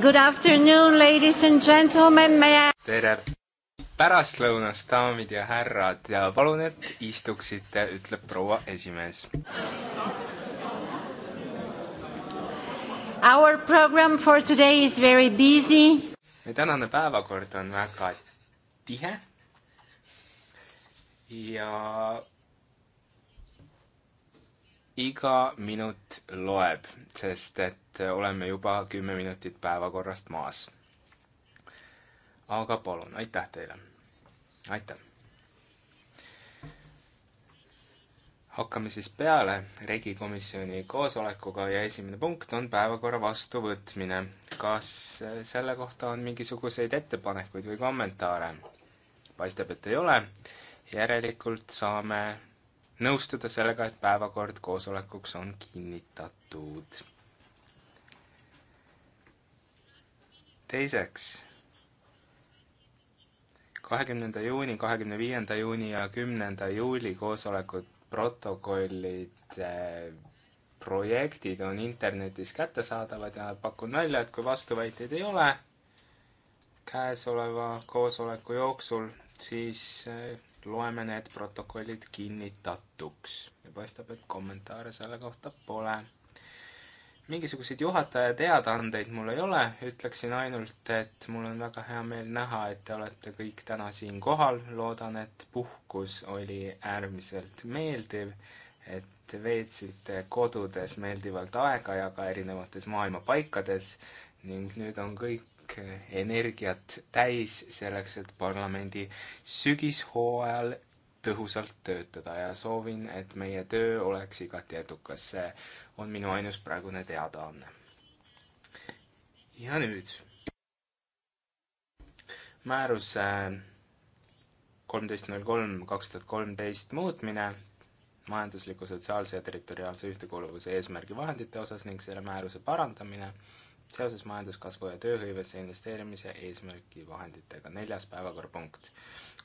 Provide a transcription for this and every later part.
Good afternoon, ladies and gentlemen, may I... tere pärastlõunast, daamid ja härrad ja palun, et istuksite, ütleb proua esimees. Our program for today is very busy. meie tänane päevakord on väga tihe. ja iga minut loeb, sest et oleme juba kümme minutit päevakorrast maas. aga palun, aitäh teile. aitäh. hakkame siis peale regikomisjoni koosolekuga ja esimene punkt on päevakorra vastuvõtmine. kas selle kohta on mingisuguseid ettepanekuid või kommentaare? paistab, et ei ole. järelikult saame nõustuda sellega, et päevakord koosolekuks on kinnitatud teiseks, kahekümnenda juuni, kahekümne viienda juuni ja kümnenda juuli koosolekud, protokollid äh,, projektid on internetis kättesaadavad ja pakun välja, et kui vastuväiteid ei ole käesoleva koosoleku jooksul, siis eh, loeme need protokollid kinnitatuks ja paistab, et kommentaare selle kohta pole mingisuguseid juhataja teadaandeid mul ei ole, ütleksin ainult, et mul on väga hea meel näha, et te olete kõik täna siin kohal, loodan, et puhkus oli äärmiselt meeldiv, et veetsite kodudes meeldivalt aega ja ka erinevates maailma paikades ning nüüd on kõik energiat täis selleks, et parlamendi sügishooajal tõhusalt töötada ja soovin, et meie töö oleks igati edukas. see on minu ainus praegune teadaanne. ja nüüd määruse äh, kolmteist null kolm kaks tuhat kolmteist muutmine majandusliku, sotsiaalse ja territoriaalse ühtekuuluvuse eesmärgi vahendite osas ning selle määruse parandamine seoses majanduskasvu ja tööhõivesse investeerimise eesmärgi vahenditega. neljas päevakorrapunkt.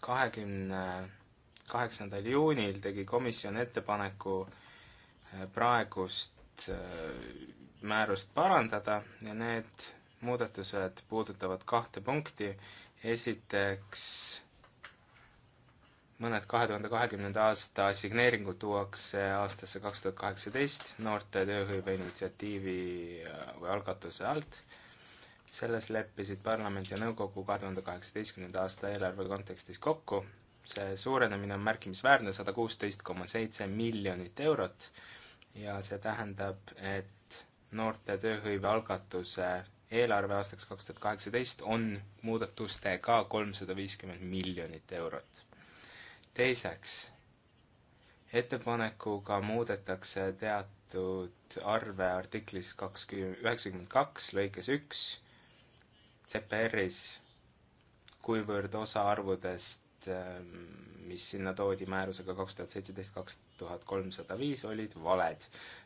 kahekümne 20 kaheksandal juunil tegi komisjon ettepaneku äh, praegust äh, määrust parandada ja need muudatused puudutavad kahte punkti. esiteks, mõned kahe tuhande kahekümnenda aasta signeeringud tuuakse aastasse kaks tuhat kaheksateist noorte tööhõive initsiatiivi äh, või algatuse alt. selles leppisid parlament ja nõukogu kahe tuhande kaheksateistkümnenda aasta eelarve kontekstis kokku see suurenemine on märkimisväärne, sada kuusteist koma seitse miljonit eurot ja see tähendab, et noorte tööhõive algatuse eelarve aastaks kaks tuhat kaheksateist on muudatustega kolmsada viiskümmend miljonit eurot. teiseks, ettepanekuga muudetakse teatud arve artiklis kakskümmend, üheksakümmend kaks lõikes üks CPR-is, kuivõrd osa arvudest Ähm, mis sinna toodi määrusega kaks tuhat seitseteist, kaks tuhat kolmsada viis, olid valed.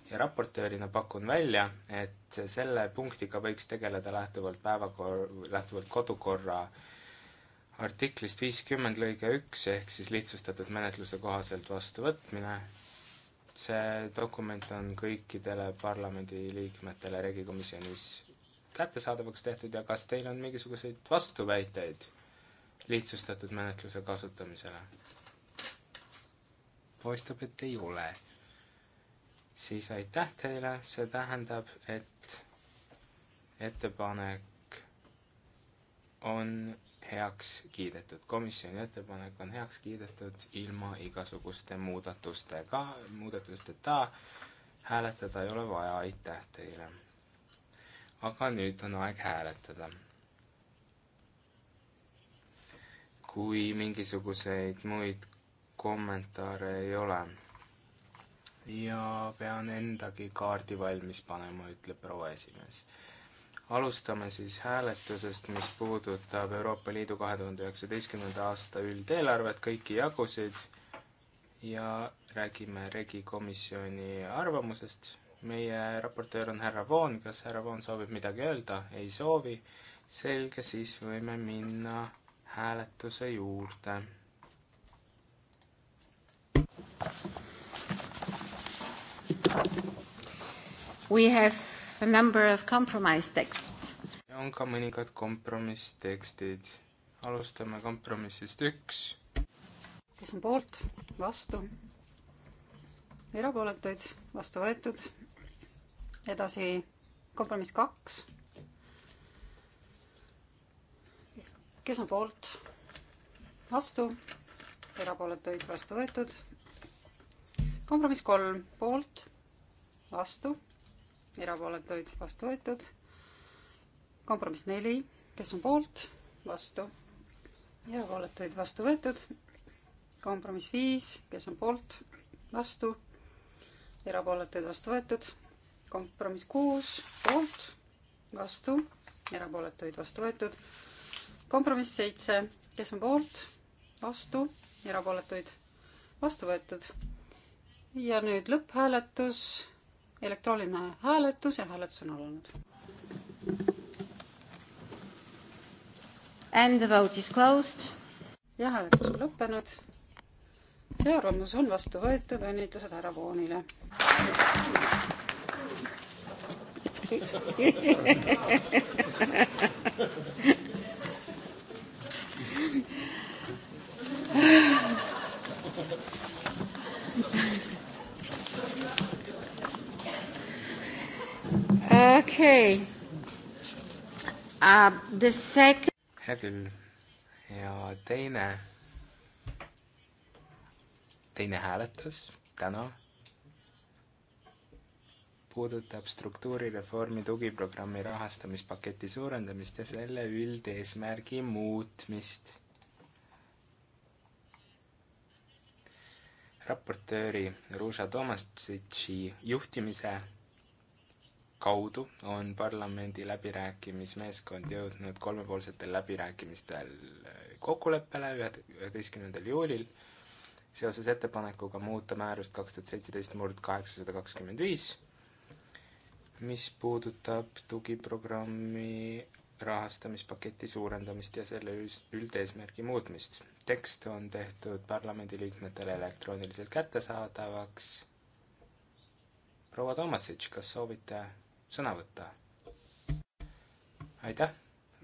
ja raportöörina pakun välja, et selle punktiga võiks tegeleda lähtuvalt päevakor-, lähtuvalt kodukorra artiklist viiskümmend lõige üks, ehk siis lihtsustatud menetluse kohaselt vastuvõtmine, see dokument on kõikidele parlamendiliikmetele regikomisjonis kättesaadavaks tehtud ja kas teil on mingisuguseid vastuväiteid? lihtsustatud menetluse kasutamisele? paistab, et ei ole. siis aitäh teile, see tähendab, et ettepanek on heaks kiidetud, komisjoni ettepanek on heaks kiidetud ilma igasuguste muudatustega, muudatusteta, hääletada ei ole vaja, aitäh teile. aga nüüd on aeg hääletada kui mingisuguseid muid kommentaare ei ole. ja pean endagi kaardi valmis panema, ütleb proua esimees. alustame siis hääletusest, mis puudutab Euroopa Liidu kahe tuhande üheksateistkümnenda aasta üldeelarvet, kõiki jagusid ja räägime Regi komisjoni arvamusest. meie raportöör on härra Voon, kas härra Voon soovib midagi öelda? ei soovi. selge, siis võime minna hääletuse juurde. We have a number of compromise texts. on ka mõningad kompromisstekstid. alustame kompromissist üks. kes on poolt, vastu? erapooletuid, vastu võetud. edasi kompromiss kaks kes on poolt? vastu, erapooletuid vastu võetud. kompromiss kolm poolt, vastu, erapooletuid vastu võetud. kompromiss neli, kes on poolt, vastu, erapooletuid vastu võetud. kompromiss viis, kes on poolt, vastu, erapooletuid vastu võetud. kompromiss kuus, poolt, vastu, erapooletuid vastu võetud kompromiss seitse, kes on poolt, vastu, erapooletuid, vastu võetud. ja nüüd lõpphääletus, elektrooniline hääletus ja hääletus on alanud. And the vote is closed. ja hääletus on lõppenud. see arvamus on vastu võetud, õnnitlused härra Voonile. okei okay. uh,. The second. hea küll. ja teine, teine hääletus täna puudutab struktuurireformi tugiprogrammi rahastamispaketi suurendamist ja selle üldeesmärgi muutmist raportööri Ruža Tomasitši juhtimise kaudu on parlamendi läbirääkimismeeskond jõudnud kolmepoolsetel läbirääkimistel kokkuleppele üheteistkümnendal juulil seoses ettepanekuga muuta määrust kaks tuhat seitseteist murd kaheksasada kakskümmend viis, mis puudutab tugiprogrammi rahastamispaketi suurendamist ja selle üldeesmärgi muutmist tekst on tehtud parlamendiliikmetele elektrooniliselt kättesaadavaks. proua Tomasitš, kas soovite sõna võtta? aitäh,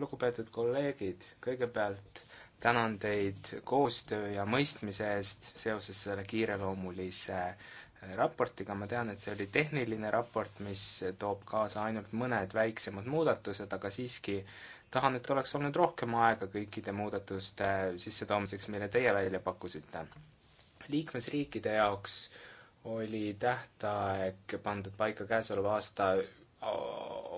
lugupeetud kolleegid, kõigepealt tänan teid koostöö ja mõistmise eest seoses selle kiireloomulise äh, raportiga, ma tean, et see oli tehniline raport, mis toob kaasa ainult mõned väiksemad muudatused, aga siiski äh, tahan, et oleks olnud rohkem aega kõikide muudatuste sissetoomiseks, mille teie välja pakkusite. liikmesriikide jaoks oli tähtaeg pandud paika käesoleva aasta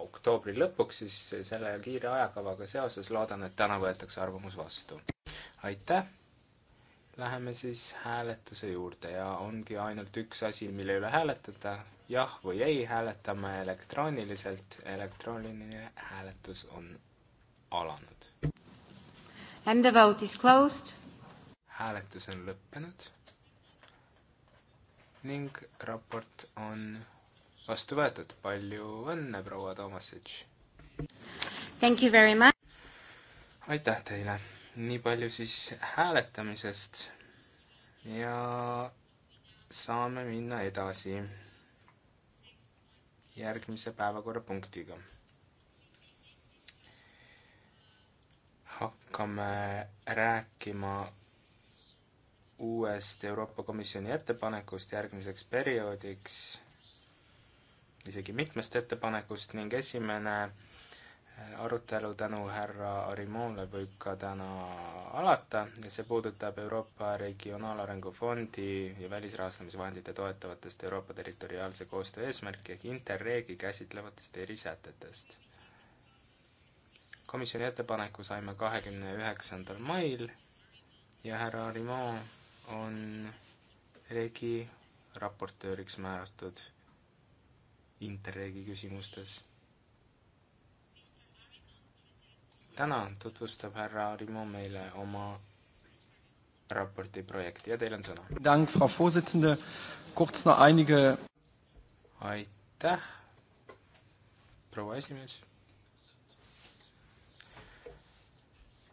oktoobri lõpuks, siis selle kiire ajakavaga seoses loodan, et täna võetakse arvamus vastu. aitäh! Läheme siis hääletuse juurde ja ongi ainult üks asi, mille üle hääletada, jah või ei, hääletame elektrooniliselt, elektrooniline hääletus on alanud. And the vote is closed. hääletus on lõppenud ning raport on vastu võetud. palju õnne, proua Tomasitš! Thank you very much! aitäh teile! nii palju siis hääletamisest ja saame minna edasi järgmise päevakorrapunktiga hakkame rääkima uuest Euroopa Komisjoni ettepanekust järgmiseks perioodiks, isegi mitmest ettepanekust ning esimene äh, arutelu tänu härra Arimoole võib ka täna alata ja see puudutab Euroopa Regionaalarengu Fondi ja välisrahastamisvahendite toetavatest Euroopa territoriaalse koostöö eesmärki ehk Interregi käsitlevatest erisätetest komisjoni ettepaneku saime kahekümne üheksandal mail ja härra Arimon on regi raportööriks määratud Interregi küsimustes. täna tutvustab härra Arimon meile oma raporti projekti ja teil on sõna. aitäh, proua esimees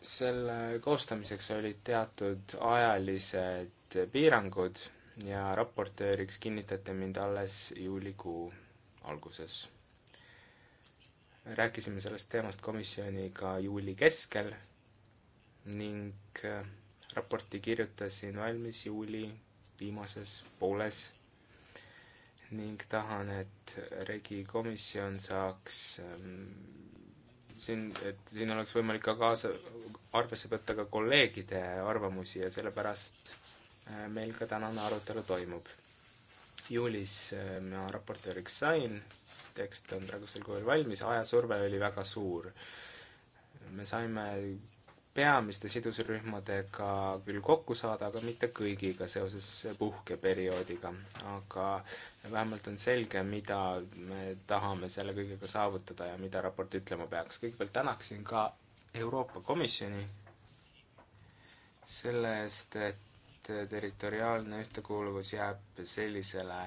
selle koostamiseks olid teatud ajalised piirangud ja raportööriks kinnitati mind alles juulikuu alguses. rääkisime sellest teemast komisjoniga juuli keskel ning äh, raporti kirjutasin valmis juuli viimases pooles ning tahan, et regikomisjon saaks ähm, siin, et siin oleks võimalik ka kaasa, arvesse võtta ka kolleegide arvamusi ja sellepärast äh, meil ka tänane arutelu toimub. juulis äh, ma raportööriks sain, tekst on praegusel kujul valmis, ajasurve oli väga suur. me saime peamiste sidusrühmadega küll kokku saada, aga mitte kõigiga seoses puhkeperioodiga. aga vähemalt on selge, mida me tahame selle kõigega saavutada ja mida raport ütlema peaks. kõigepealt tänaksin ka Euroopa Komisjoni selle eest, et territoriaalne ühtekuuluvus jääb sellisele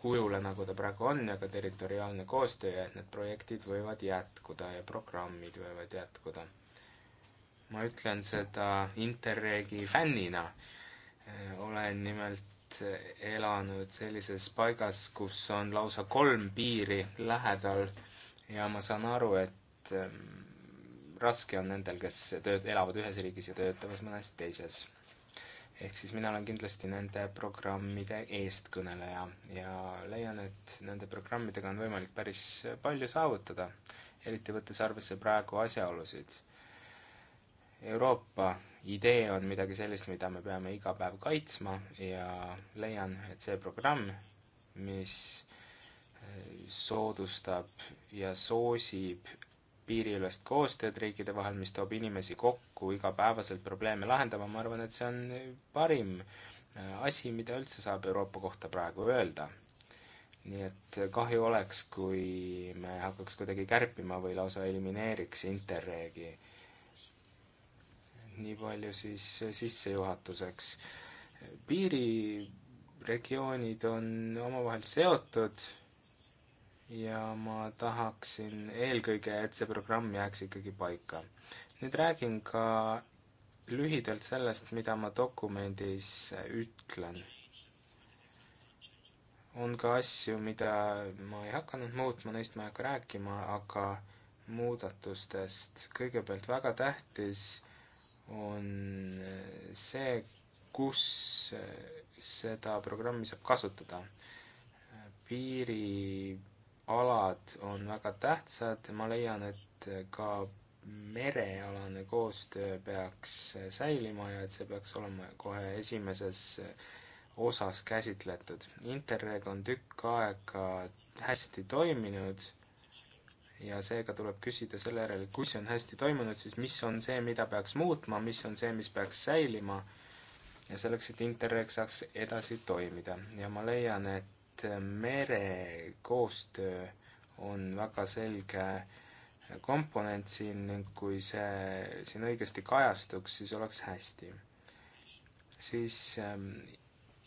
kujule, nagu ta praegu on, ja ka territoriaalne koostöö ja et need projektid võivad jätkuda ja programmid võivad jätkuda ma ütlen seda Interregi fännina. Äh, olen nimelt äh, elanud sellises paigas, kus on lausa kolm piiri lähedal ja ma saan aru, et ähm, raske on nendel, kes tööd, elavad ühes riigis ja töötavad mõnes teises. ehk siis mina olen kindlasti nende programmide eestkõneleja ja leian, et nende programmidega on võimalik päris palju saavutada, eriti võttes arvesse praegu asjaolusid Euroopa idee on midagi sellist, mida me peame iga päev kaitsma ja leian, et see programm, mis eh, soodustab ja soosib piiriülest koostööd riikide vahel, mis toob inimesi kokku igapäevaselt probleeme lahendama, ma arvan, et see on parim eh, asi, mida üldse saab Euroopa kohta praegu öelda. nii et kahju oleks, kui me hakkaks kuidagi kärpima või lausa elimineeriks Interregi äh, nii palju siis sissejuhatuseks. piiriregioonid on omavahel seotud ja ma tahaksin eelkõige, et see programm jääks ikkagi paika. nüüd räägin ka lühidalt sellest, mida ma dokumendis ütlen. on ka asju, mida ma ei hakanud muutma, neist ma ei hakka rääkima, aga muudatustest kõigepealt väga tähtis on see, kus seda programmi saab kasutada. piirialad on väga tähtsad, ma leian, et ka merealane koostöö peaks säilima ja et see peaks olema kohe esimeses osas käsitletud. Interreg on tükk aega hästi toiminud ja seega tuleb küsida selle järele, kui see on hästi toimunud, siis mis on see, mida peaks muutma, mis on see, mis peaks säilima, ja selleks, et Interreg saaks edasi toimida. ja ma leian, et merekoostöö on väga selge komponent siin ning kui see siin õigesti kajastuks, siis oleks hästi. siis ähm,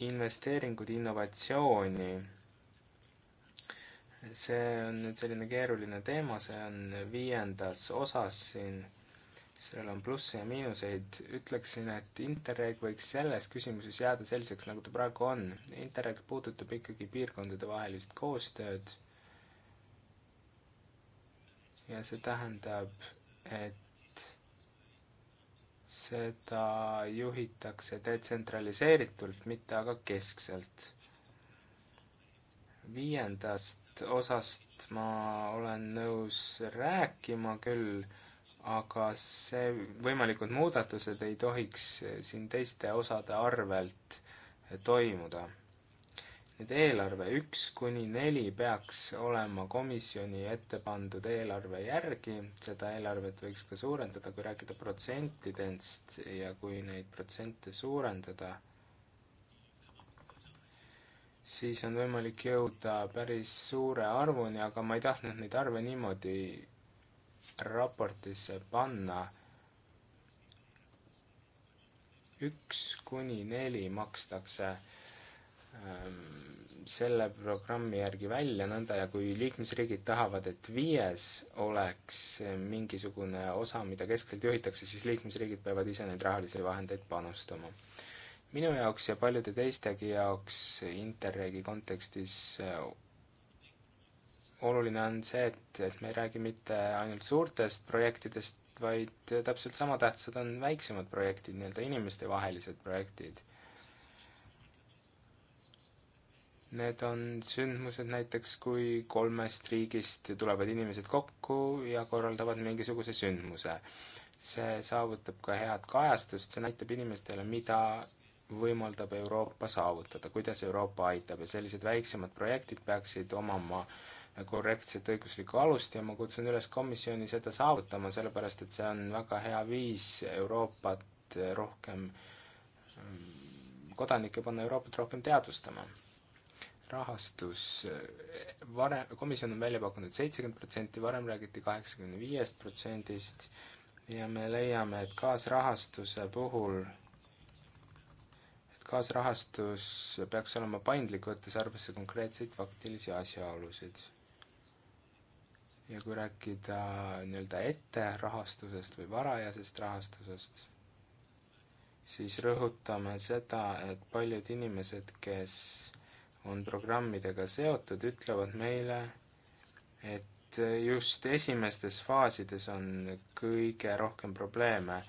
investeeringud innovatsiooni see on nüüd selline keeruline teema, see on viiendas osas siin, sellel on plusse ja miinuseid, ütleksin, et Interreg võiks selles küsimuses jääda selliseks, nagu ta praegu on. Interreg puudutab ikkagi piirkondadevahelist koostööd ja see tähendab, et seda juhitakse detsentraliseeritult, mitte aga keskselt. viiendast osast ma olen nõus rääkima küll, aga see, võimalikud muudatused ei tohiks siin teiste osade arvelt toimuda. nüüd eelarve üks kuni neli peaks olema komisjoni ette pandud eelarve järgi, seda eelarvet võiks ka suurendada, kui rääkida protsentidest ja kui neid protsente suurendada siis on võimalik jõuda päris suure arvuni, aga ma ei tahtnud neid arve niimoodi raportisse panna. üks kuni neli makstakse ähm, selle programmi järgi välja nõnda ja kui liikmesriigid tahavad, et viies oleks mingisugune osa, mida keskselt juhitakse, siis liikmesriigid peavad ise neid rahalisi vahendeid panustama minu jaoks ja paljude teistegi jaoks Interregi kontekstis äh, oluline on see, et, et me ei räägi mitte ainult suurtest projektidest, vaid täpselt sama tähtsad on väiksemad projektid, nii-öelda inimestevahelised projektid. Need on sündmused näiteks, kui kolmest riigist tulevad inimesed kokku ja korraldavad mingisuguse sündmuse. see saavutab ka head kajastust, see näitab inimestele, mida võimaldab Euroopa saavutada, kuidas Euroopa aitab ja sellised väiksemad projektid peaksid omama korrektset õiguslikku alust ja ma kutsun üles komisjoni seda saavutama, sellepärast et see on väga hea viis Euroopat rohkem, kodanikke panna Euroopat rohkem teadvustama. rahastus, varem, komisjon on välja pakkunud seitsekümmend protsenti, varem räägiti kaheksakümne viiest protsendist ja me leiame, et kaasrahastuse puhul kaasrahastus peaks olema paindlik, võttes arvesse konkreetseid faktilisi asjaolusid. ja kui rääkida nii-öelda etterahastusest või varajasest rahastusest, siis rõhutame seda, et paljud inimesed, kes on programmidega seotud, ütlevad meile, et just esimestes faasides on kõige rohkem probleeme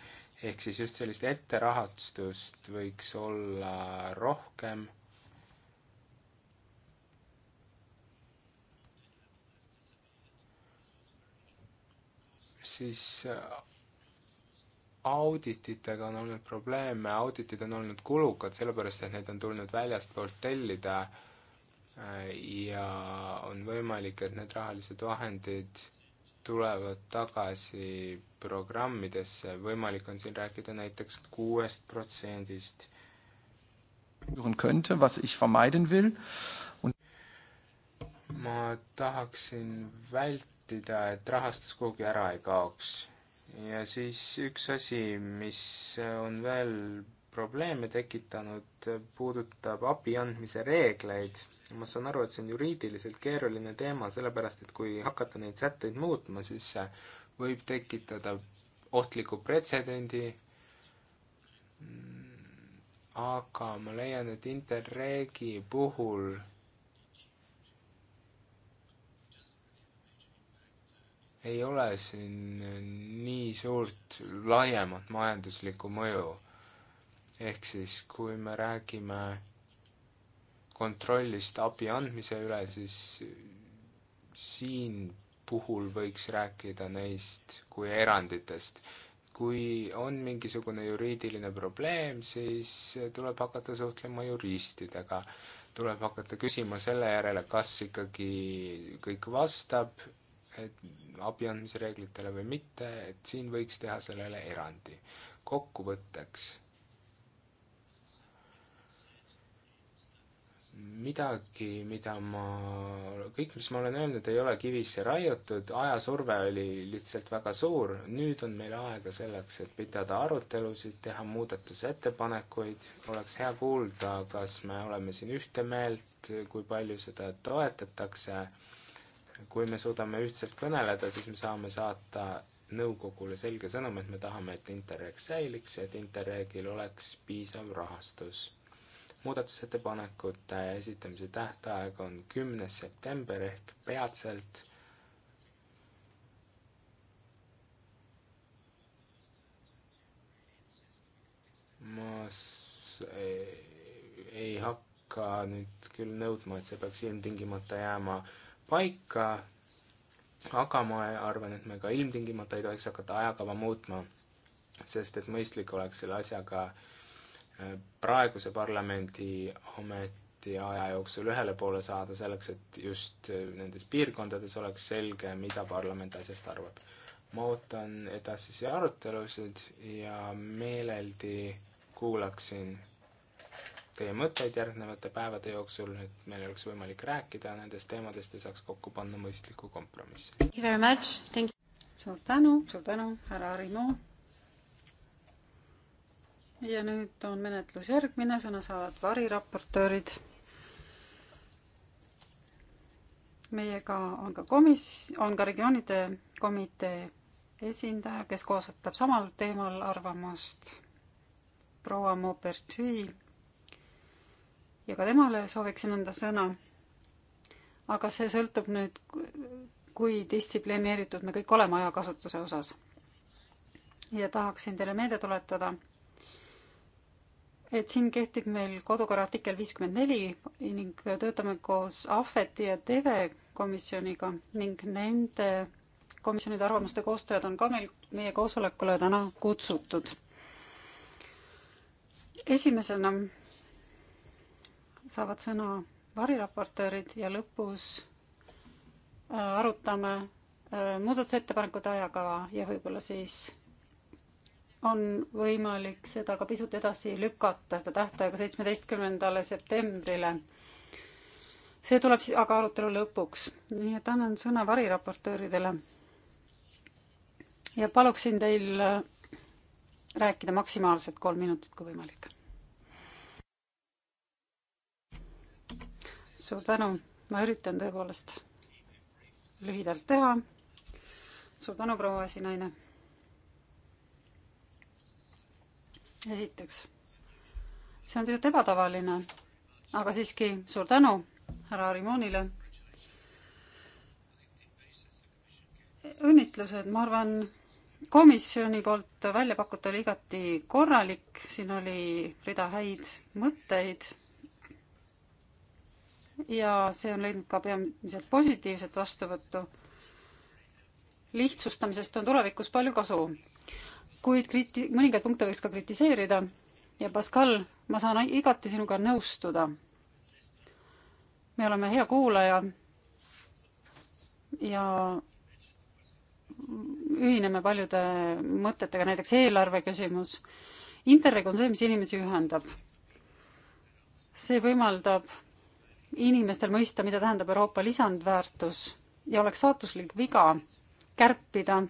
ehk siis just sellist etterahastust võiks olla rohkem. siis äh, audititega on olnud probleeme, auditid on olnud kulukad, sellepärast et need on tulnud väljastpoolt tellida äh, ja on võimalik, et need rahalised vahendid tulevad tagasi programmidesse, võimalik on siin rääkida näiteks kuuest protsendist. ma tahaksin vältida, et rahastus kuhugi ära ei kaoks. ja siis üks asi, mis on veel probleeme tekitanud, puudutab abi andmise reegleid. ma saan aru, et see on juriidiliselt keeruline teema, sellepärast et kui hakata neid sätteid muutma, siis see võib tekitada ohtliku pretsedendi, aga ma leian, et Interregi puhul ei ole siin nii suurt laiemat majanduslikku mõju ehk siis kui me räägime kontrollist abi andmise üle, siis siin puhul võiks rääkida neist kui eranditest. kui on mingisugune juriidiline probleem, siis tuleb hakata suhtlema juristidega, tuleb hakata küsima selle järele, kas ikkagi kõik vastab, et abi andmise reeglitele või mitte, et siin võiks teha sellele erandi. kokkuvõtteks midagi, mida ma, kõik, mis ma olen öelnud, ei ole kivisse raiutud, ajasurve oli lihtsalt väga suur, nüüd on meil aega selleks, et pidada arutelusid, teha muudatusettepanekuid, oleks hea kuulda, kas me oleme siin ühte meelt, kui palju seda toetatakse, kui me suudame ühtselt kõneleda, siis me saame saata nõukogule selge sõnum, et me tahame, et Interreg säiliks ja et Interregil oleks piisav rahastus muudatusettepanekute esitamise tähtaeg on kümnes september ehk peatselt. ma eh, ei hakka nüüd küll nõudma, et see peaks ilmtingimata jääma paika, aga ma arvan, et me ka ilmtingimata ei tohiks hakata ajakava muutma, sest et mõistlik oleks selle asjaga äh, praeguse parlamendi ametiaja jooksul ühele poole saada, selleks et just nendes piirkondades oleks selge, mida parlament asjast arvab. ma ootan edasisi arutelusid ja meeleldi kuulaksin teie mõtteid järgnevate päevade jooksul, et meil oleks võimalik rääkida nendest teemadest ja saaks kokku panna mõistliku kompromissi. suur tänu, suur tänu, härra Arimo ja nüüd on menetlus järgmine, sõna saavad variraportöörid. meiega on ka komis-, on ka regioonide komitee esindaja, kes koosotab samal teemal arvamust, proua Maupertui. ja ka temale sooviksin anda sõna. aga see sõltub nüüd, kui distsiplineeritud me kõik oleme ajakasutuse osas. ja tahaksin teile meelde tuletada et siin kehtib meil kodukorra artikkel viiskümmend neli ning töötame koos Ahveti ja Teve komisjoniga ning nende komisjonide arvamuste koostajad on ka meil meie koosolekule täna kutsutud. esimesena saavad sõna variraportöörid ja lõpus äh, arutame äh, muudatusettepanekute ajakava ja võib-olla siis on võimalik seda ka pisut edasi lükata, seda tähtaega seitsmeteistkümnendale septembrile. see tuleb siis aga arutelu lõpuks, nii et annan sõna variraportööridele. ja paluksin teil äh, rääkida maksimaalselt kolm minutit, kui võimalik. suur tänu, ma üritan tõepoolest lühidalt teha. suur tänu, proua esinaine esiteks. see on pisut ebatavaline, aga siiski suur tänu härra Arimonile. õnnitlused, ma arvan, komisjoni poolt välja pakutud oli igati korralik, siin oli rida häid mõtteid. ja see on leidnud ka peamiselt positiivset vastuvõttu. lihtsustamisest on tulevikus palju kasu kuid kriti-, mõningaid punkte võiks ka kritiseerida ja Pascal, ma saan igati sinuga nõustuda. me oleme hea kuulaja ja ühineme paljude mõtetega, näiteks eelarve küsimus. Interreg on see, mis inimesi ühendab. see võimaldab inimestel mõista, mida tähendab Euroopa lisandväärtus ja oleks saatuslik viga kärpida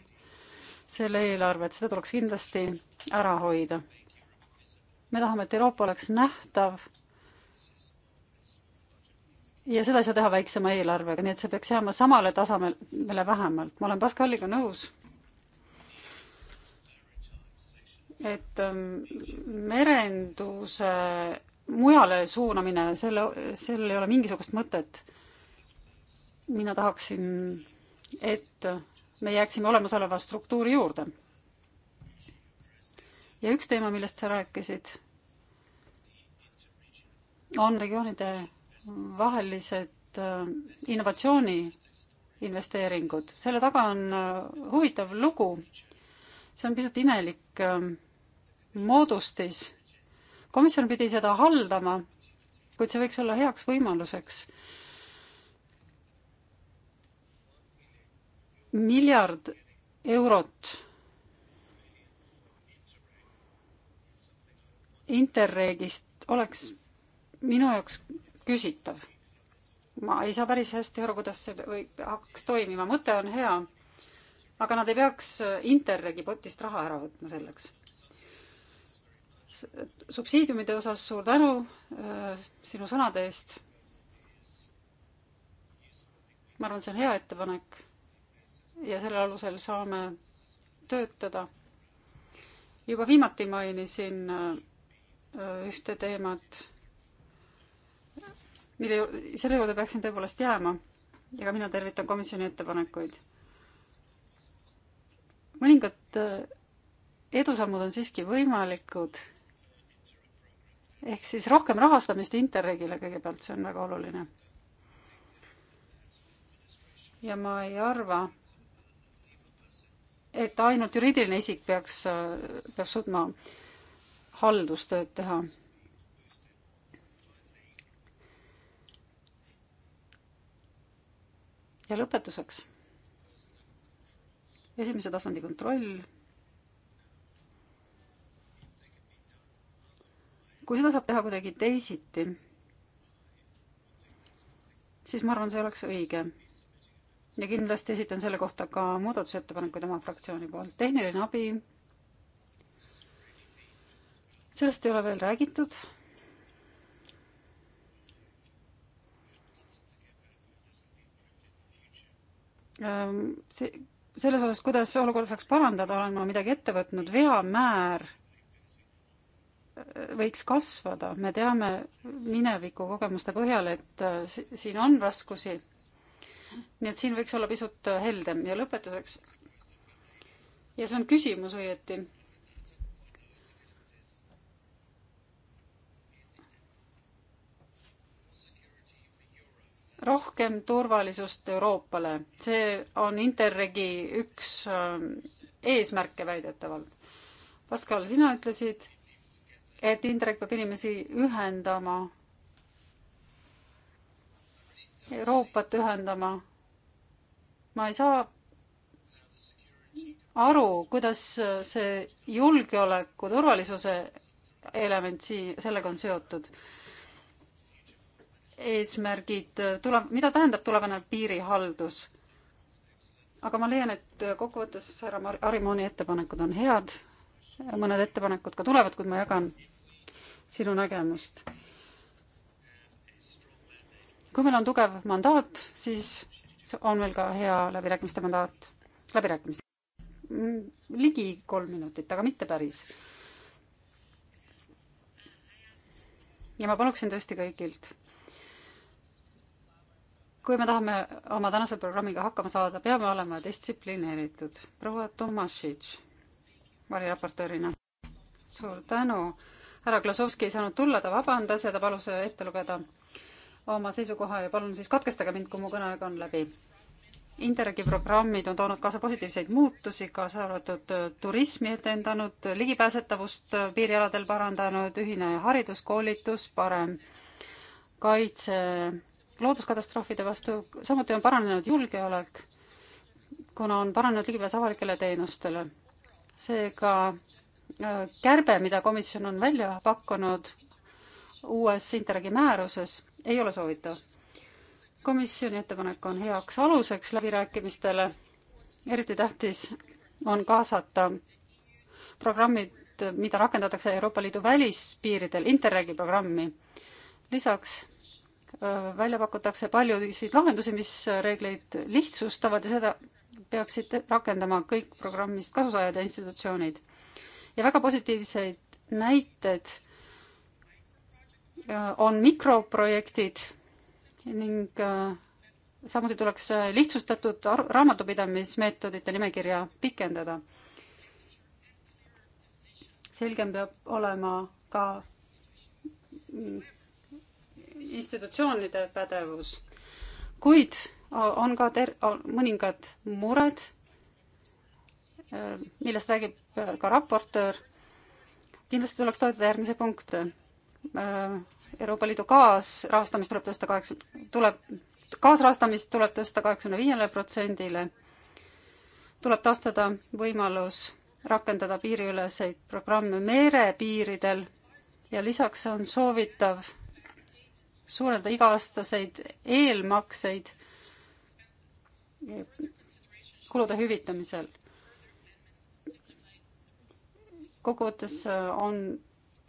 selle eelarvet, seda tuleks kindlasti ära hoida. me tahame, et Euroopa oleks nähtav. ja seda ei saa teha väiksema eelarvega, nii et see peaks jääma samale tasemele vähemalt. ma olen Pascaliga nõus. et ähm, merenduse mujale suunamine, selle, sellel ei ole mingisugust mõtet. mina tahaksin, et me jääksime olemasoleva struktuuri juurde. ja üks teema, millest sa rääkisid, on regioonide vahelised äh, innovatsiooni investeeringud. selle taga on äh, huvitav lugu. see on pisut imelik äh, moodustis. komisjon pidi seda haldama, kuid see võiks olla heaks võimaluseks miljard eurot Interregist oleks minu jaoks küsitav. ma ei saa päris hästi aru, kuidas see või hakkaks toimima, mõte on hea, aga nad ei peaks Interregi potist raha ära võtma selleks. subsiidiumide osas suur tänu äh, sinu sõnade eest. ma arvan, see on hea ettepanek ja selle alusel saame töötada. juba viimati mainisin äh, ühte teemat, mille, selle juurde peaksin tõepoolest jääma ja ka mina tervitan komisjoni ettepanekuid. mõningad äh, edusammud on siiski võimalikud. ehk siis rohkem rahastamist Interregile kõigepealt, see on väga oluline. ja ma ei arva, et ainult juriidiline isik peaks, peaks suutma haldustööd teha. ja lõpetuseks. esimese tasandi kontroll. kui seda saab teha kuidagi teisiti, siis ma arvan, see oleks õige ja kindlasti esitan selle kohta ka muudatusettepanekuid oma fraktsiooni poolt. tehniline abi, sellest ei ole veel räägitud. Ehm, see, selles osas, kuidas olukorda saaks parandada, olen ma midagi ette võtnud, veamäär eh, võiks kasvada, me teame mineviku kogemuste põhjal, et eh, siin on raskusi nii et siin võiks olla pisut äh, heldem ja lõpetuseks. ja see on küsimus õieti. rohkem turvalisust Euroopale, see on Interregi üks äh, eesmärke väidetavalt. Pascal, sina ütlesid, et Indrek peab inimesi ühendama Euroopat ühendama. ma ei saa aru, kuidas see julgeoleku, turvalisuse element sii-, sellega on seotud. eesmärgid, tule-, mida tähendab tulevane piirihaldus? aga ma leian, et kokkuvõttes härra Mar-, Harimooni ettepanekud on head, mõned ettepanekud ka tulevad, kuid ma jagan sinu nägemust kui meil on tugev mandaat, siis on meil ka hea läbirääkimiste mandaat, läbirääkimist. Mm, ligi kolm minutit, aga mitte päris. ja ma paluksin tõesti kõigilt, kui me tahame oma tänase programmiga hakkama saada, peame olema distsiplineeritud. proua Tomašitš, variraportöörina, suur tänu. härra Klasovski ei saanud tulla, ta vabandas ja ta palus ette lugeda oma seisukoha ja palun siis katkestage mind, kui mu kõneaeg on läbi. Interregi programmid on toonud kaasa positiivseid muutusi, kaasa arvatud äh, turismi etendanud, ligipääsetavust äh, piirialadel parandanud, ühine hariduskoolitus, parem kaitse looduskatastroofide vastu, samuti on paranenud julgeolek, kuna on paranenud ligipääs avalikele teenustele. seega äh, kärbe, mida komisjon on välja pakkunud uues Interregi määruses ei ole soovitav. komisjoni ettepanek on heaks aluseks läbirääkimistele. eriti tähtis on kaasata programmid, mida rakendatakse Euroopa Liidu välispiiridel, Interregi programmi. lisaks äh, välja pakutakse paljusid lahendusi, mis reegleid lihtsustavad ja seda peaksid rakendama kõik programmist kasusaajad ja institutsioonid. ja väga positiivseid näited Äh, on mikroprojektid ning äh, samuti tuleks äh, lihtsustatud raamatupidamismeetodite nimekirja pikendada. selgem peab olema ka mm, institutsioonide pädevus, kuid on ka ter-, mõningad mured, millest räägib ka raportöör. kindlasti tuleks toetada järgmisi punkte Äh, Euroopa Liidu kaasrahastamist tuleb tõsta kaheksa, tuleb, kaasrahastamist tuleb tõsta kaheksakümne viiele protsendile. tuleb taastada võimalus rakendada piiriüleseid programme merepiiridel ja lisaks on soovitav suurendada iga-aastaseid eelmakseid kulude hüvitamisel. kokkuvõttes äh, on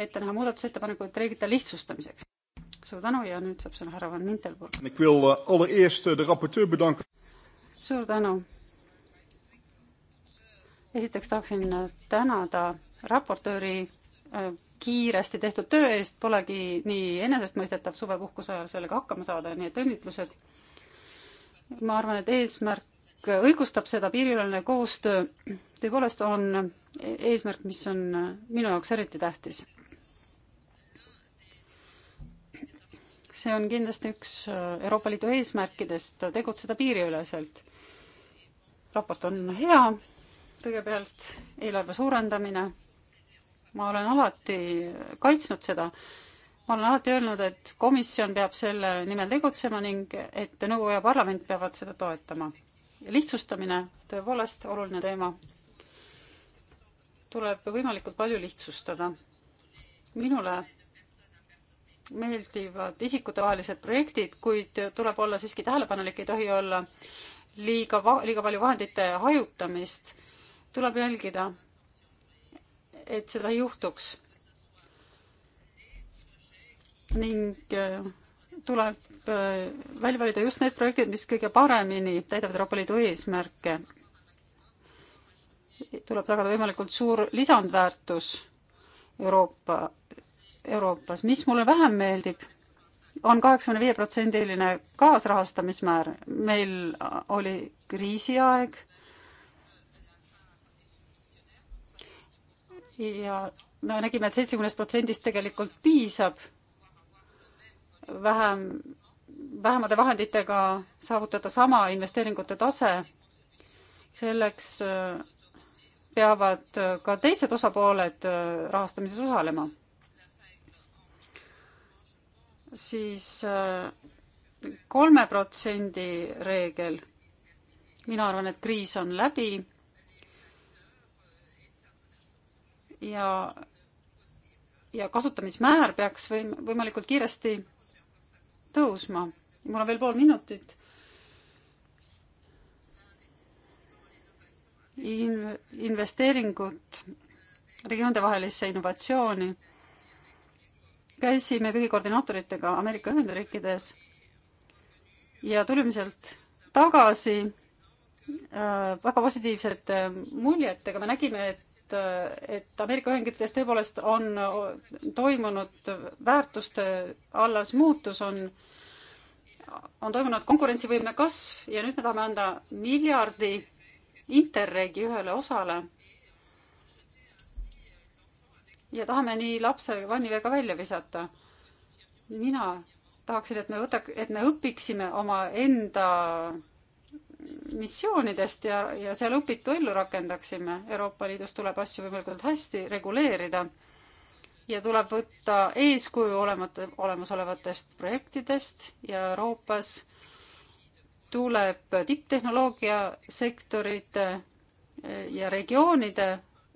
ette näha muudatusettepanekuid reeglite lihtsustamiseks. suur tänu ja nüüd saab sõna härra Van Mintelburg. Eh, eh, suur tänu. esiteks tahaksin eh, tänada raportööri kiiresti tehtud töö eest, polegi nii enesestmõistetav suvepuhkuse ajal sellega hakkama saada, nii et õnnitlused. ma arvan, et eesmärk õigustab seda, piiriülene koostöö tõepoolest on eesmärk, mis on minu jaoks eriti tähtis. see on kindlasti üks äh, Euroopa Liidu eesmärkidest tegutseda piiriüleselt. raport on hea, kõigepealt eelarve suurendamine. ma olen alati kaitsnud seda, ma olen alati öelnud, et komisjon peab selle nimel tegutsema ning et nõukogu ja parlament peavad seda toetama. lihtsustamine, tõepoolest oluline teema. tuleb võimalikult palju lihtsustada. minule meeldivad isikutevahelised projektid, kuid tuleb olla siiski tähelepanelik, ei tohi olla liiga, liiga palju vahendite hajutamist. tuleb jälgida, et seda ei juhtuks. ning äh, tuleb äh, välja valida just need projektid, mis kõige paremini täidavad Euroopa Liidu eesmärke. tuleb tagada võimalikult suur lisandväärtus Euroopa Euroopas. mis mulle vähem meeldib, on kaheksakümne viie protsendiline kaasrahastamismäär. meil oli kriisiaeg ja me nägime et, et seitsmekümnest protsendist tegelikult piisab vähem, vähemate vahenditega saavutada sama investeeringute tase. selleks äh, peavad äh, ka teised osapooled äh, rahastamises osalema siis äh, kolme protsendi reegel. mina arvan, et kriis on läbi. ja, ja kasutamismäär peaks võim-, võimalikult kiiresti tõusma. mul on veel pool minutit. In-, investeeringud regioonidevahelisse innovatsiooni käisime kõigi koordinaatoritega Ameerika Ühendriikides ja tulime sealt tagasi äh, väga positiivsete muljetega, me nägime, et äh, et Ameerika Ühendriikides tõepoolest on toimunud väärtuste allas muutus, on, on toimunud konkurentsivõime kasv ja nüüd me tahame anda miljardi Interregi ühele osale ja tahame nii lapse vanniveega välja visata. mina tahaksin, et me võta-, et me õpiksime omaenda missioonidest ja, ja seal õpitu ellu rakendaksime. Euroopa Liidus tuleb asju võimalikult hästi reguleerida ja tuleb võtta eeskuju olemata, olemasolevatest projektidest ja Euroopas tuleb tipptehnoloogia sektorite ja regioonide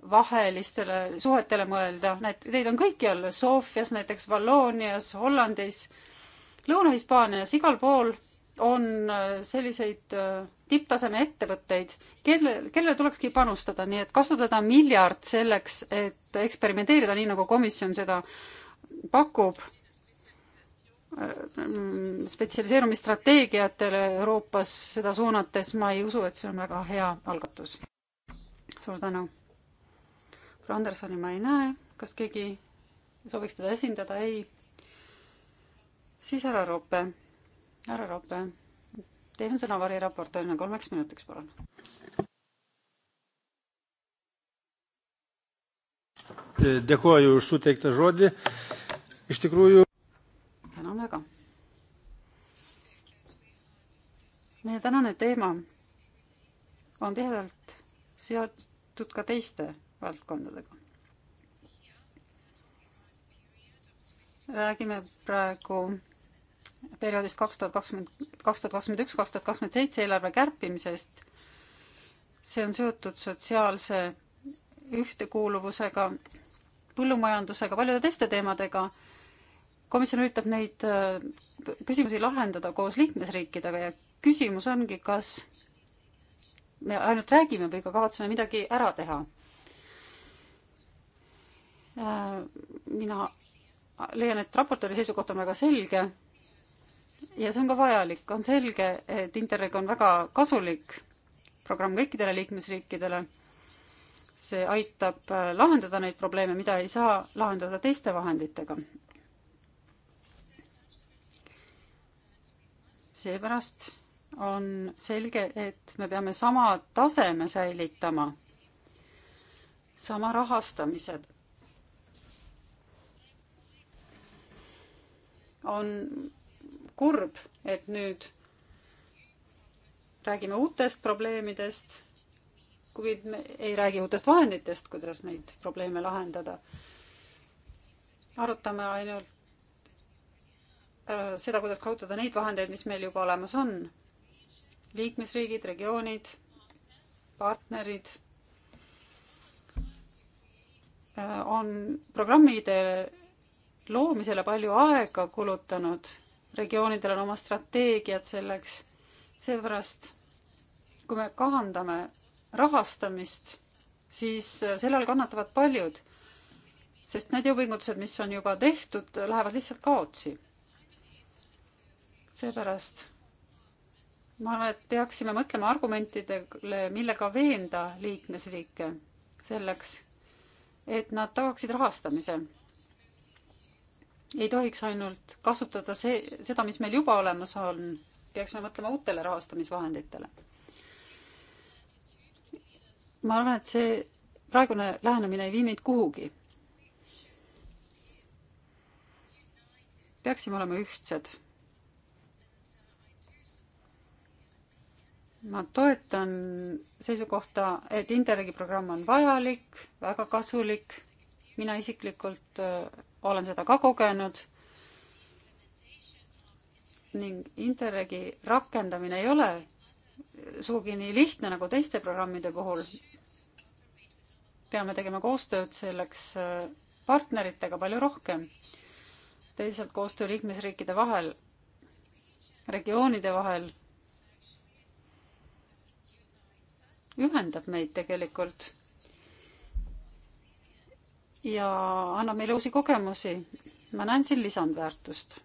vahelistele suhetele mõelda, need, neid on kõikjal, Sofias näiteks, Valloonias, Hollandis, Lõuna-Hispaanias, igal pool on äh, selliseid äh, tipptaseme ettevõtteid, kelle, kellele tulekski panustada, nii et kasutada miljard selleks, et eksperimenteerida, nii nagu komisjon seda pakub, äh, mm, spetsialiseerumisstrateegiatele Euroopas seda suunates, ma ei usu, et see on väga hea algatus. suur tänu! proua Andersoni ma ei näe, kas keegi sooviks teda esindada, ei. siis härra Roope, härra Roope, teil on sõna variraportöörina kolmeks minutiks, palun. Dėkuoju už suteiktą žodį. Iš tikrųjų. Tänan väga. meie tänane teema on tihedalt seotud ka teiste valdkondadega. räägime praegu perioodist kaks tuhat kakskümmend, kaks tuhat kakskümmend üks, kaks tuhat kakskümmend seitse eelarve kärpimisest. see on seotud sotsiaalse ühtekuuluvusega, põllumajandusega, paljude teiste teemadega. komisjon üritab neid äh, küsimusi lahendada koos liikmesriikidega ja küsimus ongi, kas me ainult räägime või ka kavatseme midagi ära teha. Äh, mina leian, et raportööri seisukoht on väga selge ja see on ka vajalik. on selge, et Interreg on väga kasulik programm kõikidele liikmesriikidele. see aitab äh, lahendada neid probleeme, mida ei saa lahendada teiste vahenditega. seepärast on selge, et me peame sama taseme säilitama, sama rahastamised on kurb, et nüüd räägime uutest probleemidest, kuid me ei räägi uutest vahenditest, kuidas neid probleeme lahendada. arutame ainult äh, seda, kuidas kasutada neid vahendeid, mis meil juba olemas on. liikmesriigid, regioonid, partnerid äh, on programmide loomisele palju aega kulutanud, regioonidel on oma strateegiad selleks, seepärast kui me kahandame rahastamist, siis äh, selle all kannatavad paljud, sest need jõupingutused, mis on juba tehtud, lähevad lihtsalt kaotsi. seepärast ma arvan, et peaksime mõtlema argumentidele, millega veenda liikmesriike selleks, et nad tagaksid rahastamise ei tohiks ainult kasutada see, seda, mis meil juba olemas on, peaksime mõtlema uutele rahastamisvahenditele. ma arvan, et see praegune lähenemine ei vii meid kuhugi. peaksime olema ühtsed. ma toetan seisukohta, et Interregi programm on vajalik, väga kasulik. mina isiklikult olen seda ka kogenud. ning Interregi rakendamine ei ole sugugi nii lihtne nagu teiste programmide puhul. peame tegema koostööd selleks äh, partneritega palju rohkem. teisalt koostöö liikmesriikide vahel, regioonide vahel ühendab meid tegelikult ja annab meile uusi kogemusi. ma näen siin lisandväärtust.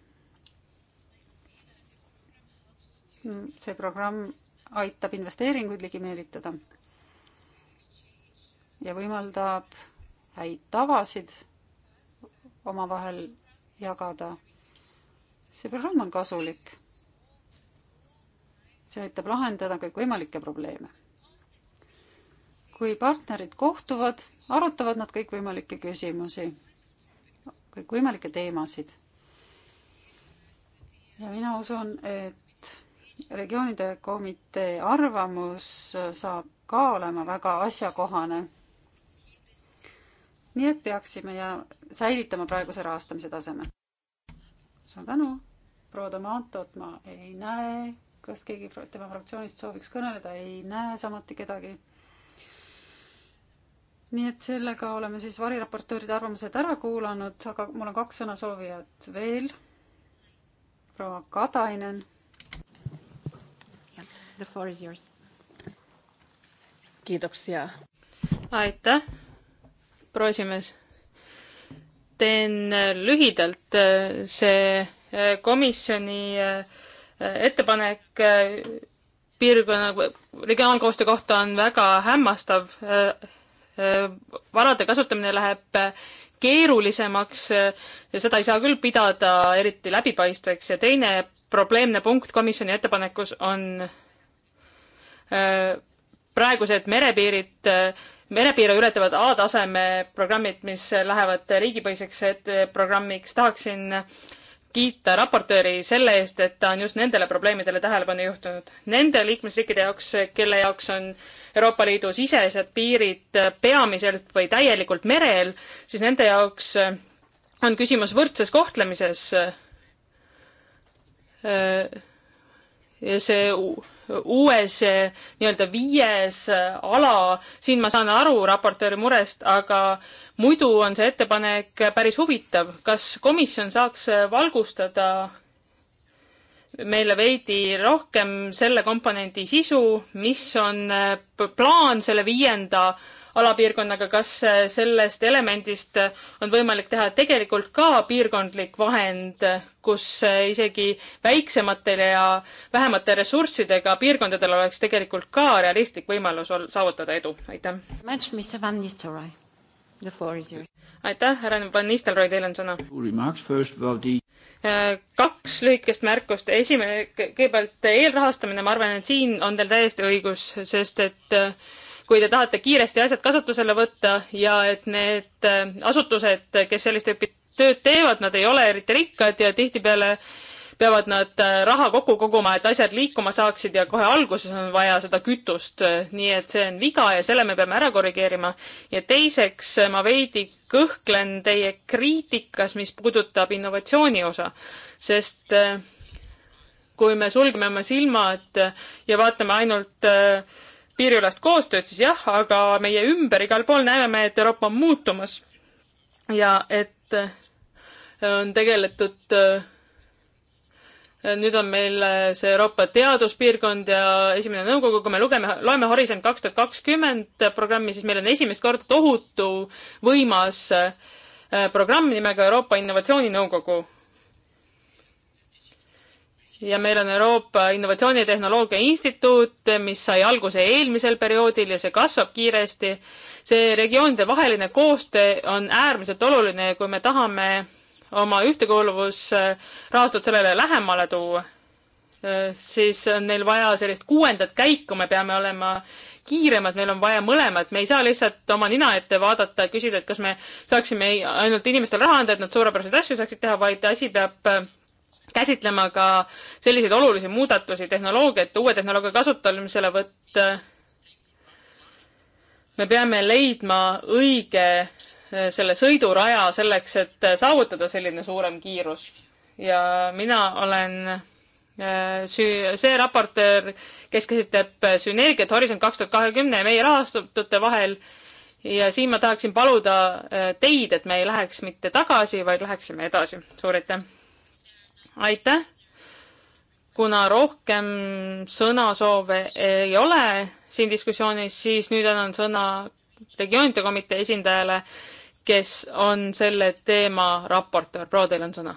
see programm aitab investeeringuid ligi meelitada ja võimaldab häid tavasid omavahel jagada. see programm on kasulik. see aitab lahendada kõikvõimalikke probleeme kui partnerid kohtuvad, arutavad nad kõikvõimalikke küsimusi, kõikvõimalikke teemasid. ja mina usun, et regioonide komitee arvamus saab ka olema väga asjakohane. nii et peaksime ja säilitama praeguse rahastamise taseme. suur tänu, proua Tomatot ma ei näe, kas keegi tema fraktsioonist sooviks kõneleda, ei näe samuti kedagi nii et sellega oleme siis variraportööride arvamused ära kuulanud, aga mul on kaks sõnasoovijat veel. proua Katainen. The floor is yours. kiitoksia. aitäh, proua esimees. teen lühidalt, see eh, komisjoni eh, ettepanek eh, piirkonna regionaalkoostöö kohta on väga hämmastav varade kasutamine läheb keerulisemaks ja seda ei saa küll pidada eriti läbipaistvaks ja teine probleemne punkt komisjoni ettepanekus on äh, praegused merepiirid, äh, merepiire ületavad A-taseme programmid, mis lähevad riigipõhiseks äh, programmiks, tahaksin kiita raportööri selle eest, et ta on just nendele probleemidele tähelepanu juhtunud. Nende liikmesriikide jaoks, kelle jaoks on äh, Euroopa Liidu sisesed piirid peamiselt või täielikult merel, siis nende jaoks äh, on küsimus võrdses kohtlemises. Äh, ja see uues nii-öelda viies äh, ala, siin ma saan aru raportööri murest, aga muidu on see ettepanek päris huvitav. kas komisjon saaks valgustada meile veidi rohkem selle komponendi sisu, mis on äh, plaan selle viienda alapiirkonnaga, kas äh, sellest elemendist äh, on võimalik teha tegelikult ka piirkondlik vahend, kus isegi väiksematel ja vähemate ressurssidega piirkondadel oleks tegelikult ka realistlik võimalus saavutada edu, aitäh. The floor is yours. aitäh, härra Van Nistelrooy, teil on sõna. Äh, kaks lühikest märkust. esimene, kõigepealt eelrahastamine, ma arvan, et siin on teil täiesti õigus, sest et äh, kui te tahate kiiresti asjad kasutusele võtta ja et need äh, asutused, kes sellist tööd teevad, nad ei ole eriti rikkad ja tihtipeale äh, peavad nad äh, raha kokku koguma, et asjad liikuma saaksid ja kohe alguses on vaja seda kütust. nii et see on viga ja selle me peame ära korrigeerima. ja teiseks äh, ma veidi kõhklen teie kriitikas, mis puudutab innovatsiooni osa, sest äh, kui me sulgeme oma silmad ja vaatame ainult piiriülast koostööd, siis jah, aga meie ümber igal pool näeme me, et Euroopa on muutumas. ja et on tegeletud äh, nüüd on meil äh, see Euroopa teaduspiirkond ja esimene nõukogu, kui me lugeme, loeme Horisont kaks tuhat kakskümmend programmi, siis meil on esimest korda tohutu võimas äh, programm nimega Euroopa Innovatsiooninõukogu. ja meil on Euroopa Innovatsioonitehnoloogia Instituut, mis sai alguse eelmisel perioodil ja see kasvab kiiresti. see regioonide vaheline koostöö on äärmiselt oluline, kui me tahame oma ühtekuuluvusrahastut sellele lähemale tuua, siis on neil vaja sellist kuuendat käiku, me peame olema kiiremad, meil on vaja mõlemat, me ei saa lihtsalt oma nina ette vaadata ja küsida, et kas me saaksime ainult inimestele raha anda, et nad suurepäraseid asju saaksid teha, vaid asi peab äh, käsitlema ka selliseid olulisi muudatusi tehnoloogiat, uue tehnoloogia kasutuselevõtt. me peame leidma õige selle sõiduraja selleks, et saavutada selline suurem kiirus. ja mina olen äh, süü-, see raportöör, kes käsitleb äh, sünergiat Horisont kaks tuhat kahekümne ja meie rahastatute vahel ja siin ma tahaksin paluda äh, teid, et me ei läheks mitte tagasi, vaid läheksime edasi. suur aitäh! aitäh! kuna rohkem sõnasoove ei ole siin diskussioonis, siis nüüd annan sõna regioonide komitee esindajale kes on selle teema raportöör. proua, teil on sõna.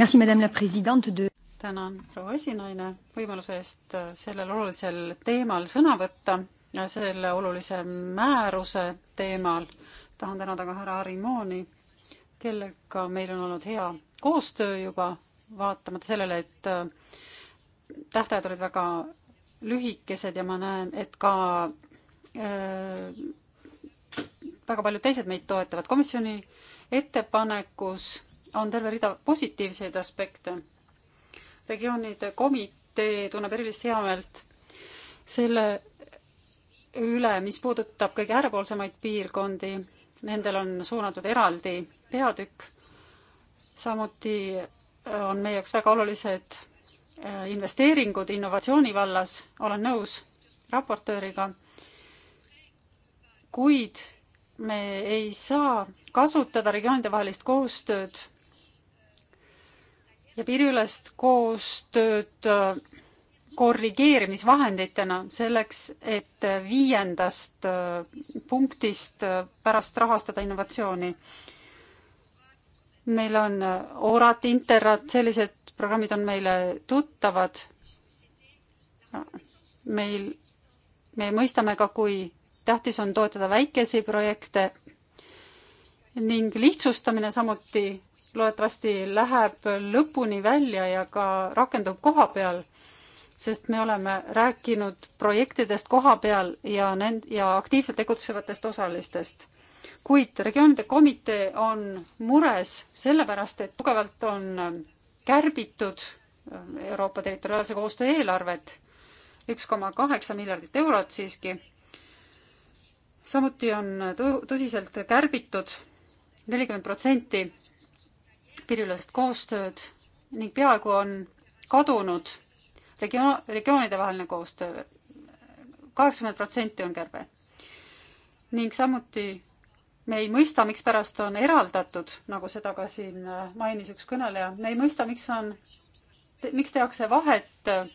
Merci, madame la présidente de tänan, proua esinaine, võimaluse eest äh, sellel olulisel teemal sõna võtta ja selle olulise määruse teemal. tahan tänada ka härra Arimooni, kellega meil on olnud hea koostöö juba, vaatamata sellele, et äh, tähtajad olid väga lühikesed ja ma näen, et ka öö, äh, väga paljud teised meid toetavad. komisjoni ettepanekus on terve rida positiivseid aspekte. regioonide komitee tunneb erilist heameelt selle üle, mis puudutab kõige äärepoolsemaid piirkondi. Nendel on suunatud eraldi peatükk. samuti on meie jaoks väga olulised Äh, investeeringud innovatsiooni vallas, olen nõus raportööriga, kuid me ei saa kasutada regioonidevahelist koostööd ja piiriülest koostööd äh, korrigeerimisvahenditena selleks, et viiendast äh, punktist pärast rahastada innovatsiooni meil on äh, Orat, Interat, sellised programmid on meile tuttavad. meil, me mõistame ka, kui tähtis on toetada väikesi projekte ning lihtsustamine samuti loodetavasti läheb lõpuni välja ja ka rakendub koha peal, sest me oleme rääkinud projektidest koha peal ja nend- ja aktiivselt tegutsevatest osalistest kuid regioonide komitee on mures sellepärast, et tugevalt on kärbitud äh, Euroopa territoriaalse koostöö eelarvet, üks koma kaheksa miljardit eurot siiski. samuti on tõsiselt kärbitud nelikümmend protsenti piiriülesest koostööd ning peaaegu on kadunud regioon, regioonidevaheline koostöö. kaheksakümmend protsenti on kärbe. ning samuti me ei mõista, mikspärast on eraldatud, nagu seda ka siin äh, mainis üks kõneleja, me ei mõista, miks on, miks tehakse vahet äh,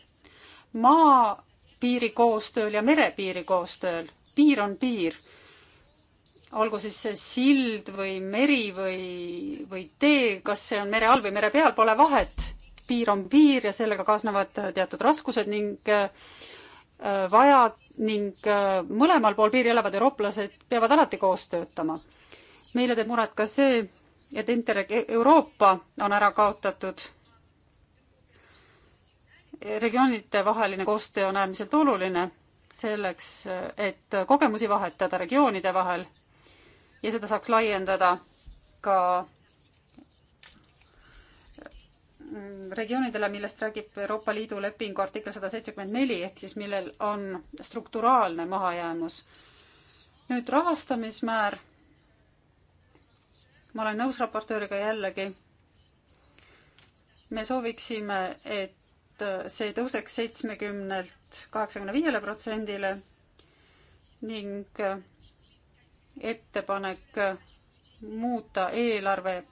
maapiiri koostööl ja merepiiri koostööl. piir on piir. olgu siis see sild või meri või, või tee, kas see on mere all või mere peal, pole vahet. piir on piir ja sellega kaasnevad äh, teatud raskused ning äh, Äh, vaja ning äh, mõlemal pool piiri elavad eurooplased peavad alati koos töötama. meile teeb muret ka see, et Interreg Euroopa on ära kaotatud. regioonide vaheline koostöö on äärmiselt oluline selleks, et kogemusi vahetada regioonide vahel ja seda saaks laiendada ka Mm, regioonidele, millest räägib Euroopa Liidu lepingu artikkel sada seitsekümmend neli, ehk siis millel on strukturaalne mahajäämus. nüüd rahastamismäär. ma olen nõus raportööriga jällegi. me sooviksime, et see tõuseks seitsmekümnelt kaheksakümne viiele protsendile ning ettepanek muuta eelarve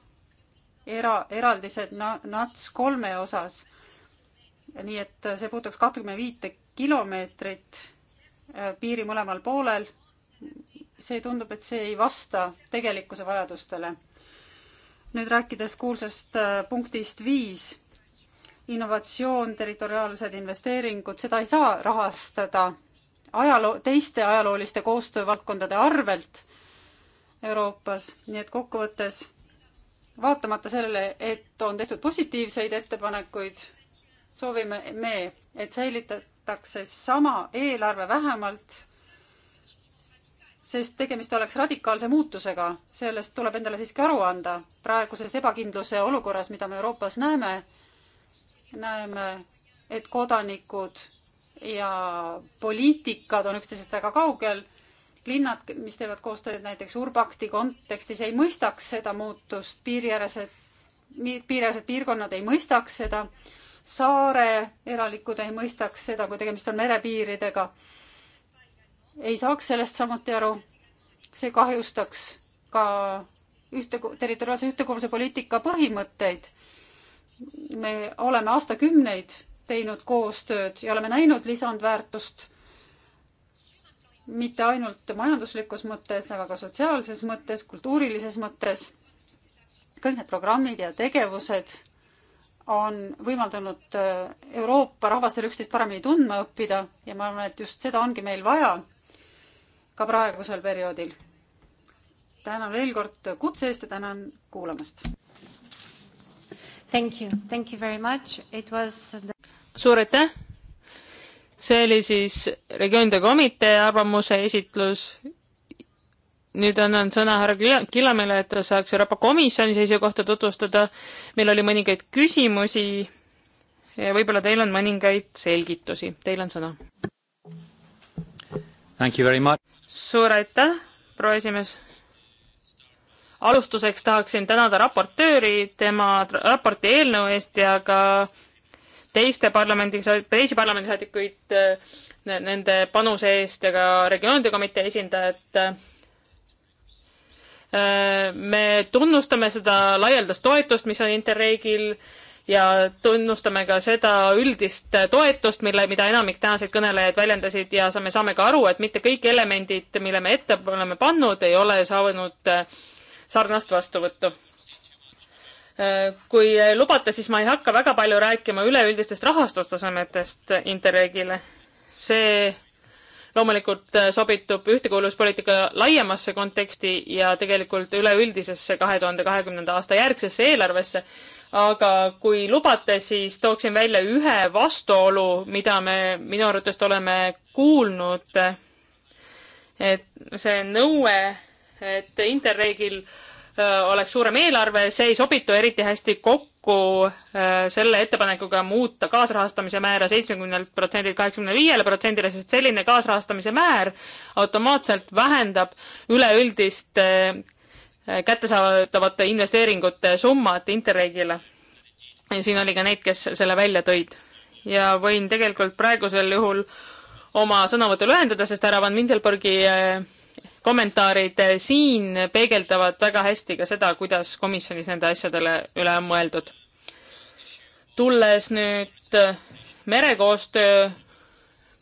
era, eraldised NATS kolme osas. nii et see puudutaks kahtekümmet viite kilomeetrit äh, piiri mõlemal poolel. see tundub, et see ei vasta tegelikkuse vajadustele. nüüd rääkides kuulsast äh, punktist viis, innovatsioon, territoriaalsed investeeringud, seda ei saa rahastada ajaloo, teiste ajalooliste koostöövaldkondade arvelt Euroopas, nii et kokkuvõttes vaatamata sellele, et on tehtud positiivseid ettepanekuid, soovime me, et säilitatakse sama eelarve vähemalt, sest tegemist oleks radikaalse muutusega, sellest tuleb endale siiski aru anda. praeguses ebakindluse olukorras, mida me Euroopas näeme, näeme, et kodanikud ja poliitikad on üksteisest väga kaugel linnad, mis teevad koostööd näiteks Urbakti kontekstis, ei mõistaks seda muutust, piiriäärsed, piiriäärsed piirkonnad ei mõistaks seda, saare elanikud ei mõistaks seda, kui tegemist on merepiiridega. ei saaks sellest samuti aru. see kahjustaks ka ühte, territoriaalse ühtekuuluvuse poliitika põhimõtteid. me oleme aastakümneid teinud koostööd ja oleme näinud lisandväärtust mitte ainult majanduslikus mõttes, aga ka sotsiaalses mõttes, kultuurilises mõttes. kõik need programmid ja tegevused on võimaldanud äh, Euroopa rahvastel üksteist paremini tundma õppida ja ma arvan, et just seda ongi meil vaja ka praegusel perioodil. tänan veel kord kutse eest ja tänan kuulamast. Thank you, thank you very much, it was the.... suur aitäh see oli siis regioonide komitee arvamuse esitlus. nüüd annan sõna härra Killamele, et ta saaks Euroopa Komisjoni seisukohta tutvustada. meil oli mõningaid küsimusi ja võib-olla teil on mõningaid selgitusi. Teil on sõna. suur aitäh, proua esimees alustuseks tahaksin tänada raportööri tema raporti eelnõu eest ja ka teiste parlamendi, teisi parlamendisaadikuid äh, nende panuse eest ja ka regioonide komitee esindajat. Äh, me tunnustame seda laialdast toetust, mis on Interregil ja tunnustame ka seda üldist toetust, mille, mida enamik tänased kõnelejad väljendasid ja me saame ka aru, et mitte kõik elemendid, mille me ette oleme pannud, ei ole saanud äh, sarnast vastuvõttu. Äh, kui lubate, siis ma ei hakka väga palju rääkima üleüldistest rahastustasemetest Interregile. see loomulikult äh, sobitub ühtekuuluvuspoliitika laiemasse konteksti ja tegelikult üleüldisesse kahe tuhande kahekümnenda aasta järgsesse eelarvesse. aga kui lubate, siis tooksin välja ühe vastuolu, mida me minu arvates oleme kuulnud. et see nõue, et Interregil äh, Äh, oleks suurem eelarve, see ei sobitu eriti hästi kokku äh, selle ettepanekuga muuta kaasrahastamise määra seitsmekümnelt protsendilt kaheksakümne viiele protsendile, sest selline kaasrahastamise määr automaatselt vähendab üleüldist äh, kättesaadavate investeeringute summat Interregile. siin oli ka neid, kes selle välja tõid. ja võin tegelikult praegusel juhul oma sõnavõtu lühendada, sest härra Van Mindelbergi kommentaarid eh, siin peegeldavad väga hästi ka seda, kuidas komisjonis nende asjadele üle on mõeldud. tulles nüüd eh, merekoostöö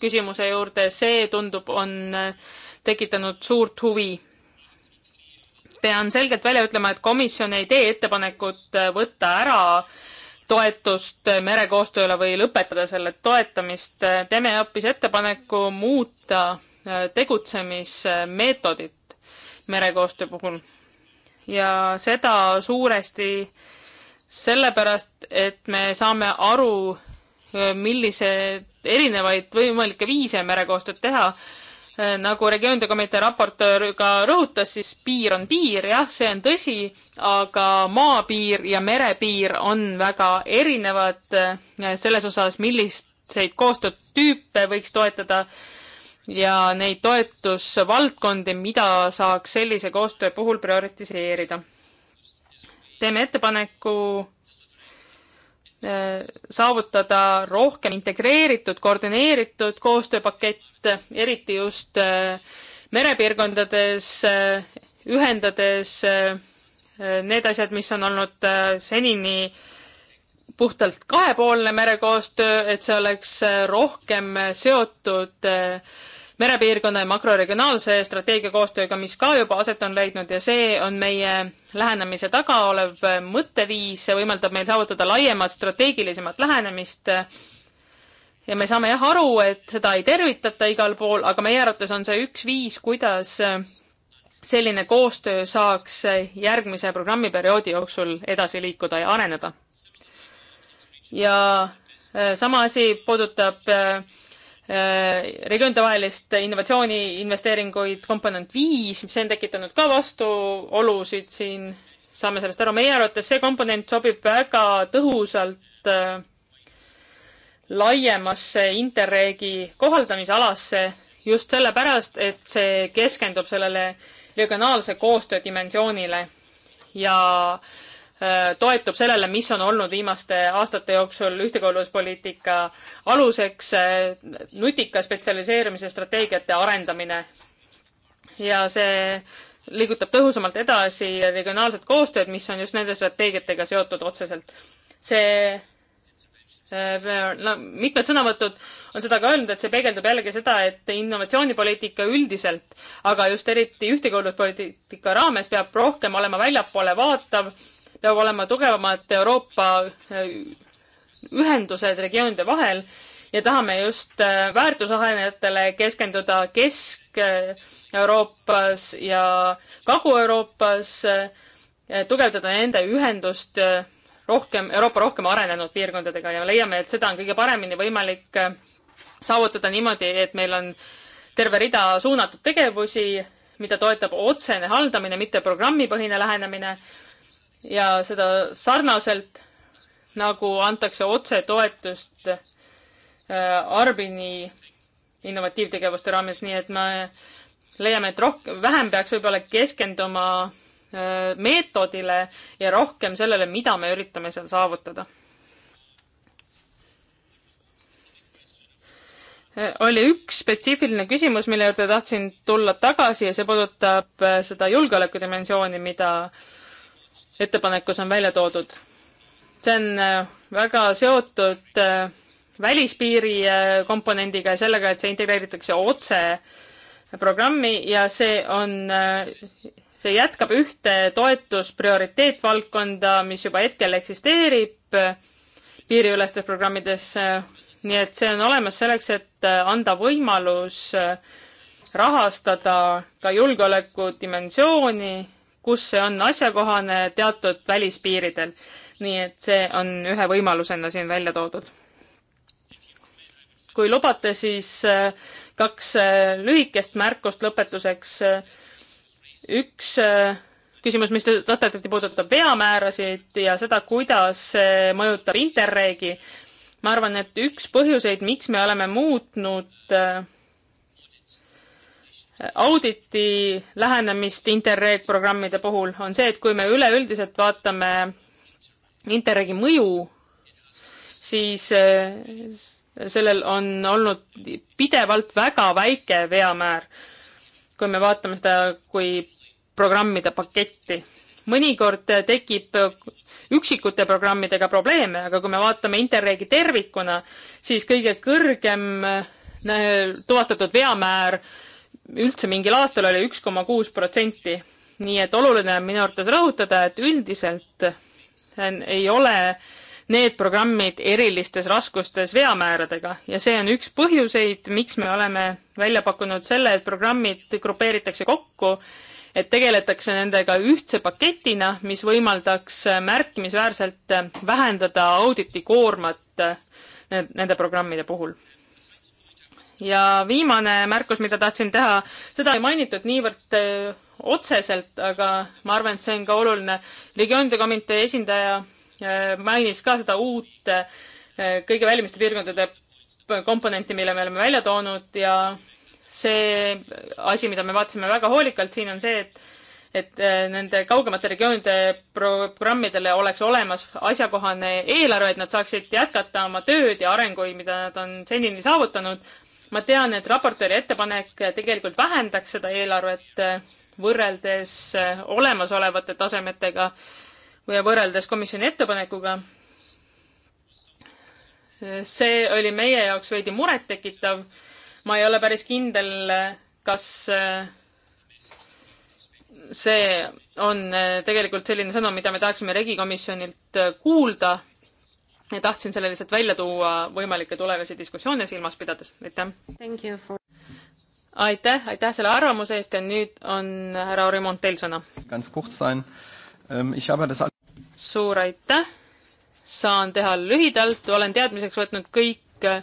küsimuse juurde, see tundub, on eh, tekitanud suurt huvi. pean selgelt välja ütlema, et komisjon ei tee ettepanekut võtta ära toetust merekoostööle või lõpetada selle toetamist. teeme hoopis ettepaneku muuta tegutsemismeetodit merekoostöö puhul. ja seda suuresti sellepärast, et me saame aru, millised erinevaid võimalikke viise merekoostööd teha. nagu regioonide komitee raportöör ka rõhutas, siis piir on piir, jah, see on tõsi, aga maapiir ja merepiir on väga erinevad selles osas, millist milliseid koostöötüüpe võiks toetada ja neid toetusvaldkondi, mida saaks sellise koostöö puhul prioritiseerida. teeme ettepaneku äh, saavutada rohkem integreeritud, koordineeritud koostööpakett, eriti just äh, merepiirkondades, äh, ühendades need asjad, mis on olnud senini äh, puhtalt kahepoolne merekoostöö, et see oleks äh, rohkem äh, seotud äh, merepiirkonna ja makroregionaalse strateegiakoostööga, mis ka juba aset on leidnud ja see on meie lähenemise taga olev mõtteviis, see võimaldab meil saavutada laiemat strateegilisemat lähenemist. ja me saame jah aru, et seda ei tervitata igal pool, aga meie arvates on see üks viis, kuidas selline koostöö saaks järgmise programmiperioodi jooksul edasi liikuda ja areneda ja äh, sama asi puudutab äh, äh, regioonidevahelist innovatsiooni investeeringuid komponent viis, mis on tekitanud ka vastuolusid siin, saame sellest aru, meie arvates see komponent sobib väga tõhusalt laiemasse Interregi kohaldamisalasse just sellepärast, et see keskendub sellele regionaalse koostöö dimensioonile ja äh, Äh, toetub sellele, mis on olnud viimaste aastate jooksul ühtekuuluvuspoliitika aluseks, äh, nutika spetsialiseerumise strateegiate arendamine. ja see liigutab tõhusamalt edasi regionaalset koostööd, mis on just nende strateegiatega seotud otseselt. see äh, no mitmed sõnavõtud on seda ka öelnud, et see peegeldab jällegi seda, et innovatsioonipoliitika üldiselt, aga just eriti ühtekuuluvuspoliitika raames peab rohkem olema väljapoole vaatav peab olema tugevamad Euroopa äh, ühendused regioonide vahel ja tahame just äh, väärtusahenejatele keskenduda Kesk-Euroopas äh, ja Kagu-Euroopas, tugevdada nende ühendust rohkem, Euroopa rohkem arenenud piirkondadega ja leiame, et seda on kõige paremini võimalik saavutada niimoodi, et meil on terve rida suunatud tegevusi, mida toetab otsene haldamine, mitte programmipõhine lähenemine ja seda sarnaselt, nagu antakse otsetoetust äh, Arbini innovatiivtegevuste raames, nii et me leiame, et rohkem, vähem peaks võib-olla keskenduma äh, meetodile ja rohkem sellele, mida me üritame seal saavutada. Äh, oli üks spetsiifiline küsimus, mille juurde tahtsin tulla tagasi ja see puudutab seda julgeolekudimensiooni, mida äh, ettepanekus on välja toodud. see on äh, väga seotud äh, välispiiri äh, komponendiga ja sellega, et see integreeritakse otse programmi ja see on, see jätkab ühte toetusprioriteetvaldkonda, mis juba hetkel eksisteerib piiriülestes programmides. nii et see on olemas selleks, et anda võimalus rahastada ka julgeoleku dimensiooni kus see on asjakohane teatud välispiiridel. nii et see on ühe võimalusena siin välja toodud. kui lubate, siis äh, kaks äh, lühikest märkust lõpetuseks. Äh, üks küsimus, mis tõstatati, puudutab veamäärasid ja seda, kuidas see mõjutab Interregi. ma arvan, et üks põhjuseid, miks me oleme muutnud äh, auditi lähenemist Interreg programmide puhul, on see, et kui me üleüldiselt vaatame Interregi mõju, siis eh, sellel on olnud pidevalt väga väike veamäär, kui me vaatame seda kui programmide paketti. mõnikord tekib üksikute programmidega probleeme, aga kui me vaatame Interregi tervikuna, siis kõige kõrgem eh, tuvastatud veamäär üldse mingil aastal oli üks koma kuus protsenti. nii et oluline on minu arvates rõhutada, et üldiselt ei ole need programmid erilistes raskustes veamääradega ja see on üks põhjuseid, miks me oleme välja pakkunud selle, et programmid grupeeritakse kokku, et tegeletakse nendega ühtse paketina, mis võimaldaks märkimisväärselt vähendada auditi koormat nende programmide puhul ja viimane märkus, mida tahtsin teha, seda ei mainitud niivõrd äh, otseselt, aga ma arvan, et see on ka oluline. regioonide komitee esindaja äh, mainis ka seda uut äh, kõige välimiste piirkondade komponenti, mille me oleme välja toonud ja see asi, mida me vaatasime väga hoolikalt siin, on see, et et nende kaugemate regioonide programmidele oleks olemas asjakohane eelarve, et nad saaksid jätkata oma tööd ja arenguid, mida nad on senini saavutanud, ma tean, et raportööri ettepanek tegelikult vähendaks seda eelarvet eh, võrreldes eh, olemasolevate tasemetega või võrreldes komisjoni ettepanekuga. Eh, see oli meie jaoks veidi murettekitav. ma ei ole päris kindel, kas see on tegelikult selline sõnum, mida me tahaksime regikomisjonilt kuulda tahtsin selle lihtsalt välja tuua võimalikke tulevasi diskussioone silmas pidades, aitäh! For... aitäh, aitäh selle arvamuse eest ja nüüd on härra Orimont teil sõna. Ähm, suur aitäh! saan teha lühidalt, olen teadmiseks võtnud kõik äh,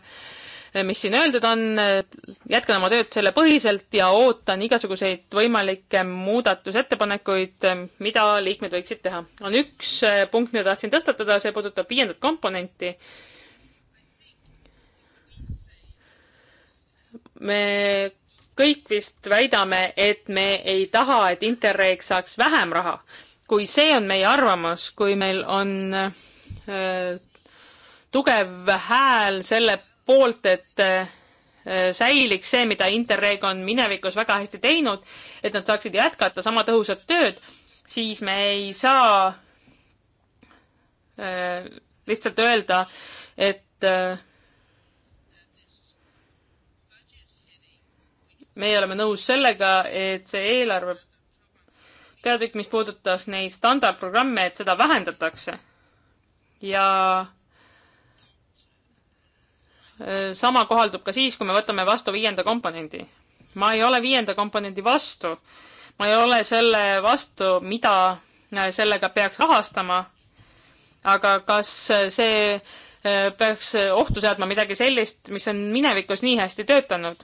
Äh, mis siin öeldud on, äh, jätkan oma tööd selle põhiselt ja ootan igasuguseid võimalikke muudatusettepanekuid, äh, mida liikmed võiksid teha. on üks punkt, mida tahtsin tõstatada, see puudutab viiendat komponenti. me kõik vist väidame, et me ei taha, et Interreg saaks vähem raha. kui see on meie arvamus, kui meil on öö, tugev hääl selle poolt, et äh, säiliks see, mida Interreg on minevikus väga hästi teinud, et nad saaksid jätkata sama tõhusat tööd, siis me ei saa äh, lihtsalt öelda, et äh, meie oleme nõus sellega, et see eelarve peatükk, mis puudutas neid standardprogramme, et seda vähendatakse. ja sama kohaldub ka siis, kui me võtame vastu viienda komponendi. ma ei ole viienda komponendi vastu, ma ei ole selle vastu, mida äh, sellega peaks rahastama, aga kas see äh, peaks ohtu seadma midagi sellist, mis on minevikus nii hästi töötanud?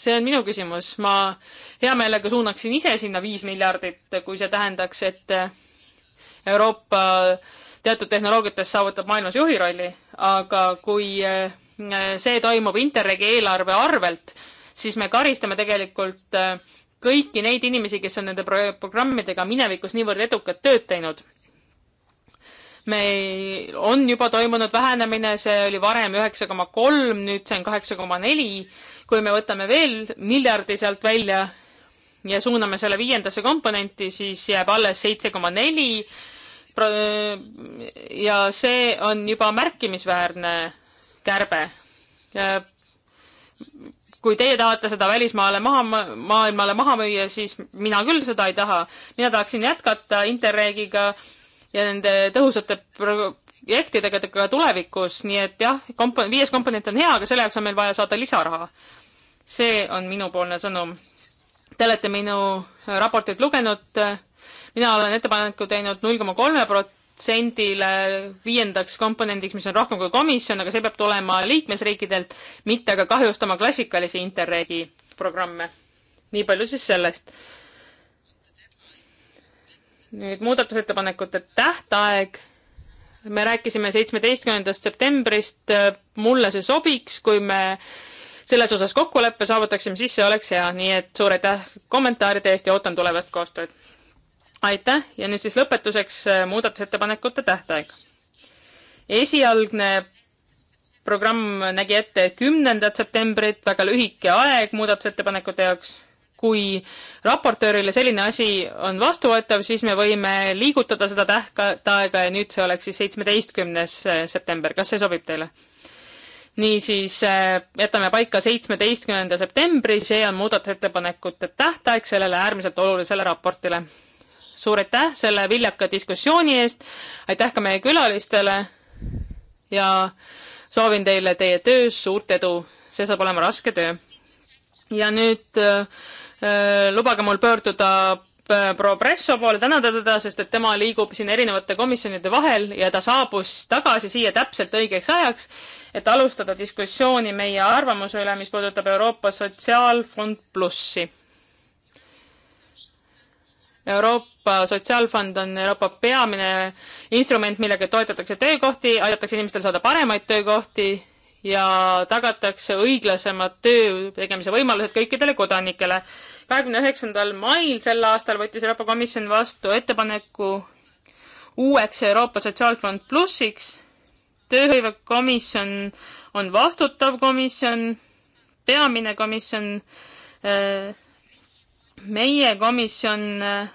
see on minu küsimus, ma hea meelega suunaksin ise sinna viis miljardit, kui see tähendaks, et äh, Euroopa teatud tehnoloogiates saavutab maailmas juhi rolli, aga kui äh, see toimub Interregi eelarve arvelt, siis me karistame tegelikult äh, kõiki neid inimesi, kes on nende programmidega minevikus niivõrd edukat tööd teinud. meil on juba toimunud vähenemine, see oli varem üheksa koma kolm, nüüd see on kaheksa koma neli. kui me võtame veel miljardi sealt välja ja suuname selle viiendasse komponenti, siis jääb alles seitse koma neli ja see on juba märkimisväärne kärbe. kui teie tahate seda välismaale maha, maailmale maha müüa, siis mina küll seda ei taha. mina tahaksin jätkata Interregiga ja nende tõhusate projektidega ka tulevikus, nii et jah, komp-, viies komponent on hea, aga selle jaoks on meil vaja saada lisaraha. see on minupoolne sõnum. Te olete minu raportit lugenud, mina olen ettepaneku teinud null koma kolme prot-, protsendile viiendaks komponendiks, mis on rohkem kui komisjon, aga see peab tulema liikmesriikidelt, mitte aga kahjustama klassikalisi Interregi programme. nii palju siis sellest. nüüd muudatusettepanekute tähtaeg. me rääkisime seitsmeteistkümnendast septembrist, mulle see sobiks, kui me selles osas kokkuleppe saavutaksime, siis see oleks hea, nii et suur aitäh kommentaaride eest ja ootan tulevast koostööd aitäh ja nüüd siis lõpetuseks äh, muudatusettepanekute tähtaeg. esialgne programm nägi ette kümnendat septembrit, väga lühike aeg muudatusettepanekute jaoks. kui raportöörile selline asi on vastuvõetav, siis me võime liigutada seda tähtaega ja nüüd see oleks siis seitsmeteistkümnes äh, september, kas see sobib teile? niisiis äh, jätame paika seitsmeteistkümnenda septembri, see on muudatusettepanekute tähtaeg sellele äärmiselt olulisele raportile suur aitäh selle viljaka diskussiooni eest, aitäh ka meie külalistele ja soovin teile teie töös suurt edu, see saab olema raske töö. ja nüüd äh, lubage mul pöörduda äh, Progresso poole tänada teda, sest et tema liigub siin erinevate komisjonide vahel ja ta saabus tagasi siia täpselt õigeks ajaks, et alustada diskussiooni meie arvamuse üle, mis puudutab Euroopa Sotsiaalfond Plussi Euroopa Sotsiaalfond on Euroopa peamine instrument, millega toetatakse töökohti, aidatakse inimestel saada paremaid töökohti ja tagatakse õiglasemad töö tegemise võimalused kõikidele kodanikele. kahekümne üheksandal mail sel aastal võttis Euroopa Komisjon vastu ettepaneku uueks Euroopa Sotsiaalfond plussiks. tööhõivekomisjon on vastutav komisjon, peamine komisjon äh, meie komisjon äh,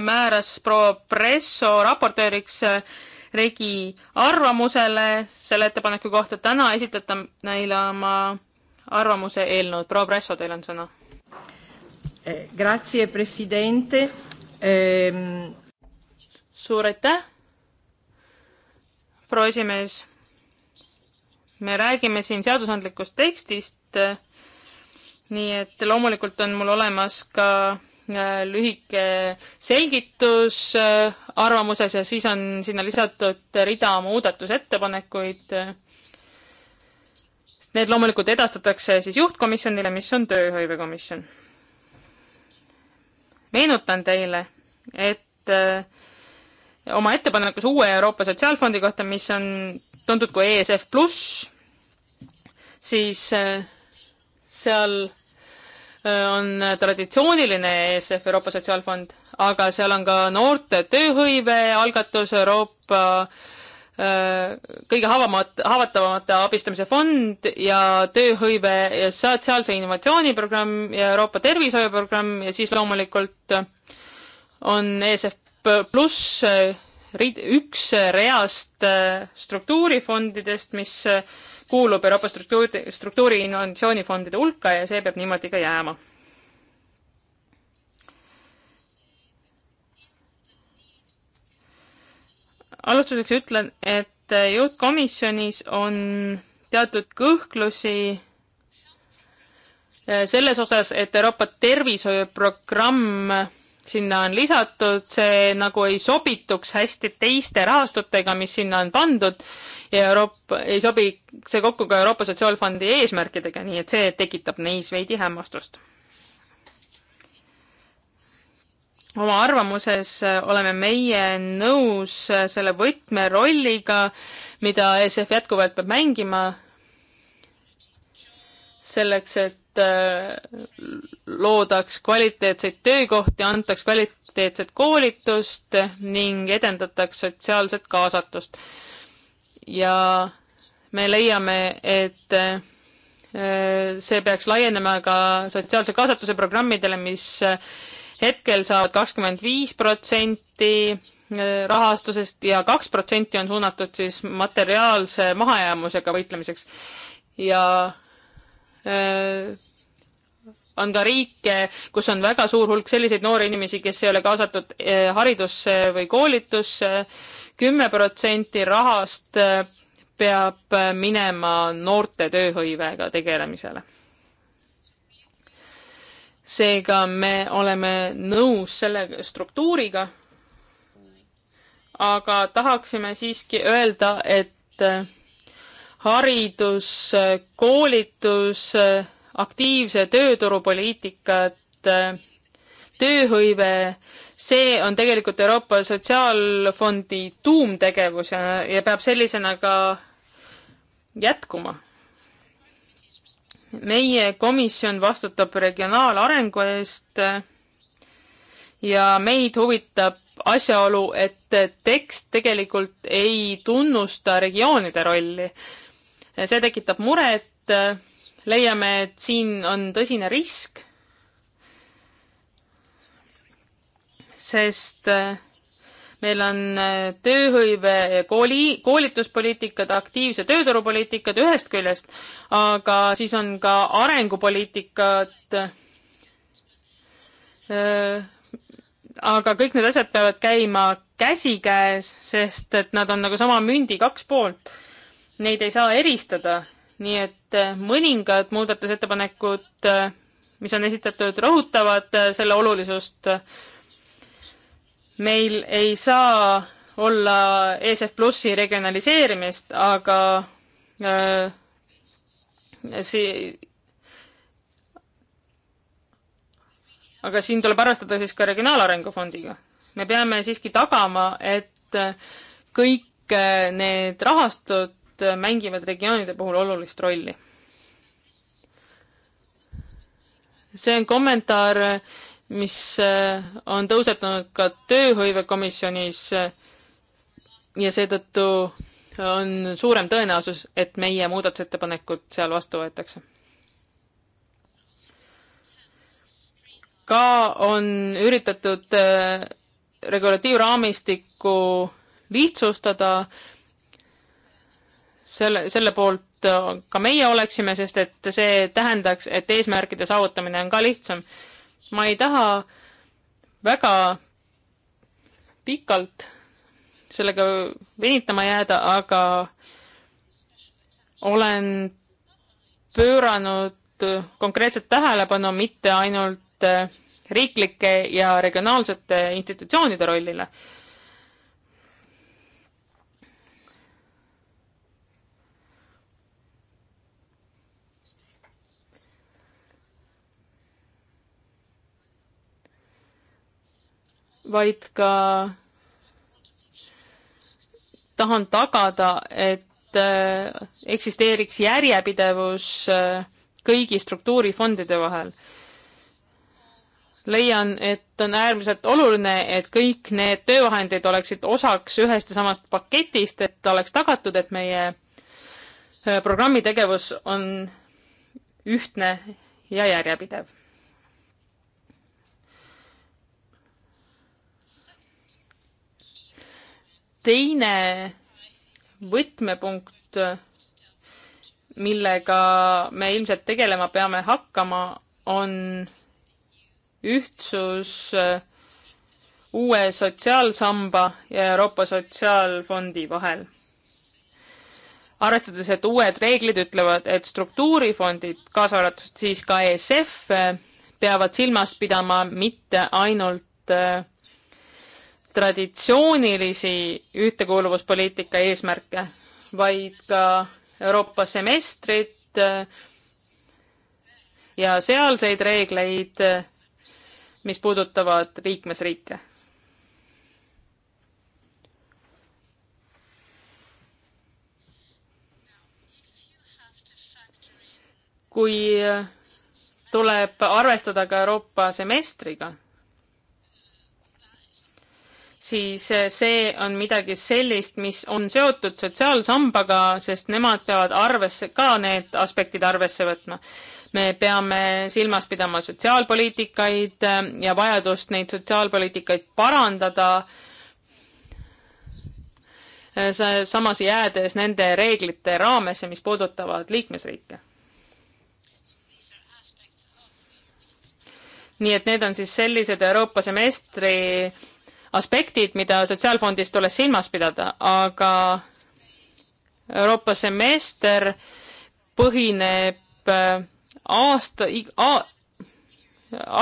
määras proua Presso raportööriks äh, regi arvamusele selle ettepaneku kohta. täna esitata neile oma arvamuse eelnõud. proua Presso, teil on sõna. Eh, grazie, president ehm.... suur aitäh, proua esimees. me räägime siin seadusandlikust tekstist nii et loomulikult on mul olemas ka äh, lühike selgitus äh, arvamuses ja siis on sinna lisatud rida muudatusettepanekuid. Need loomulikult edastatakse siis juhtkomisjonile, mis on tööhõivekomisjon. meenutan teile, et äh, oma ettepanekus uue Euroopa Sotsiaalfondi kohta, mis on tuntud kui ESF pluss, siis seal on traditsiooniline ESF, Euroopa Sotsiaalfond, aga seal on ka noorte tööhõive algatus, Euroopa äh, kõige haavamat-, haavatavamate abistamise fond ja tööhõive ja sotsiaalse innovatsiooniprogramm ja Euroopa tervishoiuprogramm ja siis loomulikult on ESF pluss üks reast äh, struktuurifondidest, mis äh, kuulub Euroopa struktuuri, struktuuri innovatsioonifondide hulka ja see peab niimoodi ka jääma. alustuseks ütlen, et jõudkomisjonis on teatud kõhklusi selles osas, et Euroopa tervishoiuprogramm sinna on lisatud, see nagu ei sobituks hästi teiste rahastutega, mis sinna on pandud ja Euroopa, ei sobi see kokku ka Euroopa Sotsiaalfondi eesmärkidega, nii et see tekitab neis veidi hämmastust. oma arvamuses oleme meie nõus selle võtmerolliga, mida ESF jätkuvalt peab mängima selleks, et äh, loodaks kvaliteetseid töökohti, antaks kvaliteetset koolitust ning edendataks sotsiaalset kaasatust ja me leiame, et äh, see peaks laienema ka sotsiaalse kaasatuse programmidele, mis äh, hetkel saavad kakskümmend viis protsenti äh, rahastusest ja kaks protsenti on suunatud siis materiaalse mahajäämusega võitlemiseks. ja on ka riike, kus on väga suur hulk selliseid noori inimesi, kes ei ole kaasatud eh, haridusse või koolitusse. kümme protsenti rahast eh, peab eh, minema noorte tööhõivega tegelemisele. seega me oleme nõus selle struktuuriga, aga tahaksime siiski öelda, et haridus, koolitus aktiivse tööturupoliitikat, tööhõive, see on tegelikult Euroopa Sotsiaalfondi tuumtegevus ja, ja peab sellisena ka jätkuma. meie komisjon vastutab regionaalarengu eest ja meid huvitab asjaolu, et tekst tegelikult ei tunnusta regioonide rolli. see tekitab muret leiame, et siin on tõsine risk, sest äh, meil on äh, tööhõive, kooli, koolituspoliitikad, aktiivse tööturupoliitikad ühest küljest, aga siis on ka arengupoliitikad. Äh, aga kõik need asjad peavad käima käsikäes, sest et nad on nagu sama mündi kaks poolt. Neid ei saa eristada, nii et et mõningad muudatusettepanekud, mis on esitatud, rõhutavad selle olulisust. meil ei saa olla ESF Plussi regionaliseerimist, aga äh, see aga siin tuleb arvestada siis ka Regionaalarengu Fondiga. me peame siiski tagama, et kõik need rahastud just mängivad regioonide puhul olulist rolli. see on kommentaar, mis äh, on tõusetunud ka tööhõivekomisjonis ja seetõttu on suurem tõenäosus, et meie muudatusettepanekud seal vastu võetakse ka on üritatud äh, regulatiivraamistikku lihtsustada, selle, selle poolt äh, ka meie oleksime, sest et see tähendaks, et eesmärkide saavutamine on ka lihtsam. ma ei taha väga pikalt sellega venitama jääda, aga olen pööranud konkreetset tähelepanu mitte ainult riiklike ja regionaalsete institutsioonide rollile vaid ka tahan tagada, et äh, eksisteeriks järjepidevus äh, kõigi struktuurifondide vahel. leian, et on äärmiselt oluline, et kõik need töövahendid oleksid osaks ühest ja samast paketist, et oleks tagatud, et meie äh, programmi tegevus on ühtne ja järjepidev teine võtmepunkt, millega me ilmselt tegelema peame hakkama, on ühtsus uue sotsiaalsamba ja Euroopa Sotsiaalfondi vahel arvestades, et uued reeglid ütlevad, et struktuurifondid, kaasa arvatud siis ka ESF, peavad silmas pidama mitte ainult traditsioonilisi ühtekuuluvuspoliitika eesmärke, vaid ka Euroopa semestrit äh, ja sealseid reegleid, äh, mis puudutavad liikmesriike kui äh, tuleb arvestada ka Euroopa semestriga, siis eh, see on midagi sellist, mis on seotud sotsiaalsambaga, sest nemad peavad arvesse, ka need aspektid arvesse võtma. me peame silmas pidama sotsiaalpoliitikaid eh, ja vajadust neid sotsiaalpoliitikaid parandada, eh, samas jäädes nende reeglite raamesse, mis puudutavad liikmesriike nii et need on siis sellised Euroopa semestri aspektid, mida Sotsiaalfondist tuleks silmas pidada, aga Euroopa semester põhineb äh, aasta,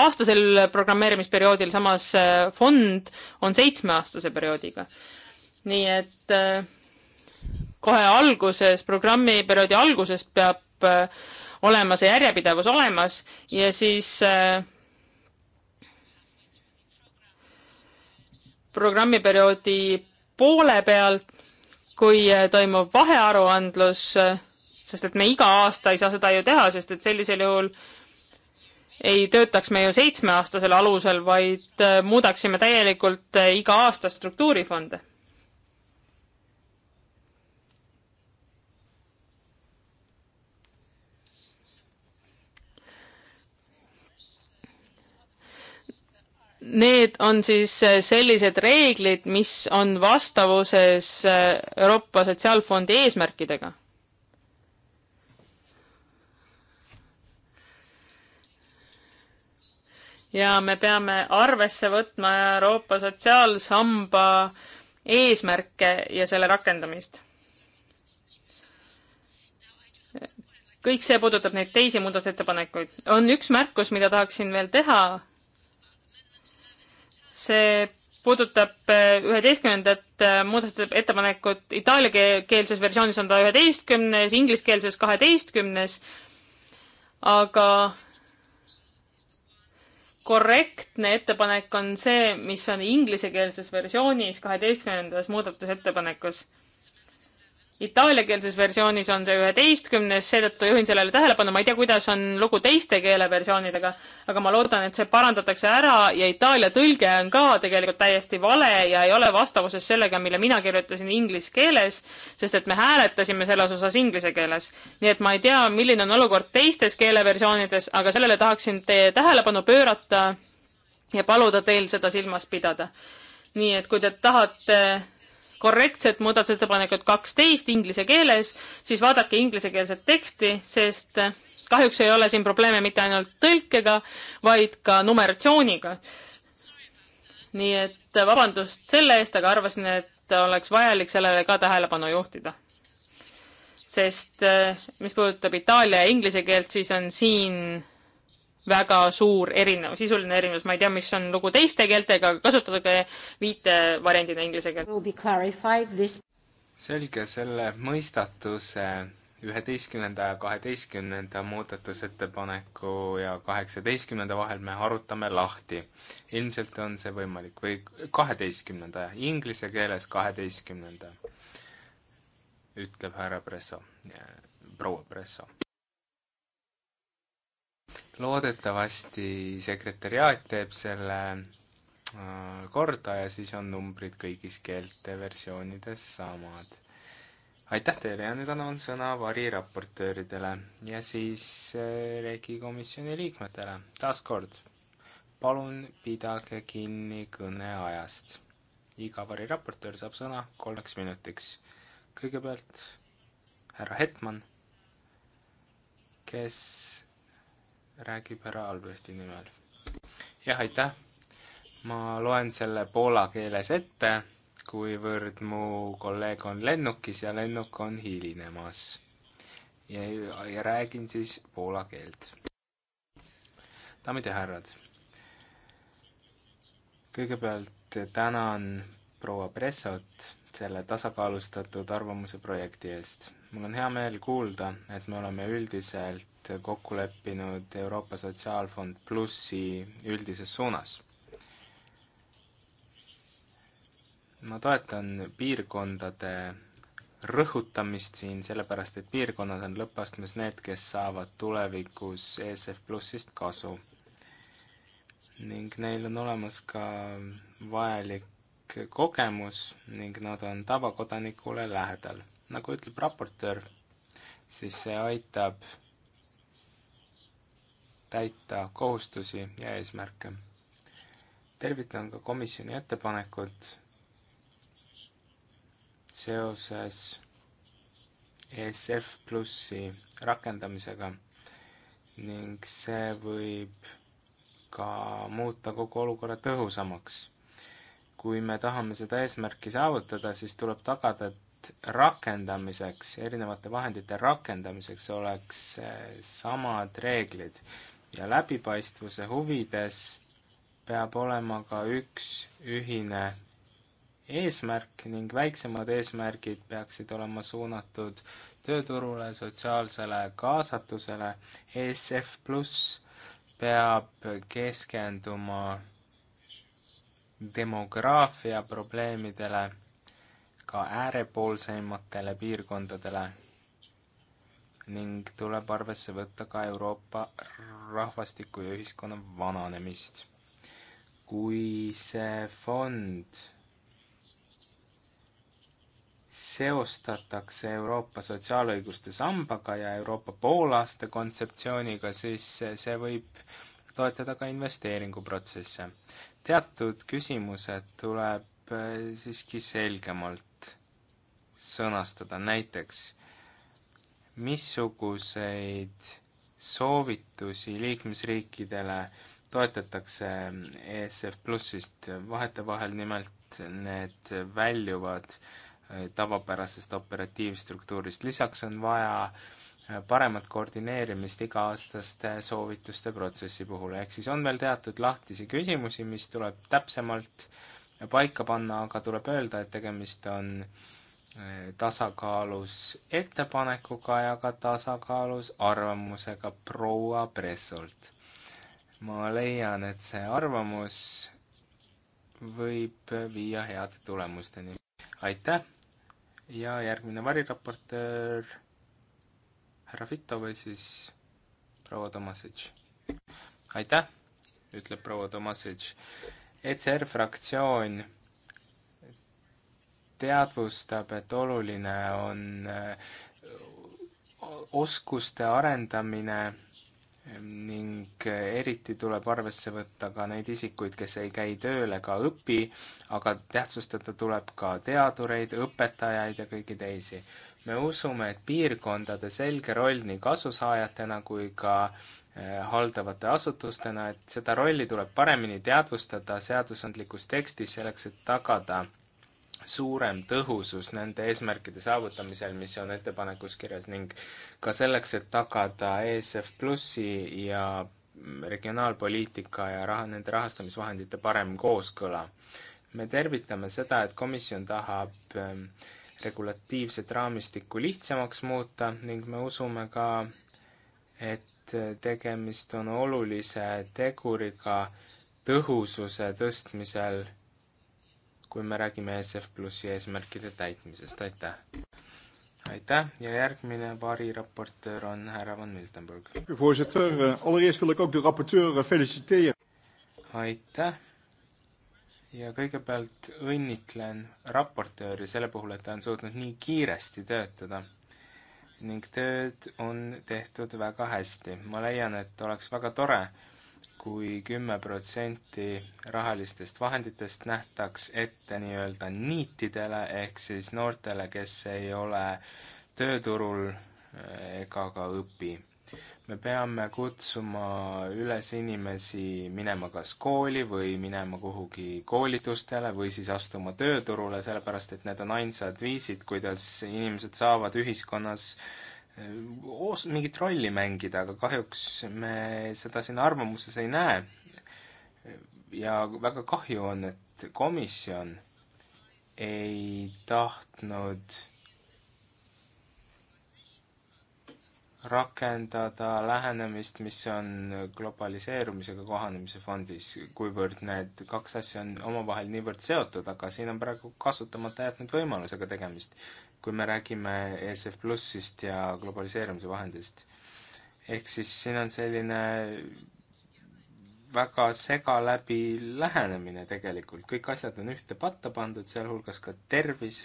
aastasel programmeerimisperioodil, samas äh, fond on seitsmeaastase perioodiga. nii et äh, kohe alguses, programmiperioodi alguses peab olema see järjepidevus olemas ja siis äh, programmiperioodi poole peal, kui eh, toimub vahearuandlus, eh, sest et me iga aasta ei saa seda ju teha, sest et sellisel juhul ei töötaks me ju seitsmeaastasel alusel, vaid eh, muudaksime täielikult iga aasta struktuurifonde Need on siis äh, sellised reeglid, mis on vastavuses äh, Euroopa Sotsiaalfondi eesmärkidega. ja me peame arvesse võtma Euroopa Sotsiaalsamba eesmärke ja selle rakendamist. kõik see puudutab neid teisi muudatusettepanekuid. on üks märkus, mida tahaksin veel teha see puudutab eh, üheteistkümnendat eh, muudatusettepanekut, itaaliakeelses versioonis on ta üheteistkümnes, ingliskeelses kaheteistkümnes, aga korrektne ettepanek on see, mis on inglisekeelses versioonis kaheteistkümnendas muudatusettepanekus itaaliakeelses versioonis on see üheteistkümnes, seetõttu juhin sellele tähelepanu, ma ei tea, kuidas on lugu teiste keeleversioonidega, aga ma loodan, et see parandatakse ära ja Itaalia tõlge on ka tegelikult täiesti vale ja ei ole vastavuses sellega, mille mina kirjutasin inglise keeles, sest et me hääletasime selles osas inglise keeles. nii et ma ei tea, milline on olukord teistes keeleversioonides, aga sellele tahaksin teie tähelepanu pöörata ja paluda teil seda silmas pidada. nii et kui te tahate korrektset muudatusettepanekut kaksteist inglise keeles, siis vaadake inglisekeelset teksti, sest kahjuks ei ole siin probleeme mitte ainult tõlkega, vaid ka numeratsiooniga. nii et vabandust selle eest, aga arvasin, et oleks vajalik sellele ka tähelepanu juhtida. sest mis puudutab itaalia ja inglise keelt, siis on siin väga suur erinev, sisuline erinevus, ma ei tea, mis on lugu teiste keeltega, kasutage viitevariandina inglise keelt. selge, selle mõistatuse üheteistkümnenda ja kaheteistkümnenda muudatusettepaneku ja kaheksateistkümnenda vahel me arutame lahti. ilmselt on see võimalik või kaheteistkümnenda, inglise keeles kaheteistkümnenda, ütleb härra Presso, proua Presso loodetavasti sekretäriaat teeb selle äh, korda ja siis on numbrid kõigis keelte versioonides samad. aitäh teile ja nüüd annan sõna variraportööridele ja siis äh, REKI komisjoni liikmetele. taaskord, palun pidage kinni kõneajast. iga variraportöör saab sõna kolmeks minutiks. kõigepealt härra Hetman, kes räägib härra Albrechti nimel. jah, aitäh! ma loen selle poola keeles ette, kuivõrd mu kolleeg on lennukis ja lennuk on hilinemas. ja, ja räägin siis poola keelt. daamid ja härrad, kõigepealt tänan proua Pressot selle tasakaalustatud arvamuse projekti eest mul on hea meel kuulda, et me oleme üldiselt kokku leppinud Euroopa Sotsiaalfond Plussi üldises suunas. ma toetan piirkondade rõhutamist siin, sellepärast et piirkonnad on lõppastmes need, kes saavad tulevikus ESF Plussist kasu. ning neil on olemas ka vajalik kogemus ning nad on tavakodanikule lähedal nagu ütleb raportöör, siis see aitab täita kohustusi ja eesmärke. tervitan ka komisjoni ettepanekut seoses ESF Plussi rakendamisega ning see võib ka muuta kogu olukorra tõhusamaks. kui me tahame seda eesmärki saavutada, siis tuleb tagada, et rakendamiseks, erinevate vahendite rakendamiseks oleks äh, samad reeglid ja läbipaistvuse huvides peab olema ka üks ühine eesmärk ning väiksemad eesmärgid peaksid olema suunatud tööturule, sotsiaalsele kaasatusele. ESF pluss peab keskenduma demograafia probleemidele ka äärepoolseimatele piirkondadele ning tuleb arvesse võtta ka Euroopa rahvastiku ja ühiskonna vananemist. kui see fond seostatakse Euroopa sotsiaalõiguste sambaga ja Euroopa poolaasta kontseptsiooniga, siis see võib toetada ka investeeringuprotsesse. teatud küsimused tuleb eh, siiski selgemalt sõnastada, näiteks missuguseid soovitusi liikmesriikidele toetatakse ESF Plussist, vahetevahel nimelt need väljuvad eh, tavapärasest operatiivstruktuurist, lisaks on vaja eh, paremat koordineerimist iga-aastaste soovituste protsessi puhul, ehk siis on veel teatud lahtisi küsimusi, mis tuleb täpsemalt paika panna, aga tuleb öelda, et tegemist on äh, tasakaalus ettepanekuga ja ka tasakaalus arvamusega proua Pressolt. ma leian, et see arvamus võib viia heade tulemusteni. aitäh ja järgmine variraportöör, härra Fito või siis proua Tomasic. aitäh, ütleb proua Tomasic. E ECR fraktsioon teadvustab, et oluline on äh, oskuste arendamine ehm, ning äh, eriti tuleb arvesse võtta ka neid isikuid, kes ei käi tööl ega õpi, aga tähtsustada tuleb ka teadureid, õpetajaid ja kõiki teisi. me usume, et piirkondade selge roll nii kasusaajatena kui ka äh, haldavate asutustena, et seda rolli tuleb paremini teadvustada seadusandlikus tekstis selleks, et tagada suurem tõhusus nende eesmärkide saavutamisel, mis on ettepanekus kirjas ning ka selleks, et tagada ESF Plussi ja regionaalpoliitika ja raha, nende rahastamisvahendite parem kooskõla. me tervitame seda, et komisjon tahab ähm, regulatiivset raamistikku lihtsamaks muuta ning me usume ka, et tegemist on olulise teguriga tõhususe tõstmisel kui me räägime SF Plussi eesmärkide täitmisest, aitäh! aitäh ja järgmine variraportöör on härra Van Miltenburg. Eh, eh, aitäh ja kõigepealt õnnitlen raportööri selle puhul, et ta on suutnud nii kiiresti töötada ning tööd on tehtud väga hästi. ma leian, et oleks väga tore, kui kümme protsenti rahalistest vahenditest nähtaks ette nii-öelda niitidele, ehk siis noortele, kes ei ole tööturul eh, ega ka õpi. me peame kutsuma üles inimesi minema kas kooli või minema kuhugi koolitustele või siis astuma tööturule, sellepärast et need on ainsad viisid, kuidas inimesed saavad ühiskonnas os-, mingit rolli mängida, aga kahjuks me seda siin arvamuses ei näe. ja väga kahju on, et komisjon ei tahtnud rakendada lähenemist, mis on globaliseerumisega kohanemise fondis, kuivõrd need kaks asja on omavahel niivõrd seotud, aga siin on praegu kasutamata jäetud võimalusega tegemist kui me räägime ESF Plussist ja globaliseerumise vahendist. ehk siis siin on selline väga segaläbi lähenemine tegelikult, kõik asjad on ühte patta pandud, sealhulgas ka tervis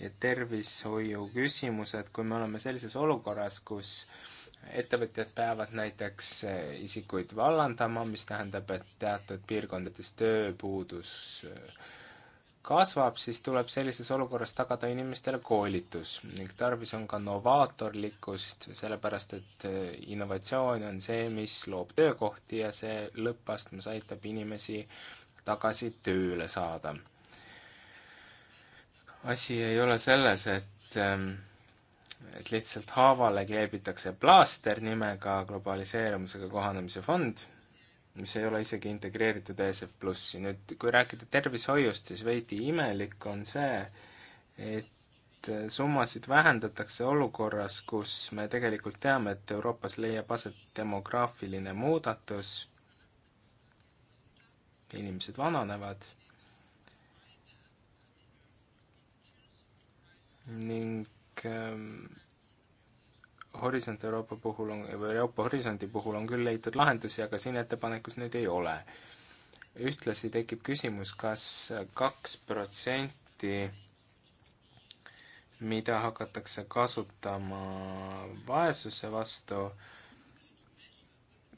ja tervishoiu küsimused, kui me oleme sellises olukorras, kus ettevõtjad peavad näiteks isikuid vallandama, mis tähendab, et teatud piirkondades tööpuudus äh, kasvab, siis tuleb sellises olukorras tagada inimestele koolitus ning tarvis on ka novaatorlikkust, sellepärast et eh, innovatsioon on see, mis loob töökohti ja see lõppastmes aitab inimesi tagasi tööle saada. asi ei ole selles, et ehm, et lihtsalt haavale kleebitakse plaaster nimega globaliseerumisega kohanemise fond mis ei ole isegi integreeritud ESF Plussi. nüüd kui rääkida tervishoiust, siis veidi imelik on see, et summasid vähendatakse olukorras, kus me tegelikult teame, et Euroopas leiab aset demograafiline muudatus, inimesed vananevad ning ähm, Horisont Euroopa puhul on, või Euroopa Horisondi puhul on küll leitud lahendusi, aga siin ettepanekus neid ei ole. ühtlasi tekib küsimus kas, kas kaks protsenti, mida hakatakse kasutama vaesuse vastu,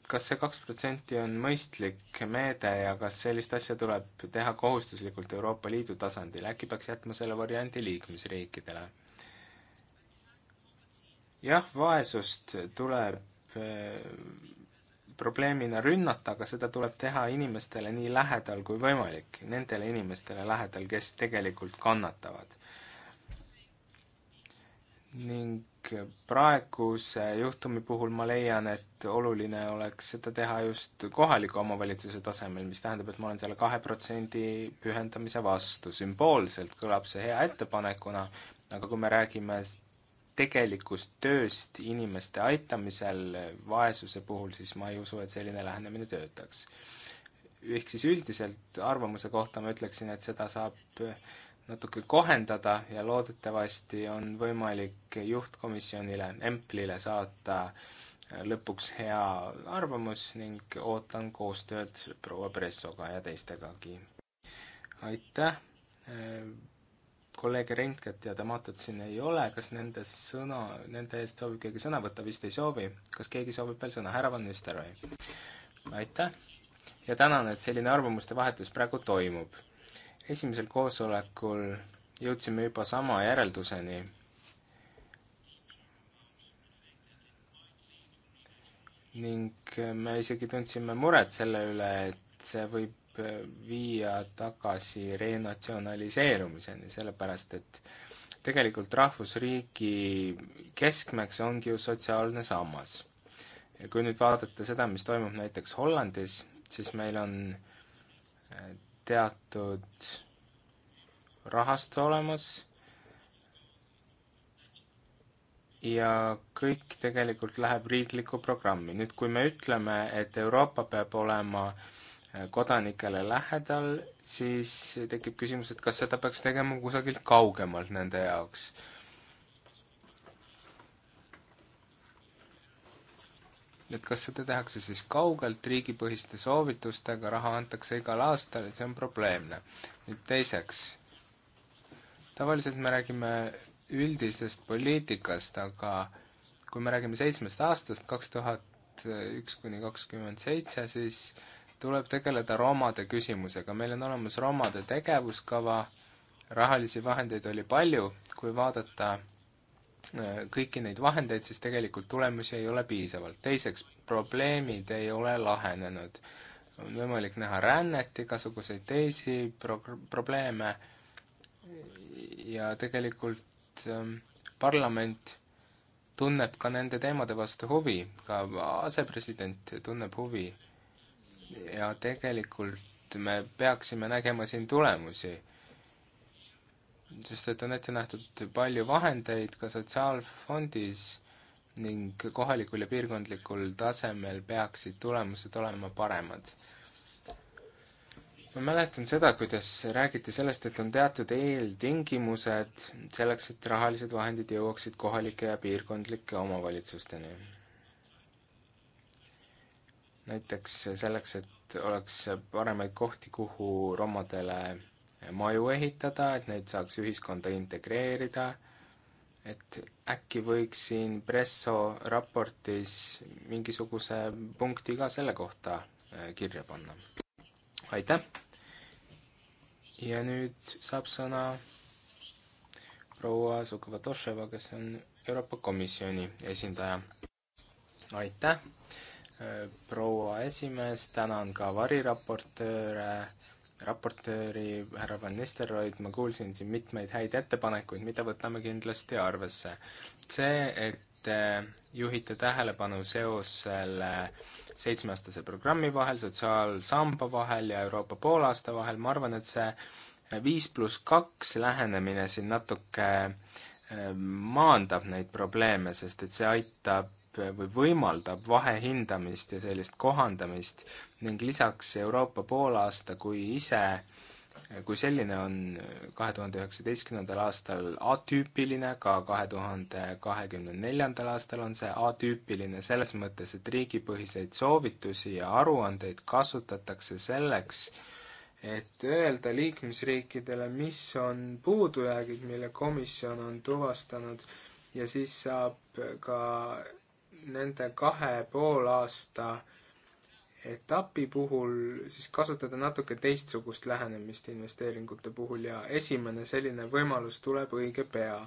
kas see kaks protsenti on mõistlik meede ja kas sellist asja tuleb teha kohustuslikult Euroopa Liidu tasandil, äkki peaks jätma selle variandi liikmesriikidele? jah, vaesust tuleb eh, probleemina rünnata, aga seda tuleb teha inimestele nii lähedal kui võimalik, nendele inimestele lähedal, kes tegelikult kannatavad. ning praeguse juhtumi puhul ma leian, et oluline oleks seda teha just kohaliku omavalitsuse tasemel, mis tähendab, et ma olen selle kahe protsendi pühendamise vastu. sümboolselt kõlab see hea ettepanekuna, aga kui me räägime tegelikust tööst inimeste aitamisel vaesuse puhul, siis ma ei usu, et selline lähenemine töötaks. ehk siis üldiselt arvamuse kohta ma ütleksin, et seda saab natuke kohendada ja loodetavasti on võimalik juhtkomisjonile, EMPLile saata lõpuks hea arvamus ning ootan koostööd proua Pressoga ja teistegagi. aitäh! kolleege Rentget ja Damatot siin ei ole, kas nende sõna, nende eest soovib keegi sõna võtta, vist ei soovi. kas keegi soovib veel sõna, härra Van Nistelrooy? aitäh ja tänan, et selline arvamuste vahetus praegu toimub. esimesel koosolekul jõudsime juba sama järelduseni. ning me isegi tundsime muret selle üle, et see võib Äh, viia tagasi renatsionaliseerumiseni, sellepärast et tegelikult rahvusriigi keskmeks ongi ju sotsiaalne sammas. ja kui nüüd vaadata seda, mis toimub näiteks Hollandis, siis meil on äh, teatud rahastu olemas ja kõik tegelikult läheb riiklikku programmi. nüüd, kui me ütleme, et Euroopa peab olema äh, kodanikele lähedal, siis tekib küsimus, et kas seda peaks tegema kusagilt kaugemalt nende jaoks. et kas seda tehakse siis kaugelt, riigipõhiste soovitustega, raha antakse igal aastal, et see on probleemne. nüüd teiseks, tavaliselt me räägime üldisest poliitikast, aga kui me räägime seitsmest aastast, kaks tuhat üks kuni kakskümmend seitse, siis äh, tuleb tegeleda romade küsimusega, meil on olemas romade tegevuskava, rahalisi vahendeid oli palju, kui vaadata äh, kõiki neid vahendeid, siis tegelikult tulemusi ei ole piisavalt. teiseks, probleemid ei ole lahenenud. on võimalik näha rännet, igasuguseid teisi pro-, probleeme ja tegelikult ähm, parlament tunneb ka nende teemade vastu huvi, ka asepresident tunneb huvi äh, ja tegelikult me peaksime nägema siin tulemusi, sest et on ette nähtud palju vahendeid ka sotsiaalfondis ning kohalikul ja piirkondlikul tasemel peaksid tulemused olema paremad ma mäletan seda, kuidas räägiti sellest, et on teatud eeltingimused selleks, et rahalised vahendid jõuaksid kohalike ja piirkondlike omavalitsusteni näiteks selleks, et oleks paremaid kohti, kuhu romadele maju ehitada, et neid saaks ühiskonda integreerida, et äkki võiks siin Presso raportis mingisuguse punkti ka selle kohta äh, kirja panna. aitäh! ja nüüd saab sõna proua Sukova-Toševa, kes on Euroopa Komisjoni esindaja. aitäh! proua esimees, tänan ka variraportööre, raportööri härra Van Nistelrooid, ma kuulsin siin mitmeid häid ettepanekuid, mida võtame kindlasti arvesse. see, et eh, juhite tähelepanu seosele seitsmeaastase programmi vahel, sotsiaalsamba vahel ja Euroopa poolaasta vahel, ma arvan, et see viis pluss kaks lähenemine siin natuke eh, maandab neid probleeme, sest et see aitab või võimaldab vahehindamist ja sellist kohandamist ning lisaks Euroopa poolaasta kui ise, kui selline on kahe tuhande üheksateistkümnendal aastal atüüpiline, ka kahe tuhande kahekümne neljandal aastal on see atüüpiline selles mõttes, et riigipõhiseid soovitusi ja aruandeid kasutatakse selleks, et öelda liikmesriikidele, mis on puudujäägid, mille komisjon on tuvastanud ja siis saab ka nende kahe poolaasta etapi puhul siis kasutada natuke teistsugust lähenemist investeeringute puhul ja esimene selline võimalus tuleb õige pea.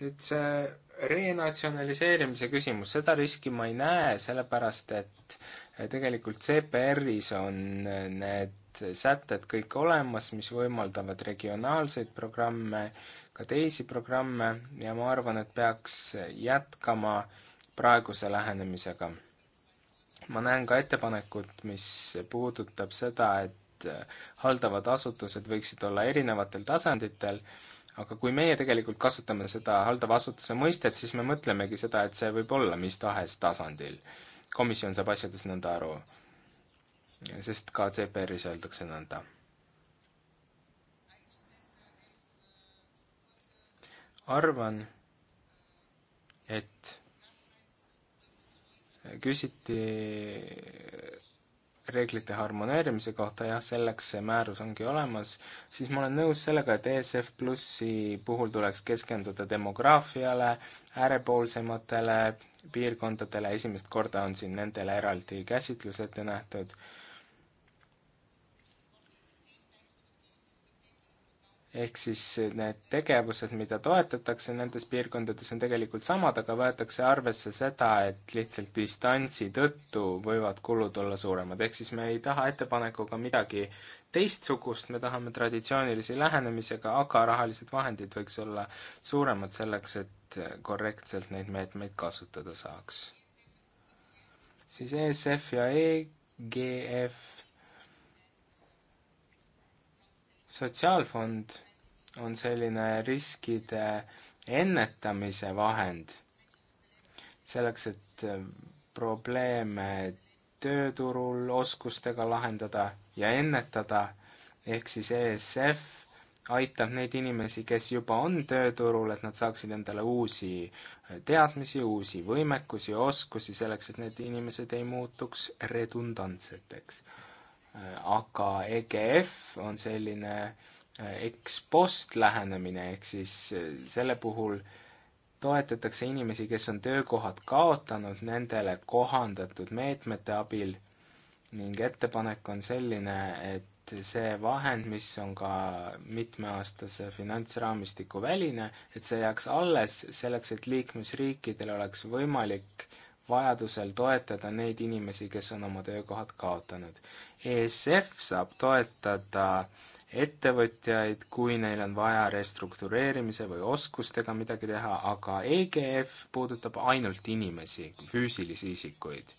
nüüd see renatsionaliseerimise küsimus, seda riski ma ei näe, sellepärast et tegelikult CPR-is on need sätted kõik olemas, mis võimaldavad regionaalseid programme, ka teisi programme ja ma arvan, et peaks jätkama äh, praeguse lähenemisega. ma näen ka ettepanekut, mis puudutab seda, et haldavad asutused võiksid olla erinevatel tasanditel, aga kui meie tegelikult kasutame seda haldava asutuse mõistet, siis me mõtlemegi seda, et see võib olla mis tahes tasandil. komisjon saab asjadest nõnda aru, sest ka CPR-is öeldakse nõnda arvan, et küsiti reeglite harmoneerimise kohta, jah, selleks see määrus ongi olemas, siis ma olen nõus sellega, et ESF Plussi puhul tuleks keskenduda demograafiale, äärepoolsematele piirkondadele, esimest korda on siin nendele eraldi käsitlus ette nähtud ehk siis need tegevused, mida toetatakse nendes piirkondades, on tegelikult samad, aga võetakse arvesse seda, et lihtsalt distantsi tõttu võivad kulud olla suuremad, ehk siis me ei taha ettepanekuga midagi teistsugust, me tahame traditsioonilisi lähenemisega, aga rahalised vahendid võiks olla suuremad selleks, et korrektselt neid meetmeid kasutada saaks. siis ESF ja EGF sotsiaalfond on selline riskide ennetamise vahend selleks, et äh, probleeme tööturul oskustega lahendada ja ennetada, ehk siis ESF aitab neid inimesi, kes juba on tööturul, et nad saaksid endale uusi äh, teadmisi, uusi võimekusi, oskusi selleks, et need inimesed ei muutuks redundantseteks. Äh, aga EGF on selline äh, Äh, ekspost lähenemine, ehk siis äh, selle puhul toetatakse inimesi, kes on töökohad kaotanud, nendele kohandatud meetmete abil ning ettepanek on selline, et see vahend, mis on ka mitmeaastase finantsraamistiku väline, et see jääks alles selleks, et liikmesriikidel oleks võimalik vajadusel toetada neid inimesi, kes on oma töökohad kaotanud. ESF saab toetada äh, ettevõtjaid, kui neil on vaja restruktureerimise või oskustega midagi teha, aga EGF puudutab ainult inimesi, füüsilisi isikuid.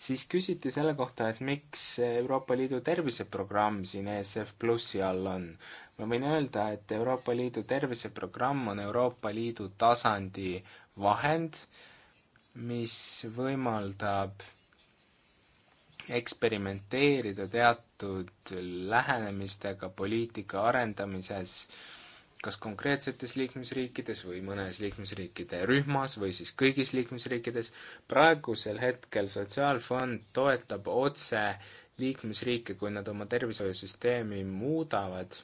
siis küsiti selle kohta, et miks Euroopa Liidu terviseprogramm siin ESF Plussi all on. ma võin öelda, et Euroopa Liidu terviseprogramm on Euroopa Liidu tasandi vahend, mis võimaldab eksperimenteerida teatud lähenemistega poliitika arendamises, kas konkreetsetes liikmesriikides või mõnes liikmesriikide rühmas või siis kõigis liikmesriikides. praegusel hetkel Sotsiaalfond toetab otse liikmesriike, kui nad oma tervishoiusüsteemi muudavad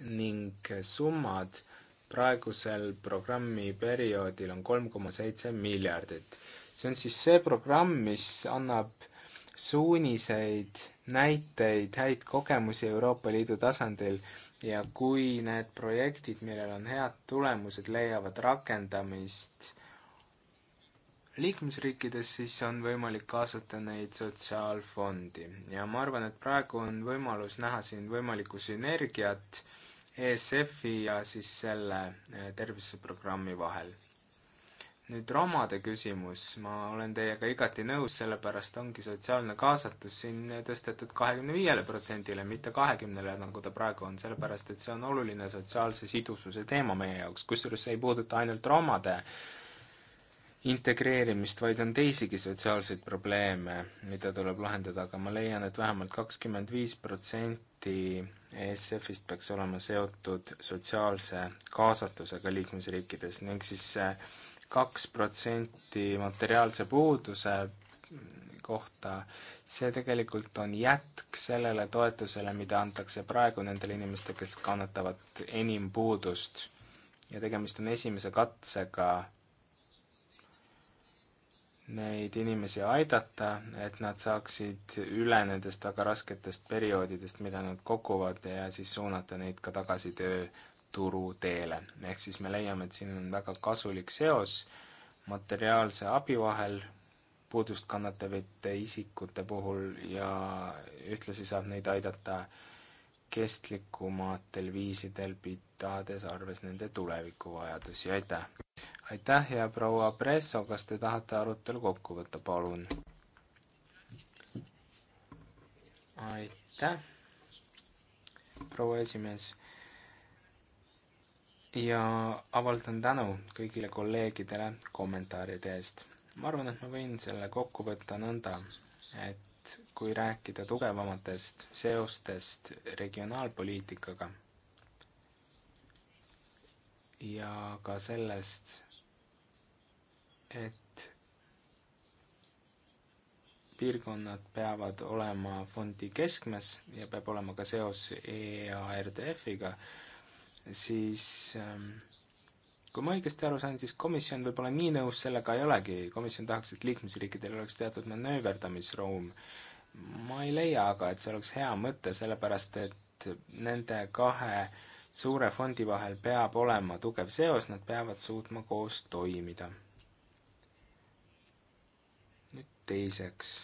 ning summad praegusel programmi perioodil on kolm koma seitse miljardit. see on siis see programm, mis annab suuniseid, näiteid, häid kogemusi Euroopa Liidu tasandil ja kui need projektid, millel on head tulemused, leiavad rakendamist liikmesriikides, siis on võimalik kaasata neid sotsiaalfondi ja ma arvan, et praegu on võimalus näha siin võimalikku sünergiat ESF-i ja siis selle eh, terviseprogrammi vahel nüüd romade küsimus, ma olen teiega igati nõus, sellepärast ongi sotsiaalne kaasatus siin tõstetud kahekümne viiele protsendile, mitte kahekümnele, nagu ta praegu on, sellepärast et see on oluline sotsiaalse sidususe teema meie jaoks, kusjuures see ei puuduta ainult romade integreerimist, vaid on teisigi sotsiaalseid probleeme, mida tuleb lahendada, aga ma leian, et vähemalt kakskümmend viis protsenti ESF-ist peaks olema seotud sotsiaalse kaasatusega liikmesriikides ning siis see kaks protsenti materiaalse puuduse kohta, see tegelikult on jätk sellele toetusele, mida antakse praegu nendele inimestele, kes kannatavad enim puudust. ja tegemist on esimese katsega neid inimesi aidata, et nad saaksid üle nendest väga rasketest perioodidest, mida nad koguvad ja siis suunata neid ka tagasi töö turuteele. ehk siis me leiame, et siin on väga kasulik seos materiaalse abi vahel puudust kannatavate isikute puhul ja ühtlasi saab neid aidata kestlikumatel viisidel, pidades arves nende tulevikuvajadusi, aitäh! aitäh ja proua Presso, kas te tahate arutelu kokku võtta, palun? aitäh, proua esimees ja avaldan tänu kõigile kolleegidele kommentaaride eest. ma arvan, et ma võin selle kokku võtta nõnda, et kui rääkida tugevamatest seostest regionaalpoliitikaga ja ka sellest, et piirkonnad peavad olema fondi keskmes ja peab olema ka seos EARDF-iga, siis ähm, kui ma õigesti aru sain, siis komisjon võib-olla nii nõus sellega ei olegi, komisjon tahaks, et liikmesriikidel oleks teatud manööverdamisruum. ma ei leia aga, et see oleks hea mõte, sellepärast et nende kahe suure fondi vahel peab olema tugev seos, nad peavad suutma koos toimida. nüüd teiseks.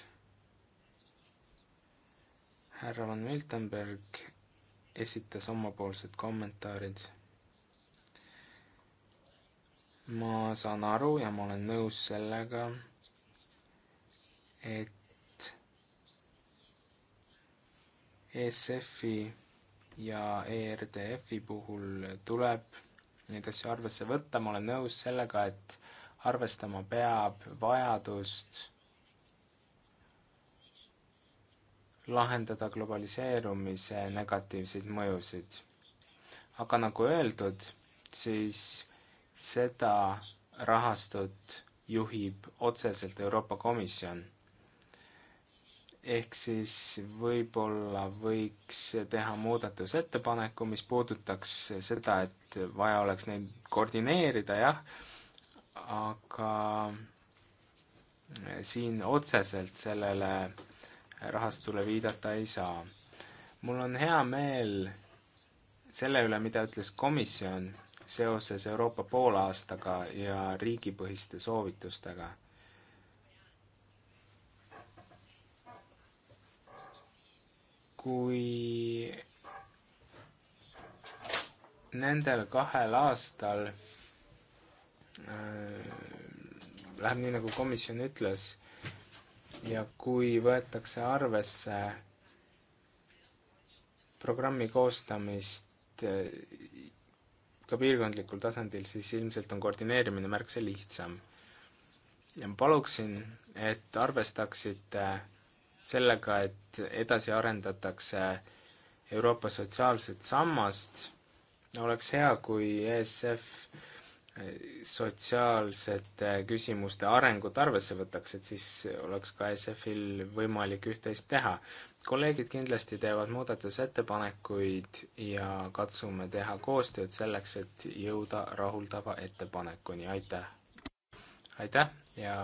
härra Van Miltenberg esitas omapoolsed kommentaarid. ma saan aru ja ma olen nõus sellega, et ESF-i ja ERDF-i puhul tuleb neid asju arvesse võtta, ma olen nõus sellega, et arvestama peab vajadust lahendada globaliseerumise negatiivseid mõjusid. aga nagu öeldud, siis seda rahastut juhib otseselt Euroopa Komisjon. ehk siis võib-olla võiks teha muudatusettepaneku, mis puudutaks seda, et vaja oleks neid koordineerida, jah, aga siin otseselt sellele rahastule viidata ei saa. mul on hea meel selle üle, mida ütles komisjon seoses Euroopa poolaastaga ja riigipõhiste soovitustega kui nendel kahel aastal äh, läheb nii, nagu komisjon ütles, ja kui võetakse arvesse programmi koostamist eh, ka piirkondlikul tasandil, siis ilmselt on koordineerimine märksa lihtsam. ja ma paluksin, et arvestaksite sellega, et edasi arendatakse Euroopa sotsiaalset sammast, oleks hea, kui ESF sotsiaalsete küsimuste arengut arvesse võtaks, et siis oleks ka SF-il võimalik üht-teist teha. kolleegid kindlasti teevad muudatusettepanekuid ja katsume teha koostööd selleks, et jõuda rahuldava ettepanekuni, aitäh! aitäh ja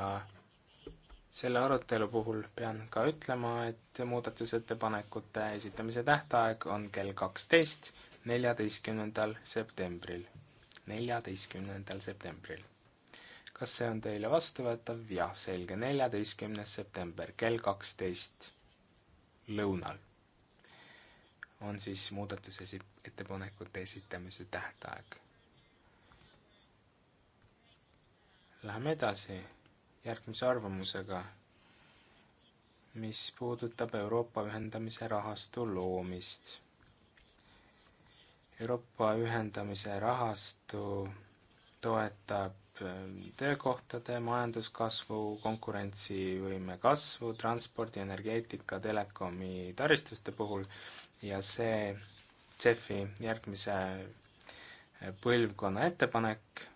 selle arutelu puhul pean ka ütlema, et muudatusettepanekute esitamise tähtaeg on kell kaksteist, neljateistkümnendal septembril neljateistkümnendal septembril. kas see on teile vastuvõetav? jah, selge, neljateistkümnes september kell kaksteist lõunal on siis muudatuse ettepanekute esitamise tähtaeg Läheme edasi järgmise arvamusega, mis puudutab Euroopa ühendamise rahastu loomist Euroopa ühendamise rahastu toetab ähm, töökohtade, majanduskasvu, konkurentsivõime kasvu transpordi, energeetika, telekomi taristuste puhul ja see CEF-i järgmise äh, põlvkonna ettepanek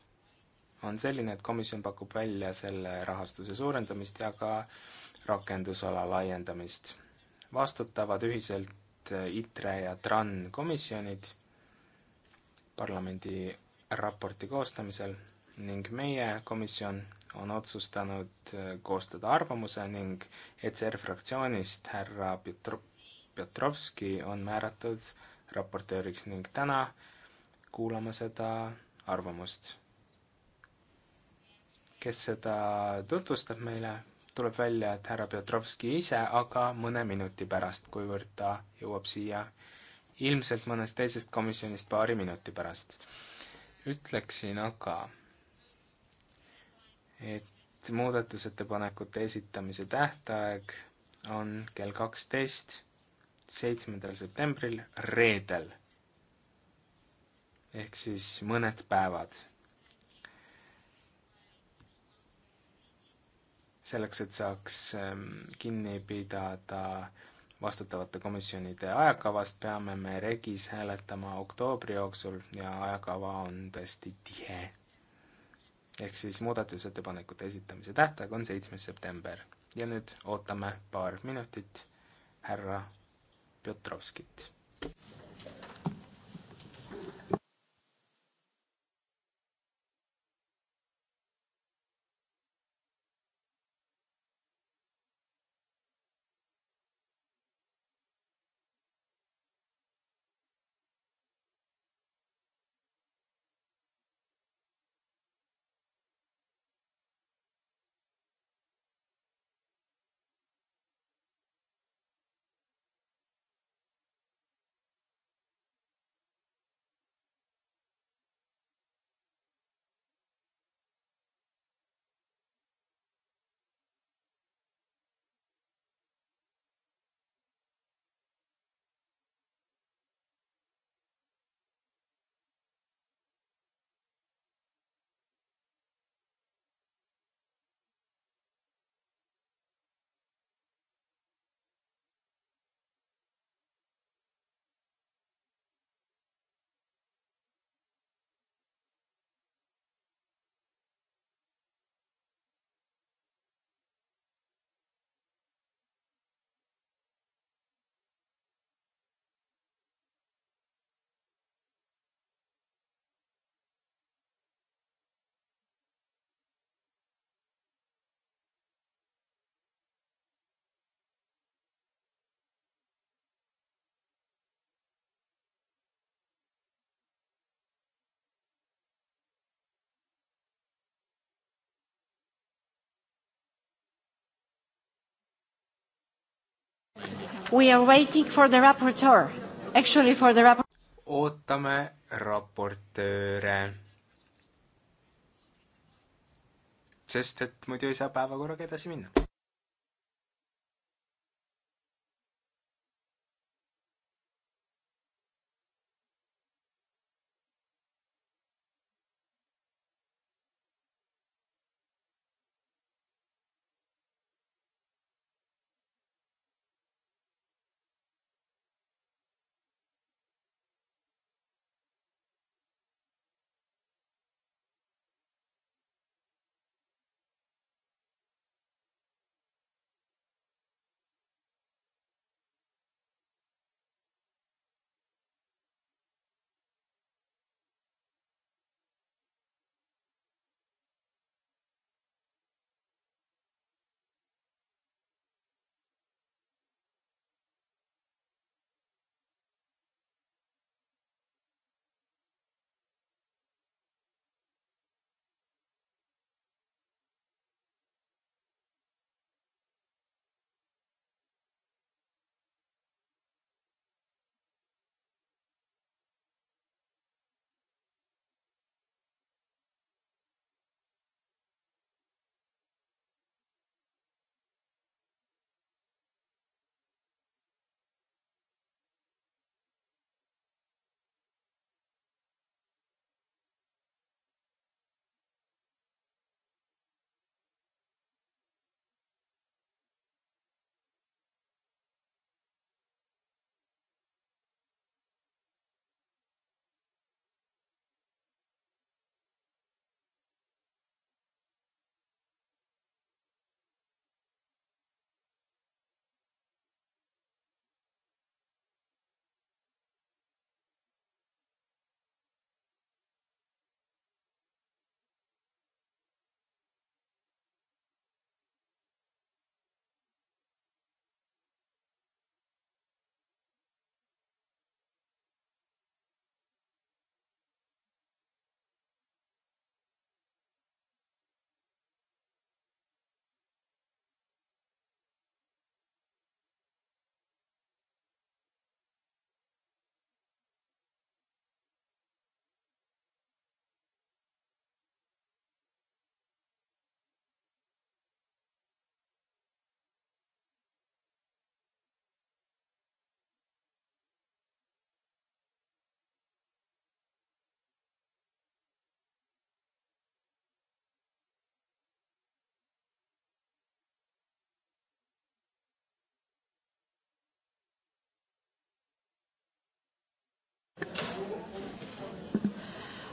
on selline, et komisjon pakub välja selle rahastuse suurendamist ja ka rakendusala laiendamist. vastutavad ühiselt äh, ITRE ja TRAN komisjonid parlamendi raporti koostamisel ning meie komisjon on otsustanud äh, koostada arvamuse ning ECR fraktsioonist härra Piotr-, Piotrovski on määratud raportööriks ning täna kuulame seda arvamust. kes seda tutvustab meile, tuleb välja, et härra Piotrovski ise, aga mõne minuti pärast, kuivõrd ta jõuab siia ilmselt mõnest teisest komisjonist paari minuti pärast. ütleksin aga, et muudatusettepanekute esitamise tähtaeg on kell kaksteist, seitsmendal septembril, reedel. ehk siis mõned päevad. selleks, et saaks ehm, kinni pidada vastutavate komisjonide ajakavast peame me Regis hääletama oktoobri jooksul ja ajakava on tõesti tihe. ehk siis muudatusettepanekute esitamise tähtaeg on seitsmes september ja nüüd ootame paar minutit härra Pjotrovskit. We are waiting for the raporteur. Actually for the rapor-. ootame raportööre. sest et muidu ei saa päevakorraga edasi minna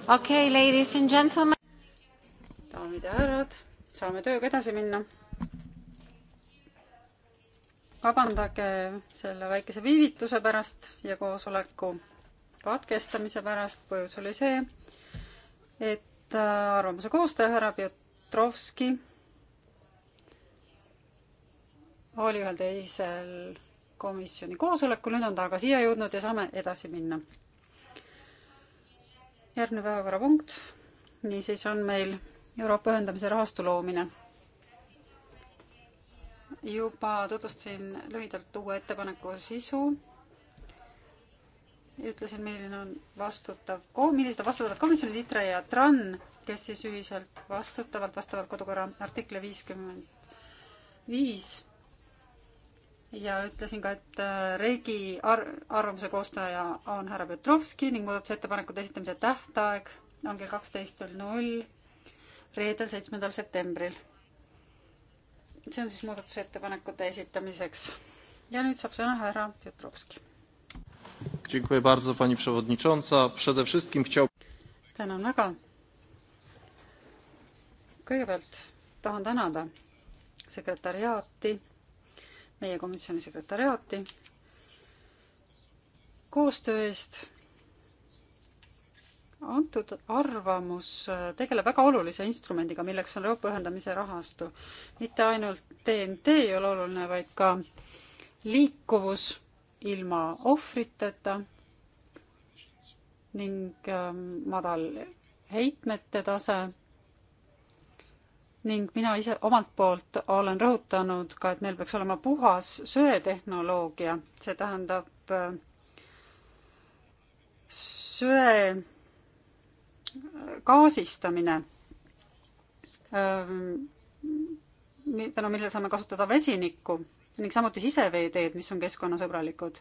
okei okay,, ladies and gentlemen. daamid ja härrad, saame tööga edasi minna. vabandage selle väikese viivituse pärast ja koosoleku katkestamise pärast, põhjus oli see, et äh, arvamuse koostaja härra Pjotrovski oli ühel teisel komisjoni koosolekul, nüüd on ta aga siia jõudnud ja saame edasi minna järgmine päevakorrapunkt, niisiis on meil Euroopa ühendamise rahastu loomine. juba tutvustasin lühidalt uue ettepaneku sisu. ütlesin, milline on vastutav, millised on vastutavad komisjonid ITRE ja TRAN, kes siis ühiselt vastutavalt vastavalt kodukorra artikli viiskümmend viis ja ütlesin ka, et äh, Regi ar-, arvamuse koostaja on härra Petrovski ning muudatusettepanekute esitamise tähtaeg on kell kaksteist null null reedel, seitsmendal septembril. see on siis muudatusettepanekute esitamiseks. ja nüüd saab sõna härra Petrovski. tänan väga. kõigepealt tahan tänada sekretäriaati meie komisjoni sekretäriaati koostöö eest. antud arvamus tegeleb väga olulise instrumendiga, milleks on Euroopa ühendamise rahastu. mitte ainult TNT ei ole oluline, vaid ka liikuvus ilma ohvriteta ning ähm, madal heitmete tase ning mina ise omalt poolt olen rõhutanud ka, et meil peaks olema puhas söetehnoloogia, see tähendab äh, söe gaasistamine, äh, tänu millele saame kasutada vesinikku ning samuti siseveeteed, mis on keskkonnasõbralikud.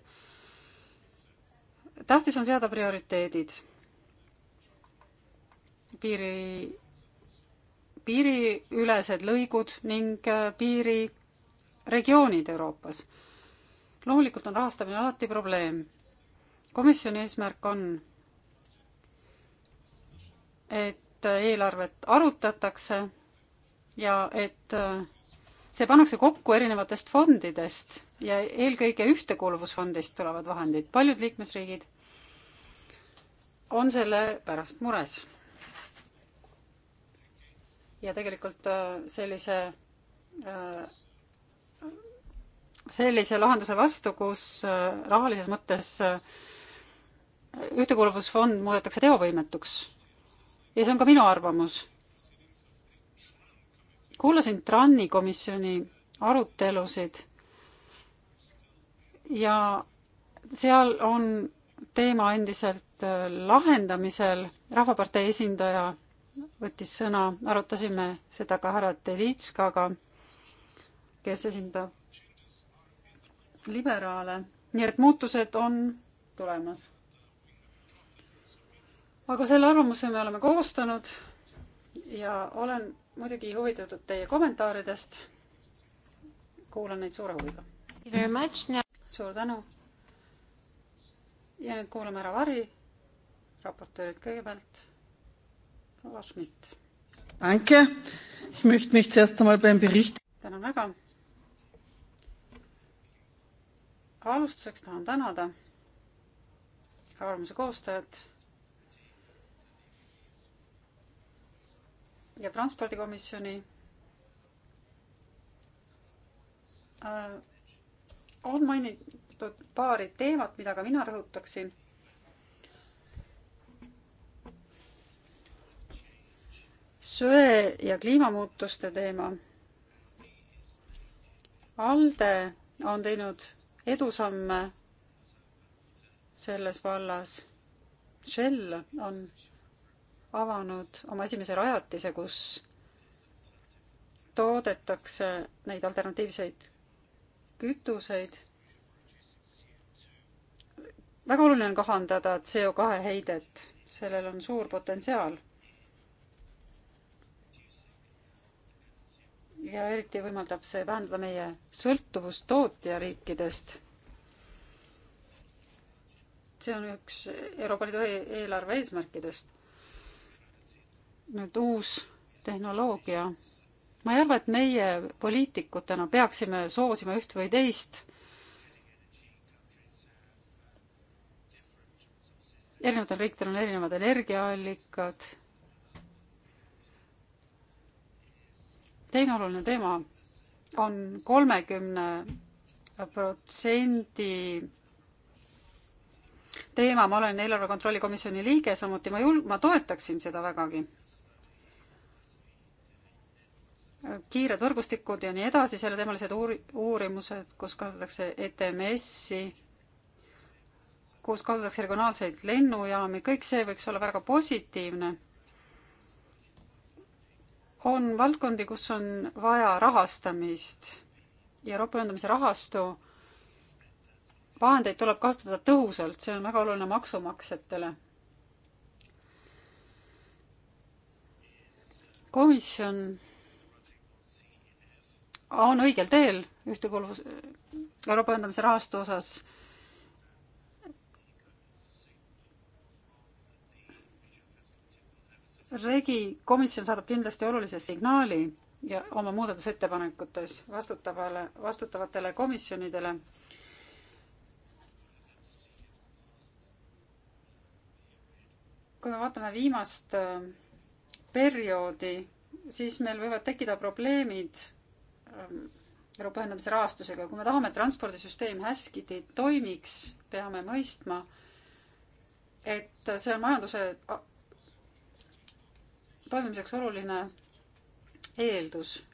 tähtis on seada prioriteedid. piiri piiriülesed lõigud ning äh, piiriregioonid Euroopas. loomulikult on rahastamine alati probleem. komisjoni eesmärk on, et äh, eelarvet arutatakse ja et äh, see pannakse kokku erinevatest fondidest ja eelkõige ühtekuuluvusfondist tulevad vahendid. paljud liikmesriigid on selle pärast mures ja tegelikult äh, sellise, äh, sellise lahenduse vastu, kus äh, rahalises mõttes ühtekuuluvusfond muudetakse teovõimetuks. ja see on ka minu arvamus. kuulasin TRAN-i komisjoni arutelusid ja seal on teema endiselt lahendamisel. rahvapartei esindaja võttis sõna, arutasime seda ka härra Delitskaga, kes esindab liberaale, nii et muutused on tulemas. aga selle arvamuse me oleme koostanud ja olen muidugi huvitatud teie kommentaaridest. kuulan neid suure huviga. suur tänu. ja nüüd kuulame ära Vari raportöörid kõigepealt proua Schmidt. Danke, ich möchte mich zuerst einmal beim Bericht. tänan väga. alustuseks tahan tänada arvamuse koostajat ja transpordikomisjoni äh, on mainitud paari teemat, mida ka mina rõhutaksin söe- ja kliimamuutuste teema. ALDE on teinud edusamme selles vallas. Shell on avanud oma esimese rajatise, kus toodetakse neid alternatiivseid kütuseid. väga oluline on kahandada CO2 heidet, sellel on suur potentsiaal ja eriti võimaldab see vähendada meie sõltuvust tootjariikidest. see on üks Euroopa Liidu e- eelarve eesmärkidest. nüüd uus tehnoloogia. ma ei arva, et meie poliitikutena peaksime soosima üht või teist. erinevatel riikidel on erinevad energiaallikad teine oluline teema on kolmekümne protsendi teema, ma olen eelarve kontrolli komisjoni liige, samuti ma jul-, ma toetaksin seda vägagi. kiired võrgustikud ja nii edasi, selleteemalised uuri-, uurimused, kus kasutatakse ETMS-i, kus kasutatakse regionaalseid lennujaami, kõik see võiks olla väga positiivne on valdkondi, kus on vaja rahastamist. Euroopa ühendamise rahastu vahendeid tuleb kasutada tõhusalt, see on väga oluline maksumaksjatele. komisjon on õigel teel ühtekuuluvus, Euroopa ühendamise rahastu osas regi komisjon saadab kindlasti olulise signaali ja oma muudatusettepanekutes vastutavale, vastutavatele komisjonidele. kui me vaatame viimast äh, perioodi, siis meil võivad tekkida probleemid ähm, Euroopa ühendamise rahastusega. kui me tahame, et transpordisüsteem hästi toimiks, peame mõistma, et see on majanduse toimimiseks oluline eeldus.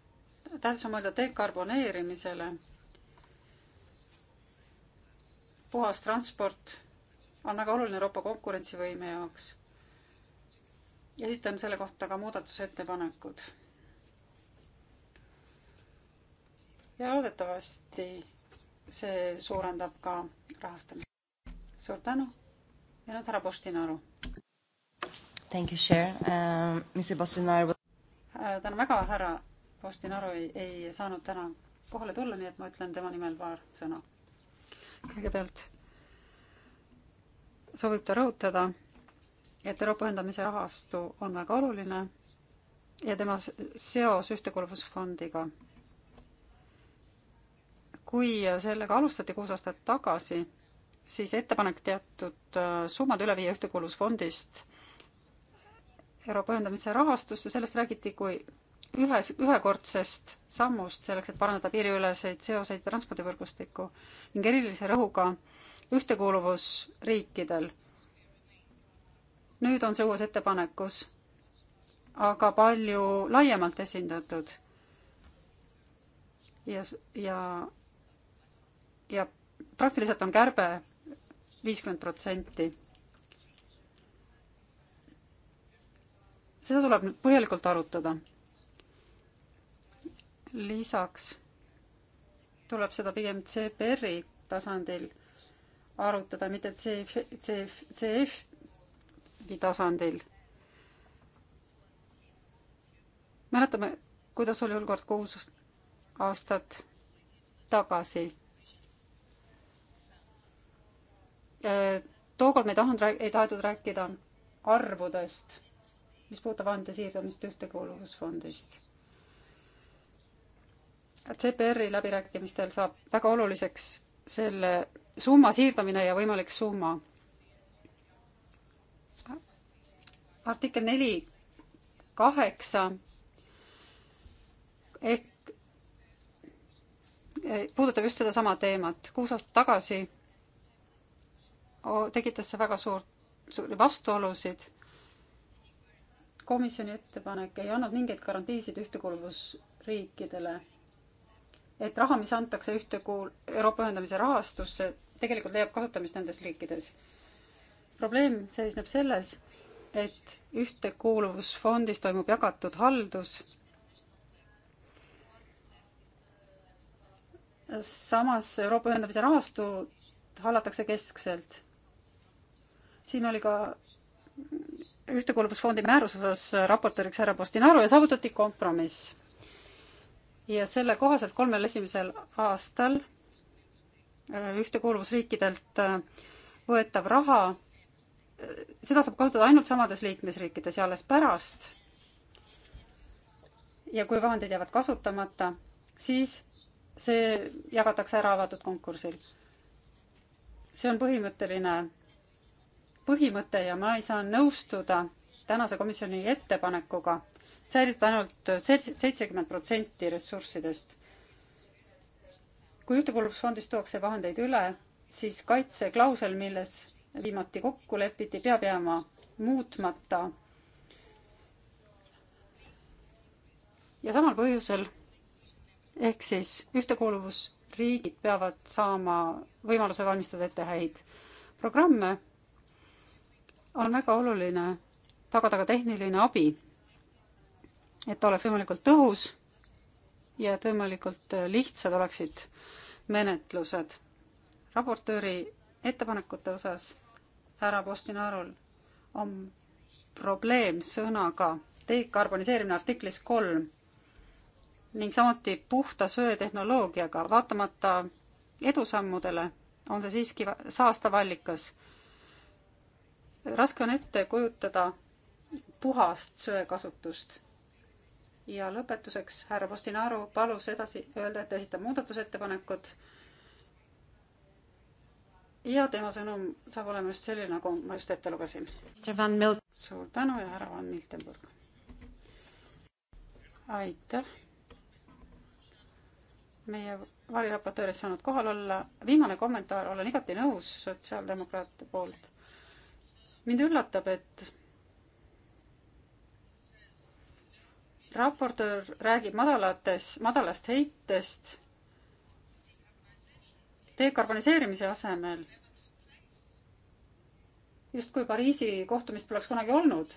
tähtis on mõelda dekarboneerimisele. puhas transport on väga oluline Euroopa konkurentsivõime jaoks. esitan selle kohta ka muudatusettepanekud. ja loodetavasti see suurendab ka rahastamist. suur tänu ja nüüd härra Postinaru Thank you, Chair uh,. Um, Mr Bostinaru uh,. tänan väga, härra Bostinaru ei, ei saanud täna kohale tulla, nii et ma ütlen tema nimel paar sõna. kõigepealt soovib ta rõhutada, et Euroopa ühendamise rahastu on väga oluline ja tema seos Ühtekuuluvusfondiga. kui sellega alustati kuus aastat tagasi, siis ettepanek teatud äh, summad üle viia Ühtekuuluvusfondist Euroopa ühendamise rahastusse, sellest räägiti kui ühes, ühekordsest sammust selleks, et parandada piiriüleseid seoseid transpordivõrgustikku ning erilise rõhuga ühtekuuluvusriikidel. nüüd on see uues ettepanekus aga palju laiemalt esindatud ja, ja, ja praktiliselt on kärbe viiskümmend protsenti seda tuleb põhjalikult arutada. lisaks tuleb seda pigem CPR-i tasandil arutada, mitte CF, CF, CF-i tasandil. mäletame, kuidas oli olukord kuus aastat tagasi. tookord me ei tahtnud, ei tahetud rääkida arvudest mis puudutab ande siirdamist ühtekuuluvusfondist. CPR-i läbirääkimistel saab väga oluliseks selle summa siirdamine ja võimalik summa. artikkel neli kaheksa ehk puudutab just sedasama teemat. kuus aastat tagasi tekitas see väga suurt, suuri vastuolusid komisjoni ettepanek ei andnud mingeid garantiisid ühtekuuluvusriikidele, et raha, mis antakse ühtekuul-, Euroopa ühendamise rahastusse, tegelikult leiab kasutamist nendes riikides. probleem seisneb selles, et ühtekuuluvusfondis toimub jagatud haldus, samas Euroopa ühendamise rahastu hallatakse keskselt. siin oli ka ühtekuuluvusfondi määruse osas raportööriks härra Postinaru ja saavutati kompromiss. ja selle kohaselt kolmel esimesel aastal äh, ühtekuuluvusriikidelt äh, võetav raha, äh, seda saab kasutada ainult samades liikmesriikides ja alles pärast ja kui vahendid jäävad kasutamata, siis see jagatakse ära avatud konkursil. see on põhimõtteline põhimõte ja ma ei saa nõustuda tänase komisjoni ettepanekuga säilitada ainult seitsekümmend protsenti ressurssidest. kui ühtekuuluvusfondist tuuakse vahendeid üle, siis kaitseklausel, milles viimati kokku lepiti, peab jääma muutmata. ja samal põhjusel ehk siis ühtekuuluvusriigid peavad saama võimaluse valmistada ette häid programme on väga oluline tagada ka tehniline abi, et ta oleks võimalikult tõhus ja et võimalikult äh, lihtsad oleksid menetlused. raportööri ettepanekute osas härra Postinaarul on probleem sõnaga dekarboniseerimine artiklis kolm ning samuti puhta söetehnoloogiaga. vaatamata edusammudele on see siiski saastav allikas raske on ette kujutada puhast söekasutust. ja lõpetuseks härra Postinaru palus edasi öelda, et esitab muudatusettepanekud. ja tema sõnum saab olema just selline, nagu ma just ette lugesin. suur tänu ja härra Van Miltenburg. aitäh. meie variraportöörid saanud kohal olla. viimane kommentaar, olen igati nõus sotsiaaldemokraatide poolt mind üllatab, et raportöör räägib madalates, madalast heitest dekarboniseerimise asemel, justkui Pariisi kohtumist poleks kunagi olnud.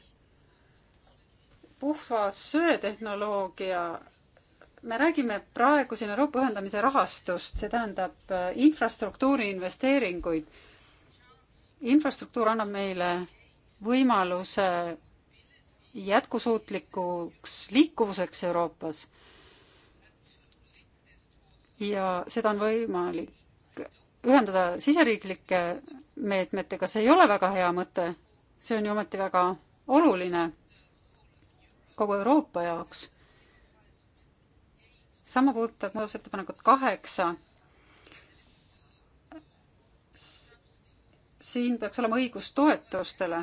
puhas söetehnoloogia, me räägime praegu siin Euroopa ühendamise rahastust, see tähendab äh, infrastruktuuri investeeringuid infrastruktuur annab meile võimaluse jätkusuutlikuks liikuvuseks Euroopas. ja seda on võimalik ühendada siseriiklike meetmetega, see ei ole väga hea mõte, see on ju ometi väga oluline kogu Euroopa jaoks. sama puudutab muudatusettepanekut kaheksa siin peaks olema õigus toetustele.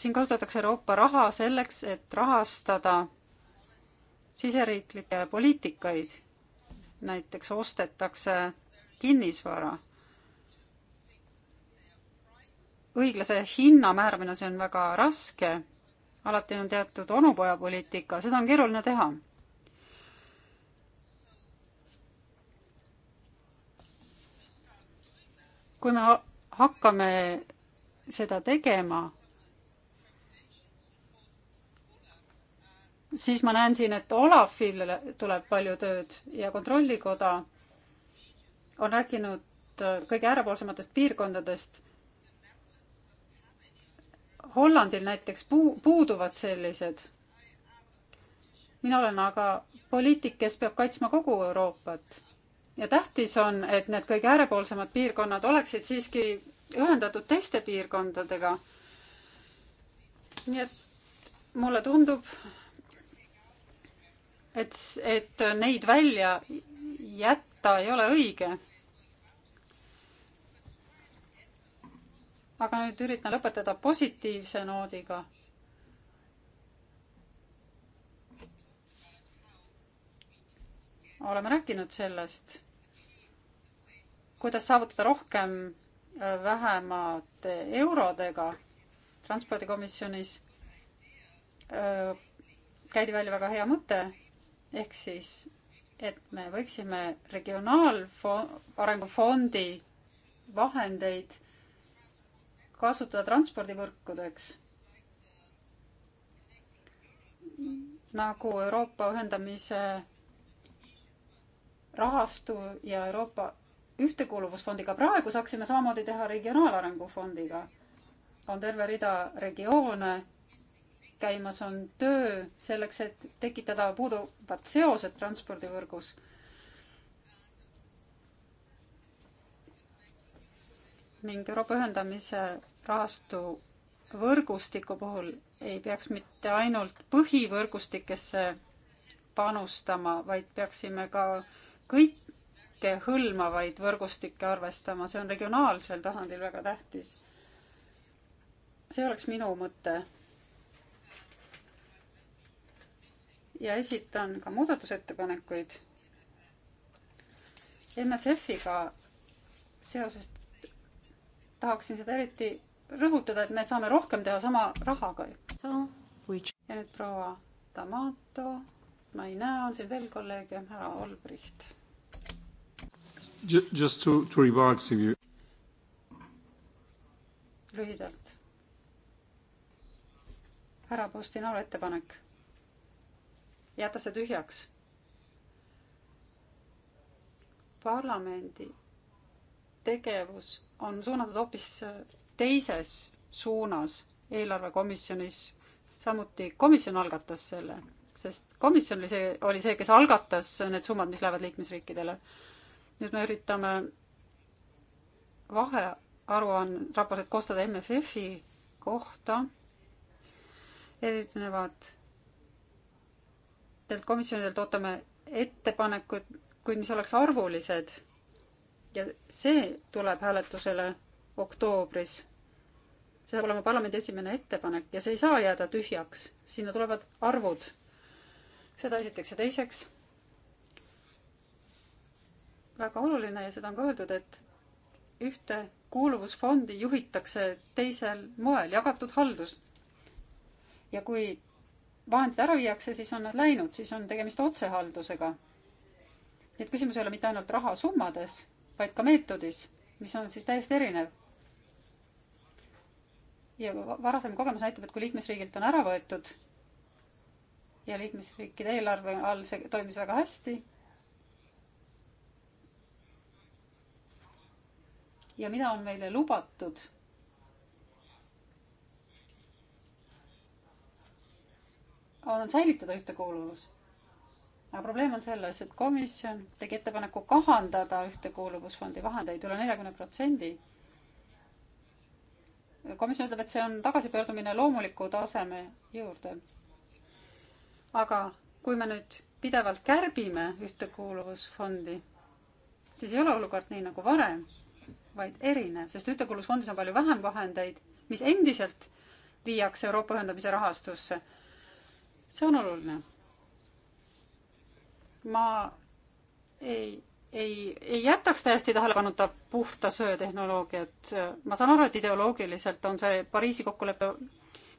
siin kasutatakse Euroopa raha selleks, et rahastada siseriiklikke poliitikaid. näiteks ostetakse kinnisvara. õiglase hinna määramine, see on väga raske. alati on teatud onupojapoliitika, seda on keeruline teha kui me hakkame seda tegema, siis ma näen siin, et Olafil tuleb palju tööd ja Kontrollikoda on rääkinud äh, kõige äärepoolsematest piirkondadest. Hollandil näiteks puu-, puuduvad sellised. mina olen aga poliitik, kes peab kaitsma kogu Euroopat ja tähtis on, et need kõige äärepoolsemad piirkonnad oleksid siiski ühendatud teiste piirkondadega. nii et mulle tundub, et, et neid välja jätta ei ole õige. aga nüüd üritan lõpetada positiivse noodiga oleme rääkinud sellest, kuidas saavutada rohkem äh, vähemate eurodega transpordikomisjonis äh, käidi välja väga hea mõte, ehk siis, et me võiksime regionaalarengufondi vahendeid kasutada transpordivõrkudeks, nagu Euroopa ühendamise rahastu ja Euroopa ühtekuuluvusfondiga, praegu saaksime samamoodi teha regionaalarengu fondiga. on terve rida regioone, käimas on töö selleks, et tekitada puuduvad seosed transpordivõrgus. ning Euroopa ühendamise rahastu võrgustiku puhul ei peaks mitte ainult põhivõrgustikesse panustama, vaid peaksime ka kõik kõike hõlmavaid võrgustikke arvestama, see on regionaalsel tasandil väga tähtis. see oleks minu mõte. ja esitan ka muudatusettepanekuid. MFF-iga seoses tahaksin seda eriti rõhutada, et me saame rohkem teha sama rahaga. ja nüüd proua Tamato, ma ei näe, on siin veel kolleege, härra Olbricht Just two, two remarks if you. lühidalt. härra Postinaru ettepanek. jäta see tühjaks. parlamendi tegevus on suunatud hoopis teises suunas eelarvekomisjonis. samuti komisjon algatas selle, sest komisjon oli see, oli see, kes algatas need summad, mis lähevad liikmesriikidele nüüd me üritame vahearuanne, raportit koostada MFF-i kohta, erinevad teilt komisjonidelt ootame ettepanekuid, kuid mis oleks arvulised. ja see tuleb hääletusele oktoobris. see saab olema parlamendi esimene ettepanek ja see ei saa jääda tühjaks, sinna tulevad arvud. seda esiteks ja teiseks väga oluline ja seda on ka öeldud, et ühte kuuluvusfondi juhitakse teisel moel, jagatud haldus. ja kui vahendid ära viiakse, siis on nad läinud, siis on tegemist otsehaldusega. nii et küsimus ei ole mitte ainult rahasummades, vaid ka meetodis, mis on siis täiesti erinev. ja varasem kogemus näitab, et kui liikmesriigilt on ära võetud ja liikmesriikide eelarve all see toimis väga hästi, ja mida on meile lubatud. on säilitada ühtekuuluvus. aga probleem on selles, et komisjon tegi ettepaneku kahandada ühtekuuluvusfondi vahendeid üle neljakümne protsendi. komisjon ütleb, et see on tagasipöördumine loomuliku taseme juurde. aga kui me nüüd pidevalt kärbime ühtekuuluvusfondi, siis ei ole olukord nii nagu varem vaid erinev, sest ühtekuuluvusfondis on palju vähem vahendeid, mis endiselt viiakse Euroopa ühendamise rahastusse. see on oluline. ma ei, ei, ei jätaks täiesti tähelepanuta puhta söetehnoloogiat. ma saan aru, et ideoloogiliselt on see Pariisi kokkulepe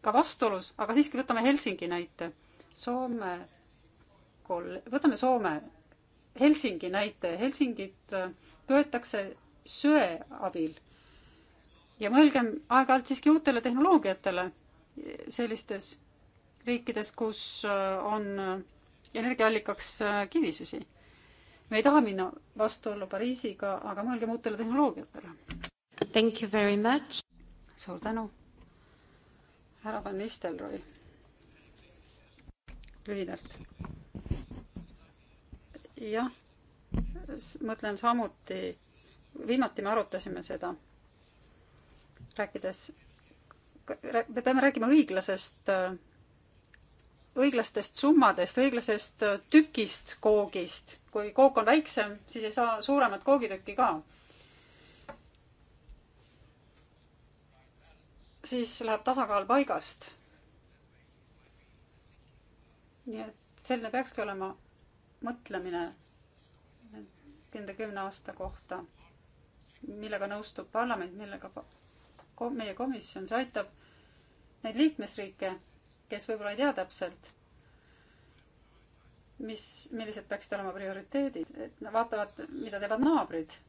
ka vastuolus, aga siiski võtame Helsingi näite. Soome kol-, võtame Soome, Helsingi näite. Helsingit köetakse äh, söe abil. ja mõelgem aeg-ajalt siiski uutele tehnoloogiatele sellistes riikides, kus äh, on äh, energiaallikaks äh, kivisüsi. me ei taha minna vastuollu Pariisiga, aga mõelgem uutele tehnoloogiatele. Thank you very much. suur tänu. härra Van Nistelrooy. lühidalt. jah, mõtlen samuti viimati me arutasime seda, rääkides, me peame rääkima õiglasest, õiglastest summadest, õiglasest tükist koogist. kui kook on väiksem, siis ei saa suuremat koogitükki ka. siis läheb tasakaal paigast. nii et selline peakski olema mõtlemine nende kümne aasta kohta millega nõustub parlament, millega meie komisjon, see aitab neid liikmesriike, kes võib-olla ei tea täpselt, mis, millised peaksid olema prioriteedid, et nad vaatavad, mida teevad naabrid.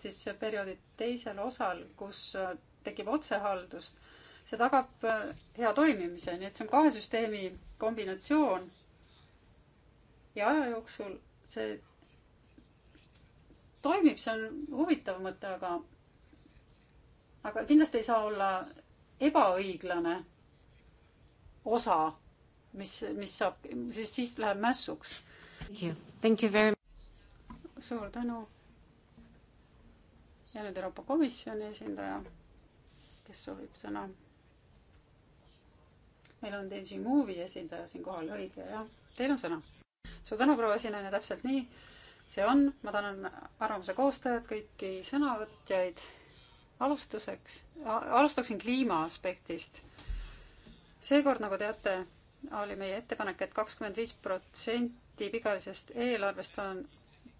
siis perioodi teisel osal, kus äh, tekib otsehaldus, see tagab äh, hea toimimise, nii et see on kahe süsteemi kombinatsioon. ja aja jooksul see toimib, see on huvitav mõte, aga, aga kindlasti ei saa olla ebaõiglane osa, mis, mis saab, siis, siis läheb mässuks. suur tänu. ja nüüd Euroopa Komisjoni esindaja, kes soovib sõna. meil on Denji Move'i esindaja siin kohal, õige jah? Teil on sõna. suur tänu, proua esineja, täpselt nii see on, ma tänan arvamuse koostajad, kõiki sõnavõtjaid. alustuseks, alustaksin kliima aspektist. seekord, nagu teate, oli meie ettepanek et, et kakskümmend viis protsenti pikaajalisest eelarvest on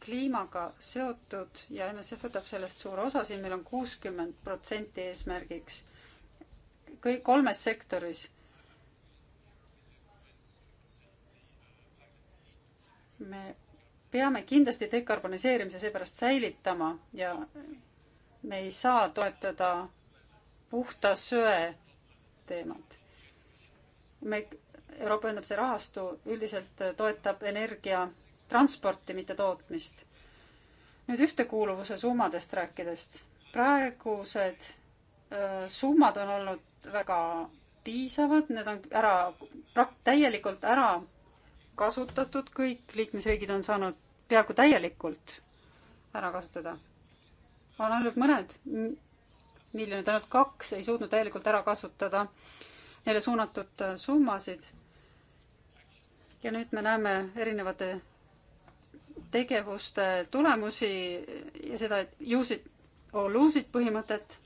kliimaga seotud ja MSF võtab sellest suure osa, siin meil on kuuskümmend protsenti eesmärgiks kõik kolmes sektoris me peame kindlasti dekarboniseerimise seepärast säilitama ja me ei saa toetada puhta söe teemat. me, Euroopa Ühendamise rahastu üldiselt toetab energia transporti, mitte tootmist. nüüd ühtekuuluvuse summadest rääkidest. praegused öö, summad on olnud väga piisavad, need on ära, täielikult ära kasutatud, kõik liikmesriigid on saanud peaaegu täielikult ära kasutada. on ainult mõned miljonid, ainult kaks ei suutnud täielikult ära kasutada neile suunatud äh, summasid. ja nüüd me näeme erinevate tegevuste tulemusi ja seda, et use it or lose it põhimõtet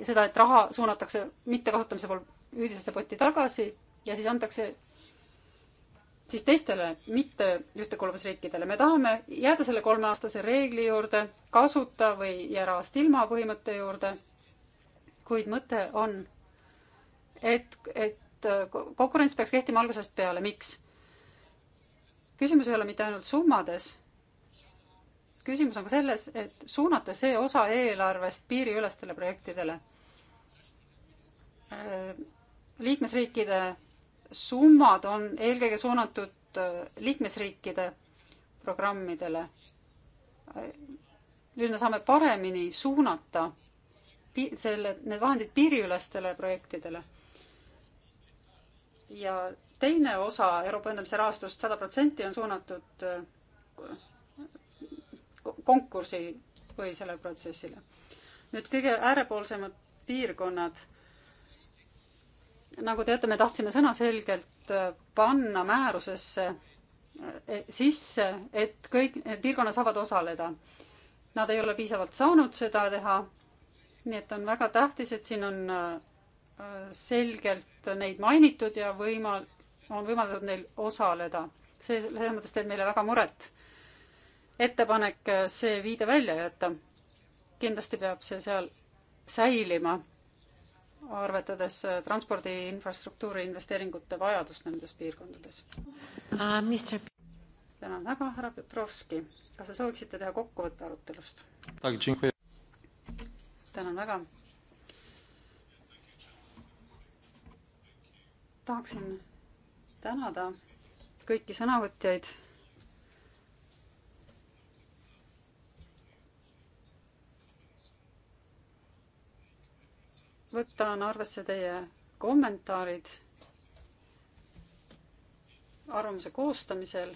ja seda, et raha suunatakse mittekasutamise pool üldisesse potti tagasi ja siis antakse siis teistele mitte ühtekuuluvusriikidele. me tahame jääda selle kolmeaastase reegli juurde, kasuta või jää rahast ilma põhimõtte juurde. kuid mõte on, et, et konkurents peaks kehtima algusest peale. miks? küsimus ei ole mitte ainult summades. küsimus on ka selles, et suunata see osa eelarvest piiriülestele projektidele. liikmesriikide summad on eelkõige suunatud äh, liikmesriikide programmidele. nüüd me saame paremini suunata selle, need vahendid piiriülestele projektidele. ja teine osa Euroopa ühendamise rahastust, sada protsenti on suunatud äh, konkursipõhisele protsessile. nüüd kõige äärepoolsemad piirkonnad nagu teate, me tahtsime sõnaselgelt äh, panna määrusesse äh, sisse, et kõik piirkonnad saavad osaleda. Nad ei ole piisavalt saanud seda teha. nii et on väga tähtis, et siin on äh, selgelt neid mainitud ja võimal-, on võimaldatud neil osaleda. see selles mõttes teeb meile väga muret. ettepanek see viide välja jätta. kindlasti peab see seal säilima arvetades äh, transpordi infrastruktuuri investeeringute vajadust nendes piirkondades uh,? Mister... tänan väga, härra Petrovski. kas te sooviksite teha kokkuvõtte arutelust? tänan väga. tahaksin tänada kõiki sõnavõtjaid võtan arvesse teie kommentaarid arvamuse koostamisel.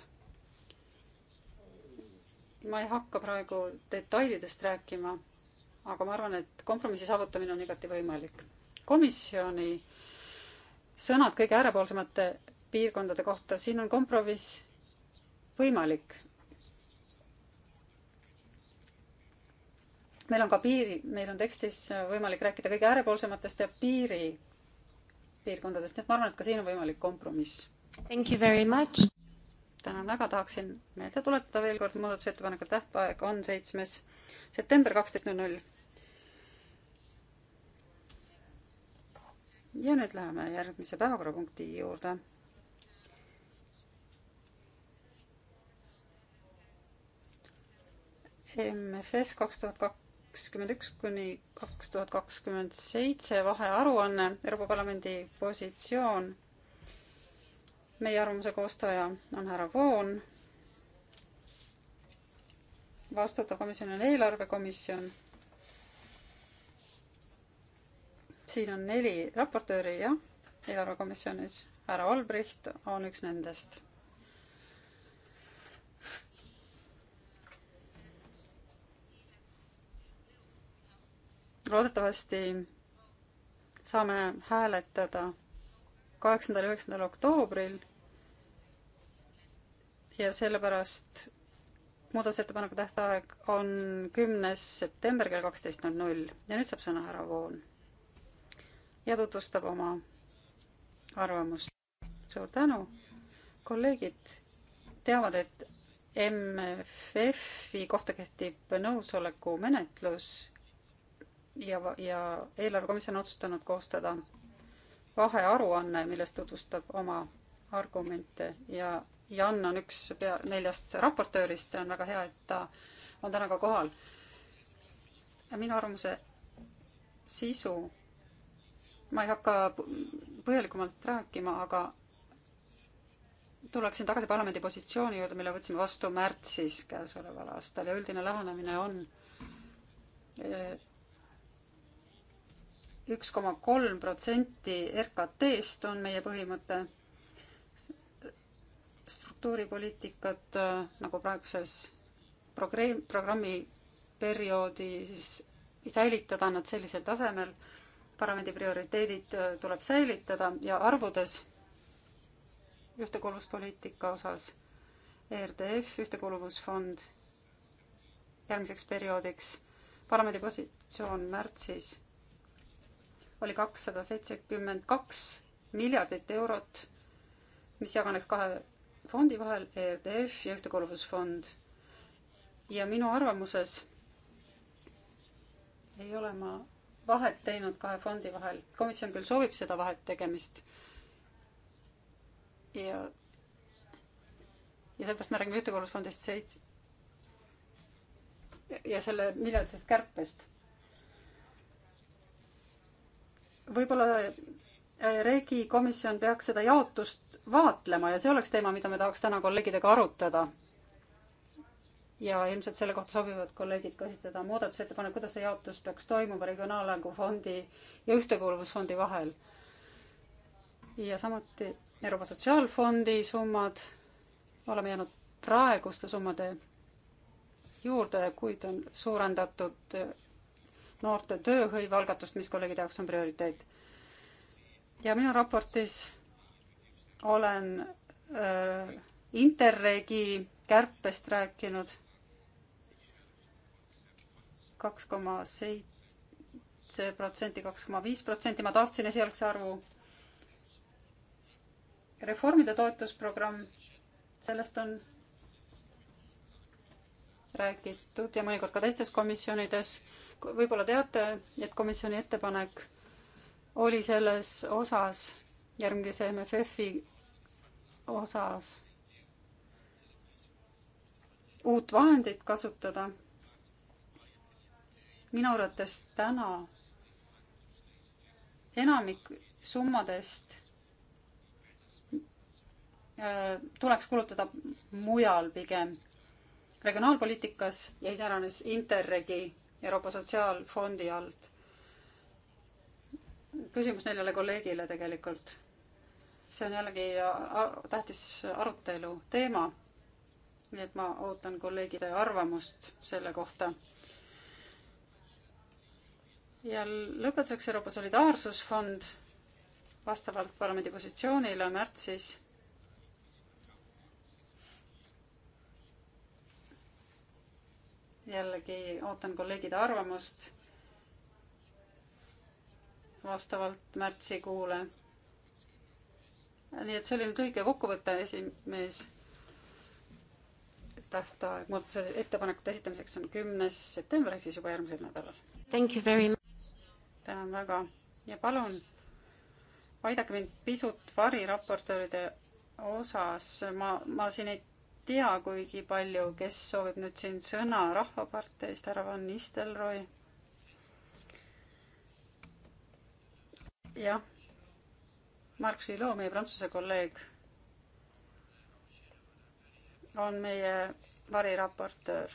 ma ei hakka praegu detailidest rääkima, aga ma arvan, et kompromissi saavutamine on igati võimalik. komisjoni sõnad kõige äärepoolsemate piirkondade kohta, siin on kompromiss võimalik. meil on ka piiri, meil on tekstis võimalik rääkida kõige äärepoolsematest ja piiri piirkondadest, nii et ma arvan, et ka siin on võimalik kompromiss. Thank you very much. tänan väga, tahaksin meelde tuletada veel kord, muudatusettepaneku tähtaeg on seitsmes september kaksteist null null. ja nüüd läheme järgmise päevakorrapunkti juurde MFF kaks tuhat kak-, kakskümmend üks kuni kaks tuhat kakskümmend seitse vahearuanne, Euroopa Parlamendi positsioon. meie arvamuse koostaja on härra Voon. vastutav komisjon on eelarvekomisjon. siin on neli raportööri, jah, eelarvekomisjonis. härra Olbricht on üks nendest loodetavasti saame hääletada kaheksandal ja üheksandal oktoobril. ja sellepärast muudatusettepaneku tähtaeg on kümnes september kell kaksteist null null ja nüüd saab sõna härra Voon ja tutvustab oma arvamust. suur tänu, kolleegid teavad, et MFF-i kohta kehtib nõusoleku menetlus ja, ja eelarvekomisjon on otsustanud koostada vahearuanne, milles tutvustab oma argumente ja Jan on üks pea, neljast raportöörist ja on väga hea, et ta on täna ka kohal. ja minu arvamuse sisu ma ei hakka põhjalikumalt rääkima, aga tuleksin tagasi parlamendi positsiooni juurde, mille võtsime vastu märtsis käesoleval aastal ja üldine lähenemine on üks koma kolm protsenti RKT-st on meie põhimõte. struktuuripoliitikat äh, nagu praeguses programmi, programmi perioodi siis säilitada nad sellisel tasemel. parlamendi prioriteedid äh, tuleb säilitada ja arvudes ühtekuuluvuspoliitika osas ERDF, ühtekuuluvusfond järgmiseks perioodiks, parlamendi positsioon märtsis oli kakssada seitsekümmend kaks miljardit eurot, mis jaganeks kahe fondi vahel, ERDF ja Ühtekuuluvusfond. ja minu arvamuses ei ole ma vahet teinud kahe fondi vahel. komisjon küll soovib seda vahet tegemist. ja, ja sellepärast me räägime Ühtekuuluvusfondist seitse ja selle miljardisest kärpest võib-olla äh, Regi komisjon peaks seda jaotust vaatlema ja see oleks teema, mida me tahaks täna kolleegidega arutada. ja ilmselt selle kohta sobivad kolleegid ka esitada muudatusettepanek, kuidas see jaotus peaks toimuma Regionaalarengu Fondi ja Ühtekuuluvusfondi vahel. ja samuti Euroopa Sotsiaalfondi summad, oleme jäänud praeguste summade juurde, kuid on suurendatud noorte tööhõive algatust, mis kolleegide jaoks on prioriteet. ja minu raportis olen äh, Interregi kärpest rääkinud kaks koma seitse protsenti, kaks koma viis protsenti, ma taastasin esialgse arvu. reformide toetusprogramm, sellest on räägitud ja mõnikord ka teistes komisjonides võib-olla teate, et komisjoni ettepanek oli selles osas, järgmise MFF-i osas, uut vahendit kasutada. minu arvates täna enamik summadest äh, tuleks kulutada mujal pigem regionaalpoliitikas ja iseäranis Interregi Euroopa Sotsiaalfondi alt. küsimus neljale kolleegile tegelikult. see on jällegi tähtis arutelu teema. nii et ma ootan kolleegide arvamust selle kohta. ja lõpetuseks Euroopa Solidaarsusfond vastavalt parlamendi positsioonile märtsis jällegi ootan kolleegide arvamust vastavalt märtsikuule. nii et see oli nüüd lühike kokkuvõte, esimees. tähtaeg muudatuse ettepanekute esitamiseks on kümnes september ehk siis juba järgmisel nädalal. tänan väga ja palun aidake mind pisut variraportööride osas, ma, ma siin ei tea kuigi palju, kes soovib nüüd siin sõna Rahvaparteist, härra Van Nistelrooy. jah, Mark Gillot, meie Prantsuse kolleeg, on meie variraportöör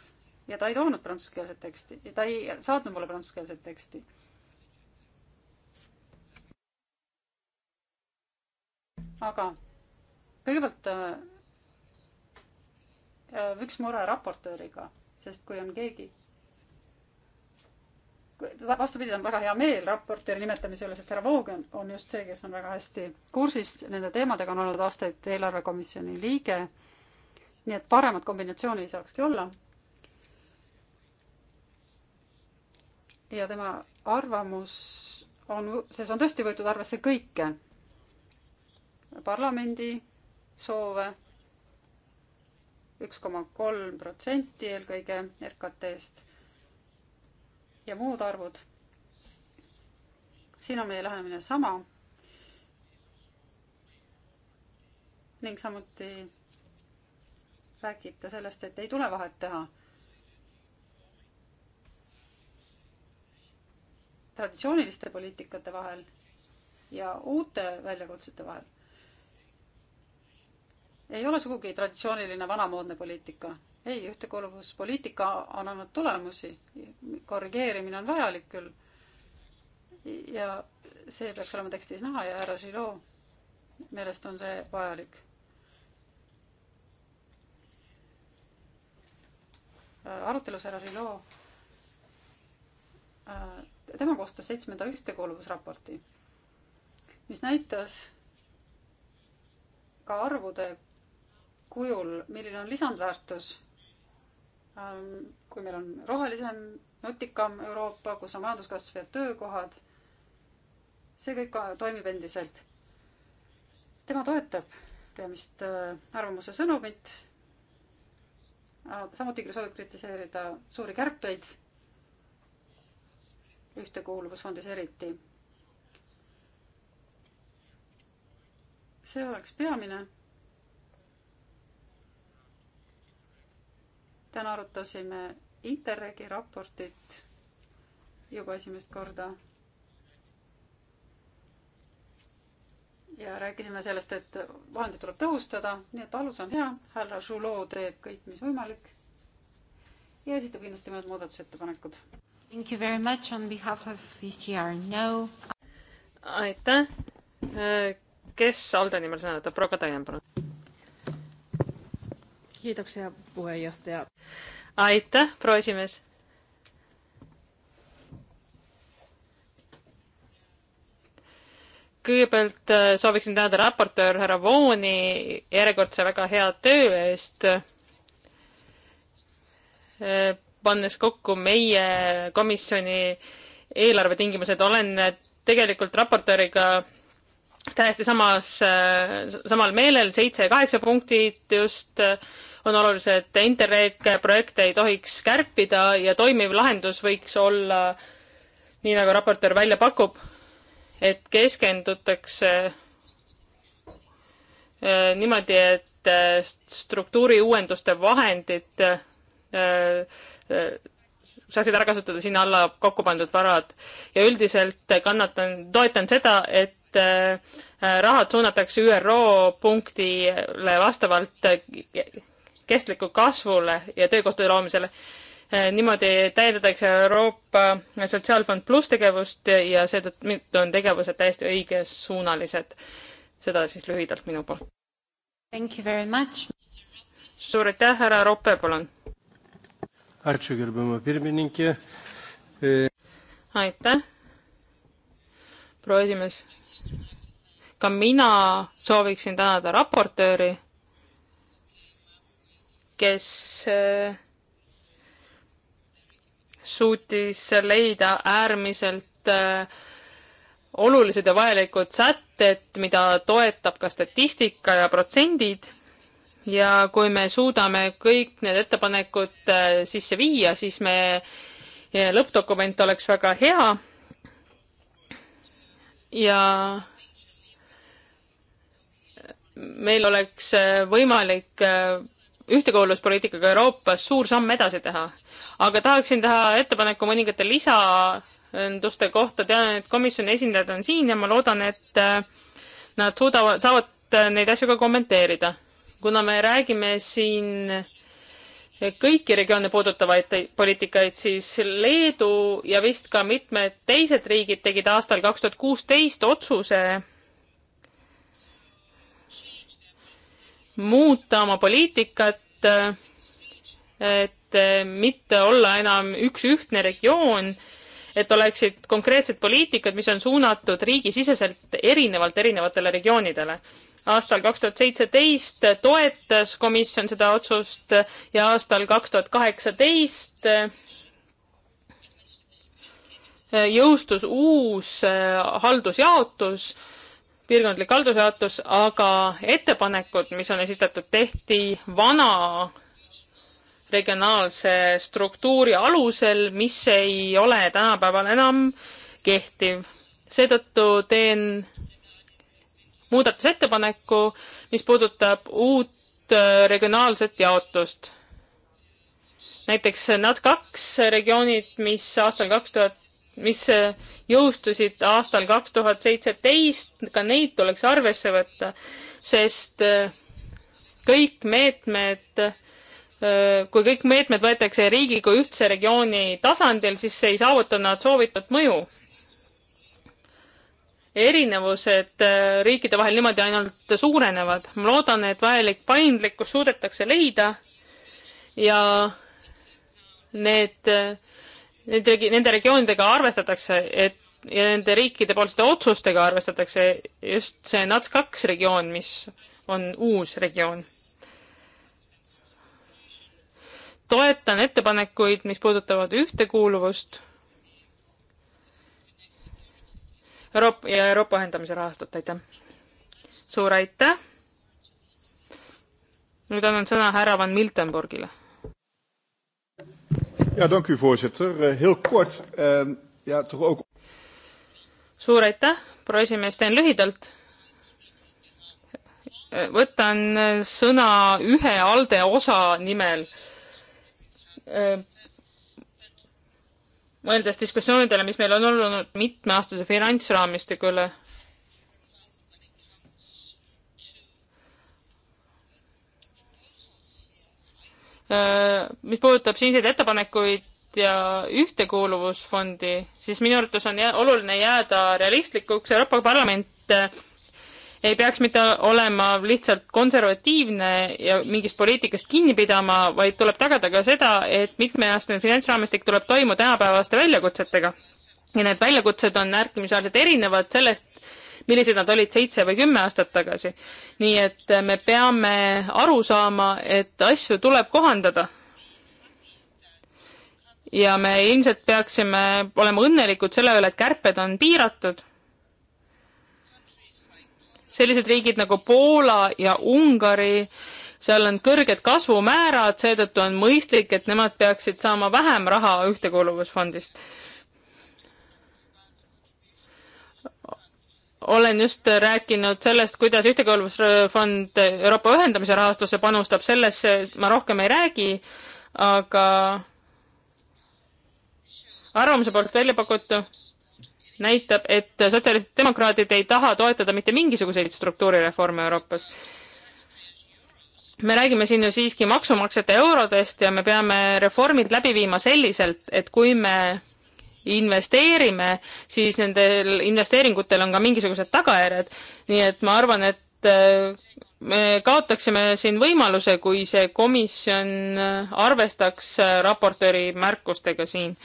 ja ta ei toonud prantsuskeelset teksti ja ta ei saatnud mulle prantsuskeelset teksti aga kõigepealt äh, Äh, üks mure raportööriga, sest kui on keegi, vastupidi, on väga hea meel raportööri nimetamise üle, sest härra Voog on, on just see, kes on väga hästi kursis nende teemadega, on olnud aastaid eelarvekomisjoni liige. nii et paremat kombinatsiooni ei saakski olla. ja tema arvamus on, selles on tõesti võetud arvesse kõike. parlamendi soove üks koma kolm protsenti eelkõige RKT-st ja muud arvud. siin on meie lähenemine sama. ning samuti räägib ta sellest, et ei tule vahet teha traditsiooniliste poliitikate vahel ja uute väljakutsete vahel ei ole sugugi traditsiooniline vanamoodne poliitika. ei, ühtekuuluvuspoliitika on andnud tulemusi, korrigeerimine on vajalik küll. ja see peaks olema tekstis näha ja härra Žilov, meelest on see vajalik. arutelus härra Žilov äh, tema koostas seitsmenda ühtekuuluvusraporti, mis näitas ka arvude kujul, milline on lisandväärtus, ähm, kui meil on rohelisem, nutikam Euroopa, kus on majanduskasv ja töökohad, see kõik toimib endiselt. tema toetab peamist äh, arvamuse sõnumit, äh, samuti soovib kritiseerida suuri kärpeid, ühtekuuluvusfondis eriti. see oleks peamine täna arutasime Interregi raportit juba esimest korda. ja rääkisime sellest, et vahendeid tuleb tõhustada, nii et alus on hea, härra Žulov teeb kõik, mis võimalik. ja esitab kindlasti mõned muudatusettepanekud. Thank you very much on behalf of VCR no. aitäh. kes Alde nimel sõna võtab, Roga Taian, palun Kiitoksia puheenjohtaja. Aitäh, proesimees. kõigepealt äh, sooviksin tänada raportöör härra Vooni järjekordse väga hea töö eest, äh, pannes kokku meie komisjoni eelarvetingimused. olen äh, tegelikult raportööriga täiesti samas, samal meelel, seitse ja kaheksa punktit just on olulised, Interreg projekte ei tohiks kärpida ja toimiv lahendus võiks olla nii, nagu raportöör välja pakub, et keskendutakse äh, niimoodi, et äh, struktuuriuuenduste vahendid äh, saaksid ära kasutada sinna alla kokku pandud varad ja üldiselt kannatan, toetan seda, et rahad suunatakse ÜRO punktile vastavalt kestliku kasvule ja töökohtade loomisele. Eh, niimoodi täidetakse Euroopa Sotsiaalfond pluss tegevust ja seetõttu on tegevused täiesti õigesuunalised. seda siis lühidalt minu poolt. Thank you very much. suur aitäh, härra Roppe, palun. Eh, aitäh, proua esimees. ka mina sooviksin tänada raportööri kes äh, suutis leida äärmiselt äh, olulised ja vajalikud sätted, mida toetab ka statistika ja protsendid. ja kui me suudame kõik need ettepanekud äh, sisse viia, siis me, lõppdokument oleks väga hea. ja meil oleks võimalik ühtekuuluvuspoliitikaga Euroopas suur samm edasi teha. aga tahaksin teha ettepaneku mõningate lisanduste kohta, tean, et komisjoni esindajad on siin ja ma loodan, et äh, nad suudavad, saavad äh, neid asju ka kommenteerida. kuna me räägime siin kõiki regioone puudutavaid poliitikaid, siis Leedu ja vist ka mitmed teised riigid tegid aastal kaks tuhat kuusteist otsuse muuta oma poliitikat, et mitte olla enam üks ühtne regioon, et oleksid konkreetsed poliitikad, mis on suunatud riigisiseselt erinevalt erinevatele regioonidele. aastal kaks tuhat seitseteist toetas komisjon seda otsust ja aastal kaks tuhat kaheksateist jõustus uus haldusjaotus piirkondlik haldusjaotus, aga ettepanekud, mis on esitatud, tehti vana regionaalse struktuuri alusel, mis ei ole tänapäeval enam kehtiv. seetõttu teen muudatusettepaneku, mis puudutab uut äh, regionaalset jaotust. näiteks NAT kaks regioonid, mis aastal kaks tuhat mis äh, jõustusid aastal kaks tuhat seitseteist, ka neid tuleks arvesse võtta, sest äh, kõik meetmed, äh, kui kõik meetmed võetakse riigi kui ühtse regiooni tasandil, siis ei saavuta nad soovitud mõju. erinevused riikide vahel niimoodi ainult suurenevad. ma loodan, et vajalik paindlikkus suudetakse leida ja need nende, nende regioonidega arvestatakse, et ja nende riikide poolsete otsustega arvestatakse just see NATS kaks regioon, mis on uus regioon. toetan ettepanekuid, mis puudutavad ühtekuuluvust Euroopa ja Euroopa ühendamise rahastut, aitäh. suur aitäh. nüüd annan sõna härra Van Miltenburgile ja dank u voorzitter, eh, heel kort ehm, ja toch ook. suur aitäh, proua esimees, teen lühidalt. Eh, võtan eh, sõna ühe ALDE osa nimel mõeldes diskussioonidele, mis meil on olnud mitmeaastase finantsraamistiku üle, Äh, mis puudutab siinseid ettepanekuid ja ühtekuuluvusfondi, siis minu arvates on jää, oluline jääda realistlikuks, Euroopa Parlament äh, ei peaks mitte olema lihtsalt konservatiivne ja mingist poliitikast kinni pidama, vaid tuleb tagada ka seda, et mitmeaastane finantsraamistik tuleb toimu tänapäevaste väljakutsetega. ja need väljakutsed on märkimisväärselt erinevad sellest, millised nad olid seitse või kümme aastat tagasi. nii et me peame aru saama, et asju tuleb kohandada. ja me ilmselt peaksime olema õnnelikud selle üle, et kärped on piiratud. sellised riigid nagu Poola ja Ungari seal on kõrged kasvumäärad, seetõttu on mõistlik, et nemad peaksid saama vähem raha ühtekuuluvusfondist olen just rääkinud sellest, kuidas Ühtekuuluvusfond Euroopa ühendamise rahastusse panustab, sellesse ma rohkem ei räägi, aga arvamuse poolt välja pakutu näitab, et sotsialistid demokraadid ei taha toetada mitte mingisuguseid struktuurireforme Euroopas. me räägime siin ju siiski maksumaksjate eurodest ja me peame reformid läbi viima selliselt, et kui me investeerime, siis nendel investeeringutel on ka mingisugused tagajärjed. nii et ma arvan, et äh, me kaotaksime siin võimaluse, kui see komisjon äh, arvestaks äh, raportööri märkustega siin.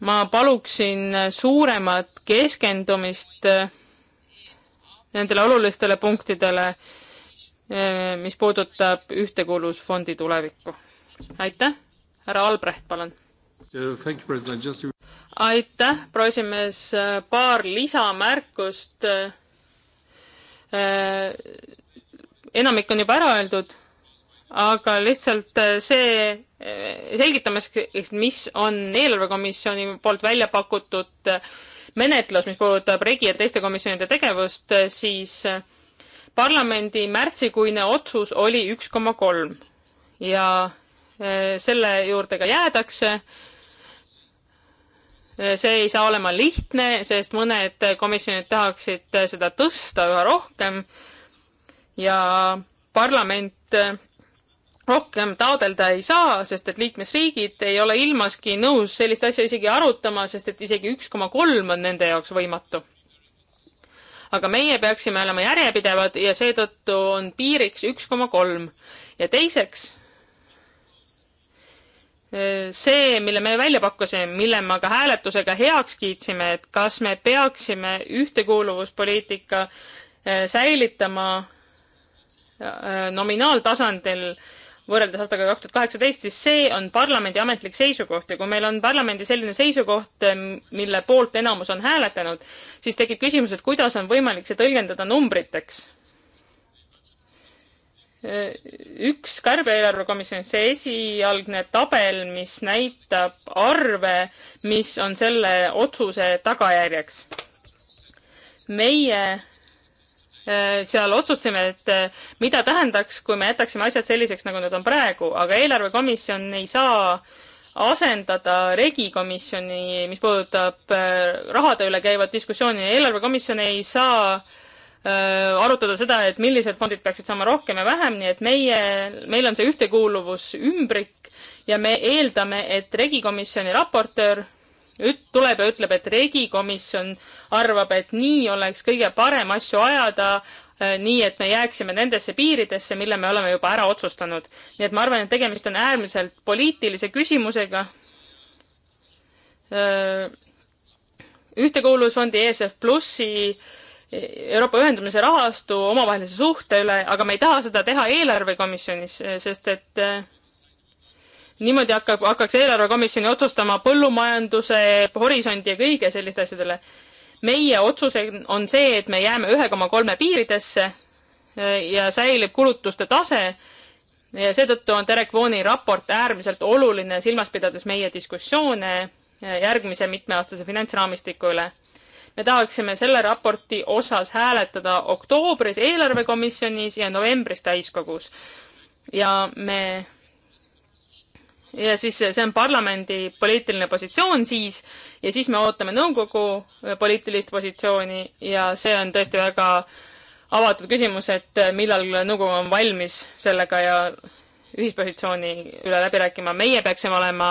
ma paluksin suuremat keskendumist nendele olulistele punktidele, mis puudutab ühtekuuluvusfondi tulevikku. aitäh, härra Albrecht, palun aitäh, proua esimees, paar lisamärkust. enamik on juba ära öeldud, aga lihtsalt see, selgitamas, mis on eelarvekomisjoni poolt välja pakutud menetlus, mis puudutab regi ja teiste komisjonide tegevust, siis parlamendi märtsikuine otsus oli üks koma kolm ja selle juurde ka jäädakse Äh, see ei saa olema lihtne, sest mõned komisjonid tahaksid äh, seda tõsta üha rohkem ja parlament äh, rohkem taodelda ei saa, sest et liikmesriigid ei ole ilmaski nõus sellist asja isegi arutama, sest et isegi üks koma kolm on nende jaoks võimatu. aga meie peaksime olema järjepidevad ja seetõttu on piiriks üks koma kolm. ja teiseks, see, mille me välja pakkusime, mille me ka hääletusega heaks kiitsime, et kas me peaksime ühtekuuluvuspoliitika äh, säilitama äh, nominaaltasandil võrreldes aastaga kaks tuhat kaheksateist, siis see on parlamendi ametlik seisukoht ja kui meil on parlamendi selline seisukoht, äh, mille poolt enamus on hääletanud, siis tekib küsimus, et kuidas on võimalik see tõlgendada numbriteks üks kärbe-eelarve komisjonis, see esialgne tabel, mis näitab arve, mis on selle otsuse tagajärjeks. meie äh, seal otsustasime, et äh, mida tähendaks, kui me jätaksime asjad selliseks, nagu nad on praegu, aga eelarvekomisjon ei saa asendada regikomisjoni, mis puudutab äh, rahade üle käivat diskussiooni, eelarvekomisjon ei saa äh, Äh, arutada seda, et millised fondid peaksid saama rohkem ja vähem, nii et meie, meil on see ühtekuuluvus ümbrik ja me eeldame, et regikomisjoni raportöör üt-, tuleb ja ütleb, et regikomisjon arvab, et nii oleks kõige parem asju ajada, äh, nii et me jääksime nendesse piiridesse, mille me oleme juba ära otsustanud. nii et ma arvan, et tegemist on äärmiselt poliitilise küsimusega äh, ühtekuuluvusfondi ESF Plussi Euroopa ühendamise rahastu omavahelise suhte üle, aga me ei taha seda teha eelarvekomisjonis, sest et eh, niimoodi hakkab, hakkaks eelarvekomisjoni otsustama põllumajanduse, horisondi ja kõige selliste asjade üle. meie otsus on see, et me jääme ühe koma kolme piiridesse eh, ja säilib kulutuste tase ja seetõttu on Derek Vooni raport äärmiselt oluline, silmas pidades meie diskussioone eh, järgmise mitmeaastase finantsraamistiku üle me tahaksime selle raporti osas hääletada oktoobris eelarvekomisjonis ja novembris täiskogus. ja me ja siis see on parlamendi poliitiline positsioon siis ja siis me ootame nõukogu poliitilist positsiooni ja see on tõesti väga avatud küsimus, et millal nõukogu on valmis sellega ja ühispositsiooni üle läbi rääkima. meie peaksime olema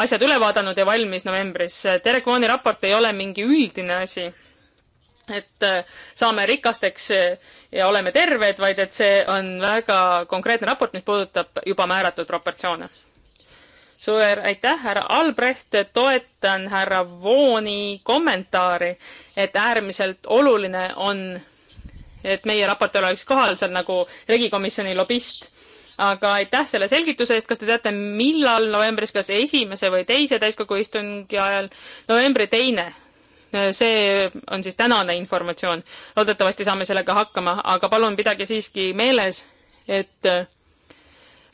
asjad üle vaadanud ja valmis novembris. Derek Vaani raport ei ole mingi üldine asi, et äh, saame rikasteks äh, ja oleme terved, vaid et see on väga konkreetne raport, mis puudutab juba määratud proportsioone. suur aitäh, härra Albrecht, toetan härra Vooni kommentaari, et äärmiselt oluline on, et meie raportöör oleks kohal seal nagu regikomisjoni lobist aga aitäh selle selgituse eest, kas te teate, millal novembris, kas esimese või teise täiskogu istungi ajal, novembri teine? see on siis tänane informatsioon. loodetavasti saame sellega hakkama, aga palun pidage siiski meeles, et äh,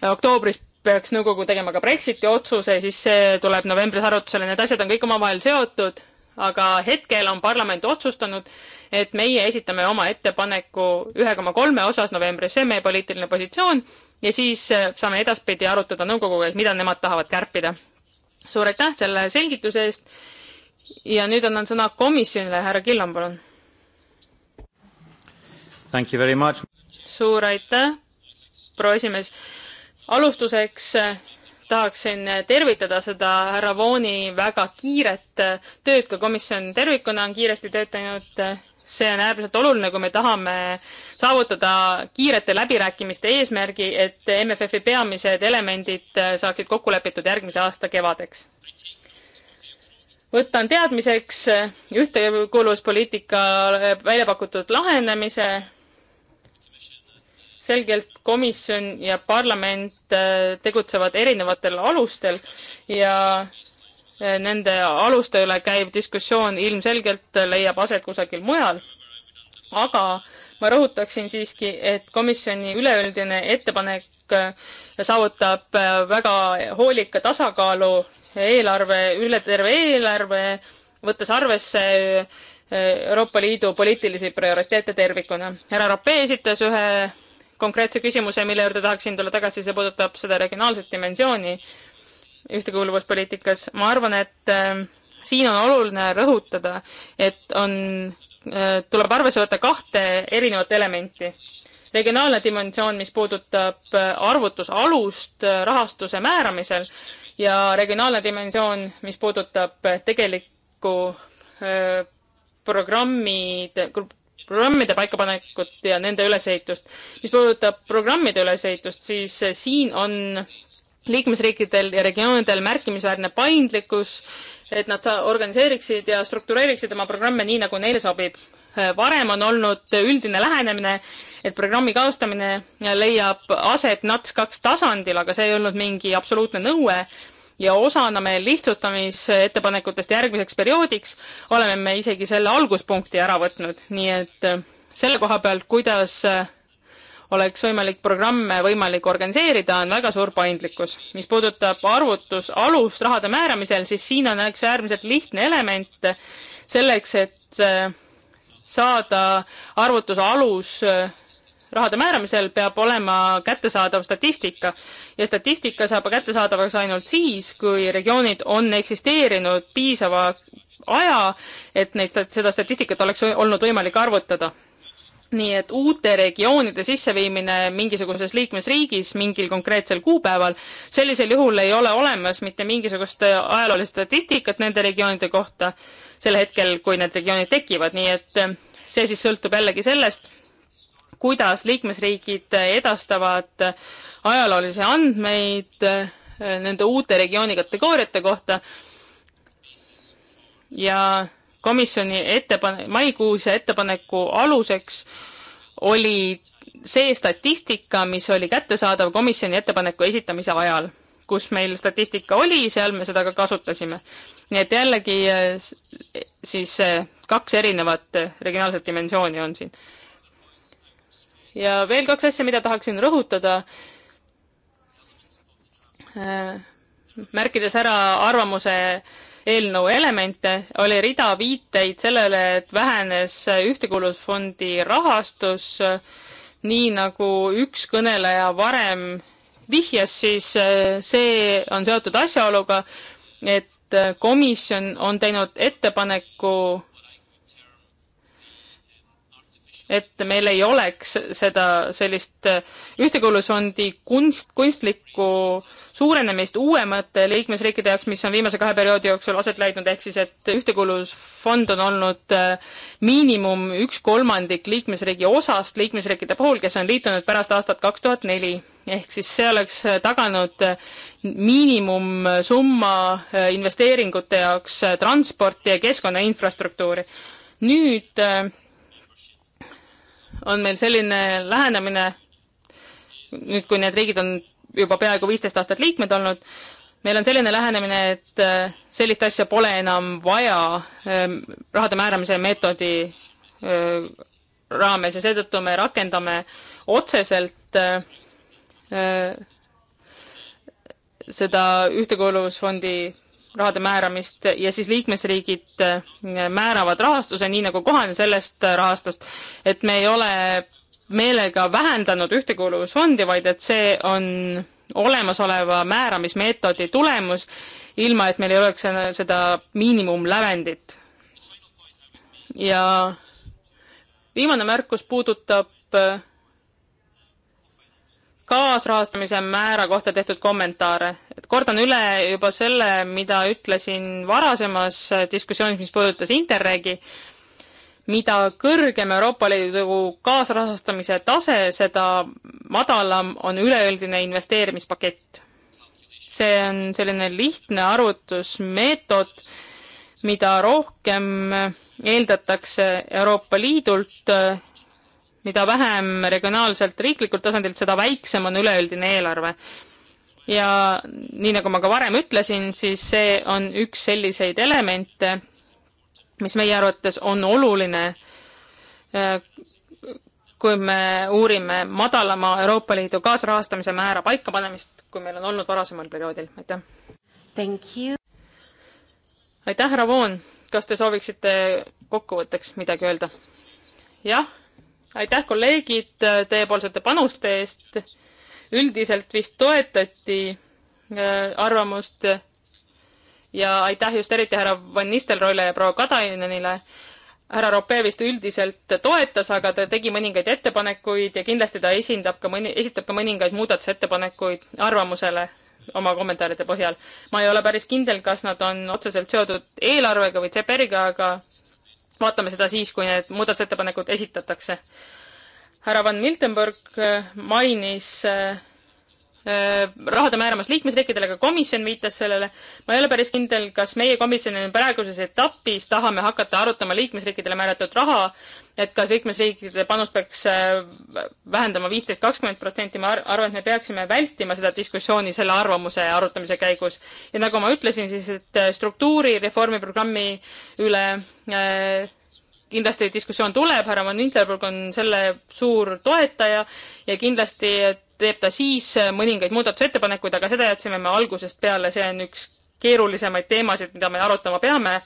oktoobris peaks nõukogu tegema ka Brexiti otsuse, siis see tuleb novembris arutusele, need asjad on kõik omavahel seotud aga hetkel on parlament otsustanud, et meie esitame oma ettepaneku ühe koma kolme osas novembris, see on meie poliitiline positsioon ja siis äh, saame edaspidi arutada nõukoguga, et mida nemad tahavad kärpida. suur aitäh selle selgituse eest ja nüüd annan sõna komisjonile, härra Killam, palun. suur aitäh, proua esimees. alustuseks äh, tahaksin äh, tervitada seda härra Vooni väga kiiret tööd, kui komisjon tervikuna on kiiresti töötanud see on äärmiselt oluline, kui me tahame saavutada kiirete läbirääkimiste eesmärgi, et MFF-i peamised elemendid äh, saaksid kokku lepitud järgmise aasta kevadeks. võtan teadmiseks äh, ühtekuuluvuspoliitika äh, välja pakutud lahenemise. selgelt komisjon ja parlament tegutsevad erinevatel alustel ja Eh, nende aluste üle käiv diskussioon ilmselgelt leiab aset kusagil mujal, aga ma rõhutaksin siiski, et komisjoni üleüldine ettepanek eh, saavutab eh, väga hoolika tasakaalu eelarve, üle terve eelarve, võttes arvesse Euroopa Liidu poliitilisi prioriteete tervikuna. härra Roppe esitas ühe konkreetse küsimuse, mille juurde tahaksin tulla tagasi, see puudutab seda regionaalset dimensiooni ühtekuuluvuspoliitikas, ma arvan, et äh, siin on oluline rõhutada, et on äh,, tuleb arvesse võtta kahte erinevat elementi. regionaalne dimensioon, mis puudutab äh, arvutusalust äh, rahastuse määramisel ja regionaalne dimensioon, mis puudutab äh, tegelikku äh, programmide, programmide paikapanekut ja nende ülesehitust. mis puudutab programmide ülesehitust, siis siin on liikmesriikidel ja regioonidel märkimisväärne paindlikkus, et nad organiseeriksid ja struktureeriksid oma programme nii, nagu neile sobib. varem on olnud üldine lähenemine, et programmi kaotamine leiab aset NATS kaks tasandil, aga see ei olnud mingi absoluutne nõue ja osana me lihtsustamisettepanekutest järgmiseks perioodiks oleme me isegi selle alguspunkti ära võtnud, nii et selle koha pealt, kuidas oleks võimalik programme võimalik organiseerida, on väga suur paindlikkus. mis puudutab arvutusalust rahade määramisel, siis siin on üks äärmiselt lihtne element selleks, et äh, saada arvutuse alus äh, rahade määramisel peab olema kättesaadav statistika ja statistika saab kättesaadavaks ainult siis, kui regioonid on eksisteerinud piisava aja, et neid, seda statistikat oleks olnud võimalik arvutada nii et uute regioonide sisseviimine mingisuguses liikmesriigis mingil konkreetsel kuupäeval, sellisel juhul ei ole olemas mitte mingisugust ajaloolist statistikat nende regioonide kohta sel hetkel, kui need regioonid tekivad, nii et eh, see siis sõltub jällegi sellest, kuidas liikmesriigid edastavad ajaloolisi andmeid eh, nende uute regiooni kategooriate kohta ja komisjoni ettepane-, maikuuse ettepaneku aluseks oli see statistika, mis oli kättesaadav komisjoni ettepaneku esitamise ajal, kus meil statistika oli, seal me seda ka kasutasime. nii et jällegi eh, siis eh, kaks erinevat eh, regionaalset dimensiooni on siin. ja veel kaks asja, mida tahaksin rõhutada, märkides ära arvamuse eelnõu elemente, oli rida viiteid sellele, et vähenes Ühtekuuluvusfondi rahastus, nii nagu üks kõneleja varem vihjas, siis eh, see on seotud asjaoluga, et eh, komisjon on teinud ettepaneku et meil ei oleks seda sellist äh, ühtekuuluvusfondi kunst, kunstlikku suurenemist uuemate liikmesriikide jaoks, mis on viimase kahe perioodi jooksul aset leidnud, ehk siis et ühtekuuluvusfond on olnud äh, miinimum üks kolmandik liikmesriigi osast liikmesriikide puhul, kes on liitunud pärast aastat kaks tuhat neli. ehk siis see oleks äh, taganud miinimumsumma investeeringute jaoks transporti ja keskkonna infrastruktuuri. nüüd on meil selline lähenemine, nüüd kui need riigid on juba peaaegu viisteist aastat liikmed olnud, meil on selline lähenemine, et äh, sellist asja pole enam vaja ähm, rahade määramise meetodi äh, raames ja seetõttu me rakendame otseselt äh, seda ühtekuuluvusfondi rahade määramist ja siis liikmesriigid äh, määravad rahastuse nii nagu kohane sellest äh, rahastust, et me ei ole meelega vähendanud ühtekuuluvusfondi, vaid et see on olemasoleva määramismeetodi tulemus, ilma et meil ei oleks seda miinimumlävendit. ja viimane märkus puudutab äh, kaasrahastamise määra kohta tehtud kommentaare. et kordan üle juba selle, mida ütlesin varasemas diskussioonis, mis puudutas Interregi, mida kõrgem Euroopa Liidu kaasrahastamise tase, seda madalam on üleüldine investeerimispakett. see on selline lihtne arvutusmeetod, mida rohkem eeldatakse Euroopa Liidult mida vähem regionaalselt riiklikult tasandilt, seda väiksem on üleüldine eelarve. ja nii, nagu ma ka varem ütlesin, siis see on üks selliseid elemente, mis meie arvates on oluline, äh, kui me uurime madalama Euroopa Liidu kaasrahastamise määra paikapanemist, kui meil on olnud varasemal perioodil, aitäh! aitäh, härra Voon, kas te sooviksite kokkuvõtteks midagi öelda? jah aitäh, kolleegid, teiepoolsete panuste eest. üldiselt vist toetati äh, arvamust ja aitäh just eriti härra Van Nistelrooile ja proua Katainenile. härra Rope vist üldiselt toetas, aga ta tegi mõningaid ettepanekuid ja kindlasti ta esindab ka mõni, esitab ka mõningaid muudatusettepanekuid arvamusele oma kommentaaride põhjal. ma ei ole päris kindel, kas nad on otseselt seotud eelarvega või CPR-iga, aga vaatame seda siis, kui need muudatusettepanekud esitatakse. härra Van Miltenburg mainis äh, Äh, rahade määramas liikmesriikidele, ka komisjon viitas sellele. ma ei ole päris kindel, kas meie komisjonina praeguses etapis tahame hakata arutama liikmesriikidele määratud raha, et kas liikmesriikide panus peaks äh, vähendama viisteist, kakskümmend protsenti, ma arvan, et me peaksime vältima seda diskussiooni selle arvamuse arutamise käigus. ja nagu ma ütlesin, siis et äh, struktuurireformi programmi üle äh, kindlasti diskussioon tuleb, härra Van Winterburg on selle suur toetaja ja kindlasti teeb ta siis äh, mõningaid muudatusettepanekuid, aga seda jätsime me algusest peale, see on üks keerulisemaid teemasid, mida me arutama peame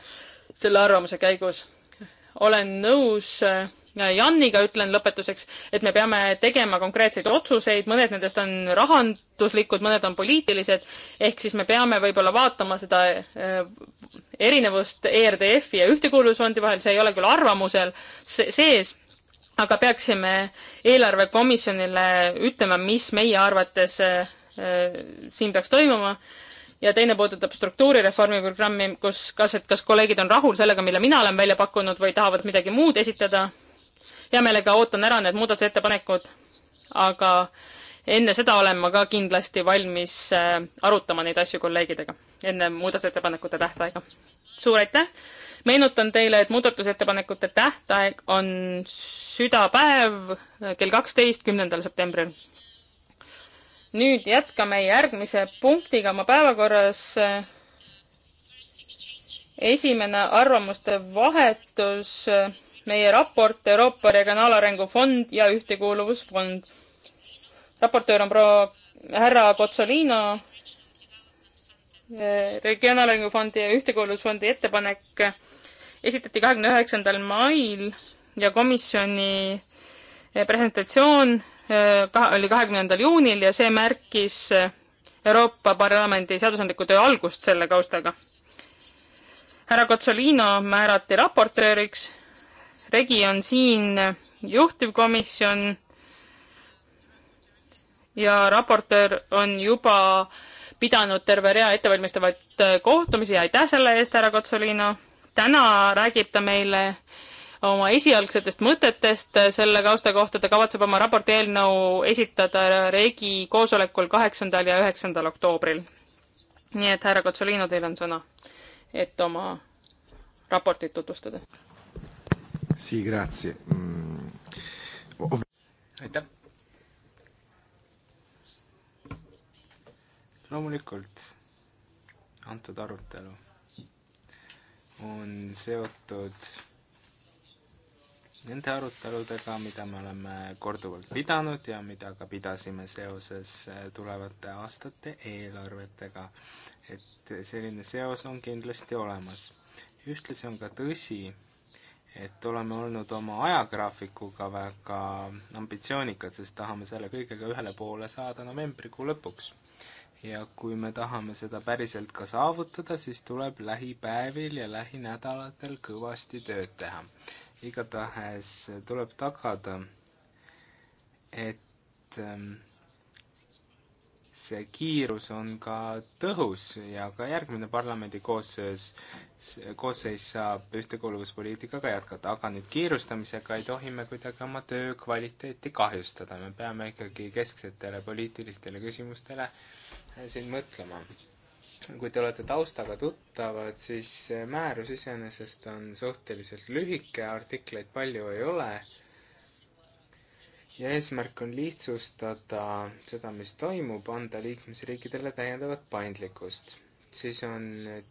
selle arvamuse käigus. olen nõus äh, Janniga ütlen lõpetuseks, et me peame tegema konkreetseid otsuseid, mõned nendest on rahanduslikud, mõned on poliitilised, ehk siis me peame võib-olla vaatama seda äh, erinevust ERDF-i ja Ühtekuuluvusfondi vahel, see ei ole küll arvamusel sees, aga peaksime eelarvekomisjonile ütlema, mis meie arvates äh, siin peaks toimuma ja teine puudutab struktuurireformi programmi, kus kas, et kas kolleegid on rahul sellega, mille mina olen välja pakkunud või tahavad midagi muud esitada. hea meelega ootan ära need muudatusettepanekud, aga enne seda olen ma ka kindlasti valmis äh, arutama neid asju kolleegidega enne muudatusettepanekute tähtaega. suur aitäh meenutan teile, et muudatusettepanekute tähtaeg on südapäev kell kaksteist, kümnendal septembril. nüüd jätkame järgmise punktiga oma päevakorras. esimene arvamuste vahetus, meie raport Euroopa Regionaalarengu Fond ja Ühtekuuluvusfond. raportöör on proua härra Kotsolino Regionaalarengu Fondi ja Ühtekuuluvusfondi ettepanek esitati kahekümne üheksandal mail ja komisjoni eh, presentatsioon eh, oli kahekümnendal juunil ja see märkis eh, Euroopa Parlamendi seadusandliku töö algust selle kaustaga. härra Kotsolino määrati raportööriks, Regi on siin juhtivkomisjon ja raportöör on juba äh, pidanud terve rea ettevalmistavaid äh, kohtumisi ja aitäh selle eest, härra Kotsolino. täna räägib ta meile oma esialgsetest mõtetest selle kausta kohta, ta kavatseb oma raporti eelnõu esitada Regi koosolekul kaheksandal ja üheksandal oktoobril. nii et härra Kotsolino, teil on sõna, et oma raportit tutvustada. Sì, grazie mm.. aitäh loomulikult antud arutelu on seotud nende aruteludega, mida me oleme korduvalt pidanud ja mida ka pidasime seoses äh, tulevate aastate eelarvetega. et selline seos on kindlasti olemas. ühtlasi on ka tõsi, et oleme olnud oma ajagraafikuga väga ambitsioonikad, sest tahame selle kõigega ühele poole saada novembrikuu lõpuks ja kui me tahame seda päriselt ka saavutada, siis tuleb lähipäevil ja lähinädalatel kõvasti tööd teha. igatahes tuleb tagada, et ähm, see kiirus on ka tõhus ja ka järgmine parlamendi koosseis, koosseis saab ühtekuuluvuspoliitikaga jätkata, aga nüüd kiirustamisega ei tohi me kuidagi oma töö kvaliteeti kahjustada, me peame ikkagi kesksetele poliitilistele küsimustele äh, siin mõtlema. kui te olete taustaga tuttavad, siis määrus iseenesest on suhteliselt lühike, artikleid palju ei ole. ja eesmärk on lihtsustada seda, mis toimub, anda liikmesriikidele täiendavat paindlikkust. siis on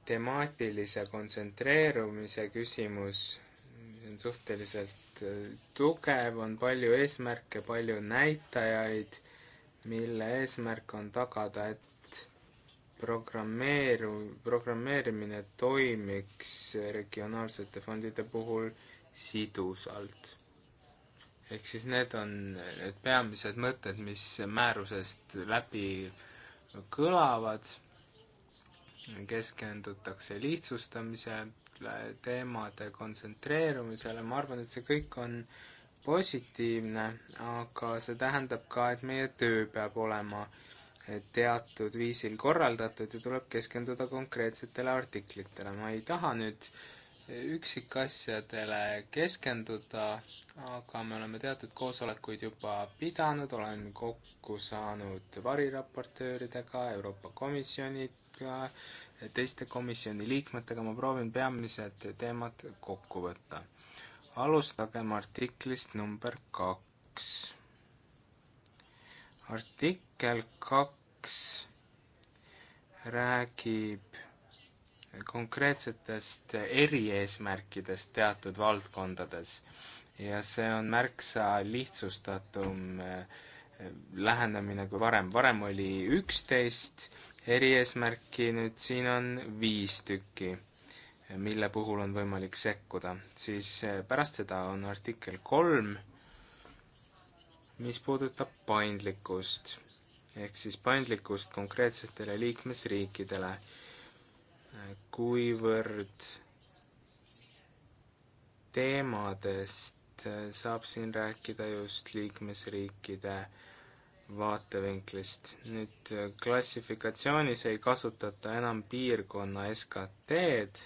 temaatilise kontsentreerumise küsimus, mis on suhteliselt äh, tugev, on palju eesmärke, palju näitajaid mille eesmärk on tagada, et programmeeru-, programmeerimine toimiks regionaalsete fondide puhul sidusalt. ehk siis need on need peamised mõtted, mis määrusest läbi kõlavad, keskendutakse lihtsustamisele, teemade kontsentreerumisele, ma arvan, et see kõik on positiivne, aga see tähendab ka, et meie töö peab olema äh, teatud viisil korraldatud ja tuleb keskenduda konkreetsetele artiklitele. ma ei taha nüüd üksikasjadele keskenduda, aga me oleme teatud koosolekuid juba pidanud, olen kokku saanud variraportööridega, Euroopa Komisjoniga, teiste komisjoni liikmetega, ma proovin peamised teemad kokku võtta. alustagem artiklist number kaks artikkel kaks räägib konkreetsetest erieesmärkidest teatud valdkondades ja see on märksa lihtsustatum eh, lähenemine kui varem. varem oli üksteist erieesmärki, nüüd siin on viis tükki, mille puhul on võimalik sekkuda. siis eh, pärast seda on artikkel kolm mis puudutab paindlikkust, ehk siis paindlikkust konkreetsetele liikmesriikidele, kuivõrd teemadest saab siin rääkida just liikmesriikide vaatevinklist. nüüd klassifikatsioonis ei kasutata enam piirkonna SKT-d,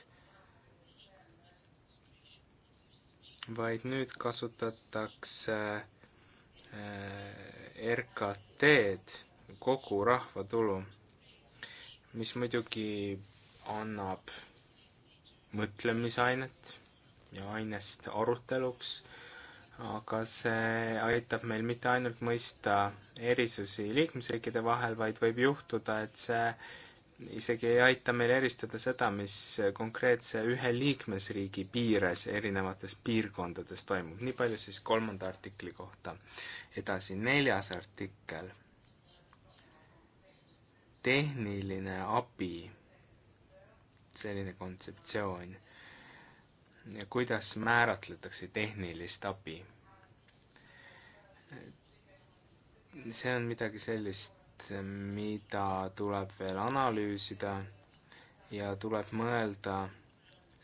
vaid nüüd kasutatakse äh, Äh, RKT-d, kogu rahvatulu, mis muidugi annab mõtlemisainet ja ainest aruteluks, aga see aitab meil mitte ainult mõista erisusi liikmesriikide vahel, vaid võib juhtuda, et see isegi ei aita meil eristada seda, mis konkreetse ühe liikmesriigi piires erinevates piirkondades toimub. nii palju siis kolmanda artikli kohta. edasi, neljas artikkel. tehniline abi, selline kontseptsioon. ja kuidas määratletakse tehnilist abi? see on midagi sellist, mida tuleb veel analüüsida ja tuleb mõelda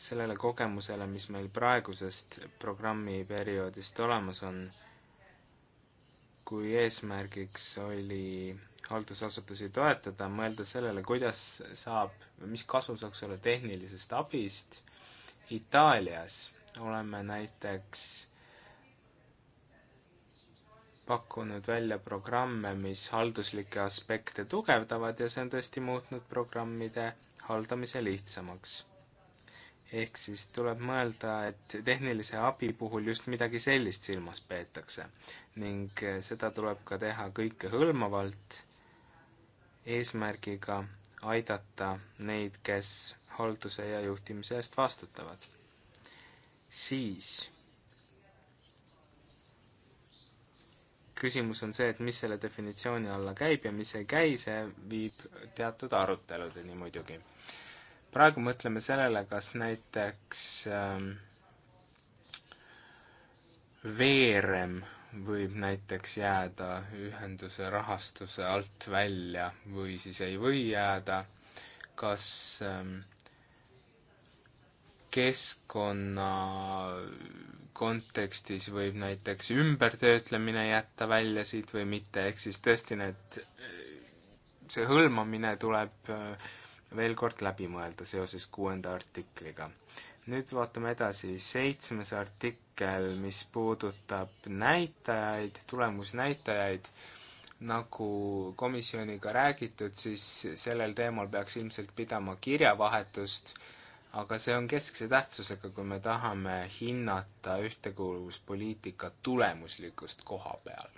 sellele kogemusele, mis meil praegusest programmiperioodist olemas on, kui eesmärgiks oli haldusasutusi toetada, mõelda sellele, kuidas saab, mis kasu saaks olla tehnilisest abist. Itaalias oleme näiteks pakkunud välja programme, mis halduslikke aspekte tugevdavad ja see on tõesti muutnud programmide haldamise lihtsamaks. ehk siis tuleb mõelda, et tehnilise abi puhul just midagi sellist silmas peetakse ning seda tuleb ka teha kõikehõlmavalt, eesmärgiga aidata neid, kes halduse ja juhtimise eest vastutavad. siis küsimus on see, et mis selle definitsiooni alla käib ja mis ei käi, see viib teatud aruteludeni muidugi. praegu mõtleme sellele, kas näiteks ähm, veerem võib näiteks jääda ühenduse rahastuse alt välja või siis ei või jääda, kas ähm, keskkonna kontekstis võib näiteks ümbertöötlemine jätta välja siit või mitte, ehk siis tõesti need, see hõlmamine tuleb äh, veel kord läbi mõelda seoses kuuenda artikliga. nüüd vaatame edasi, seitsmes artikkel, mis puudutab näitajaid, tulemusnäitajaid, nagu komisjoniga räägitud, siis sellel teemal peaks ilmselt pidama kirjavahetust äh, aga see on keskse tähtsusega, kui me tahame hinnata ühtekuuluvuspoliitika tulemuslikkust koha peal.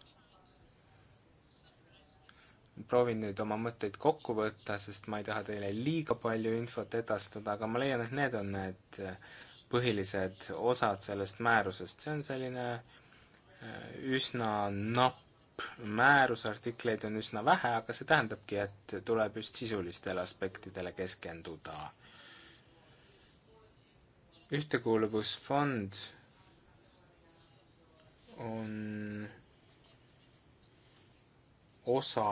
proovin nüüd oma mõtteid kokku võtta, sest ma ei taha teile liiga palju infot edastada, aga ma leian, et need on need põhilised osad sellest määrusest, see on selline äh, üsna napp määrus, artikleid on üsna vähe, aga see tähendabki, et tuleb just sisulistele aspektidele keskenduda ühtekuuluvusfond on osa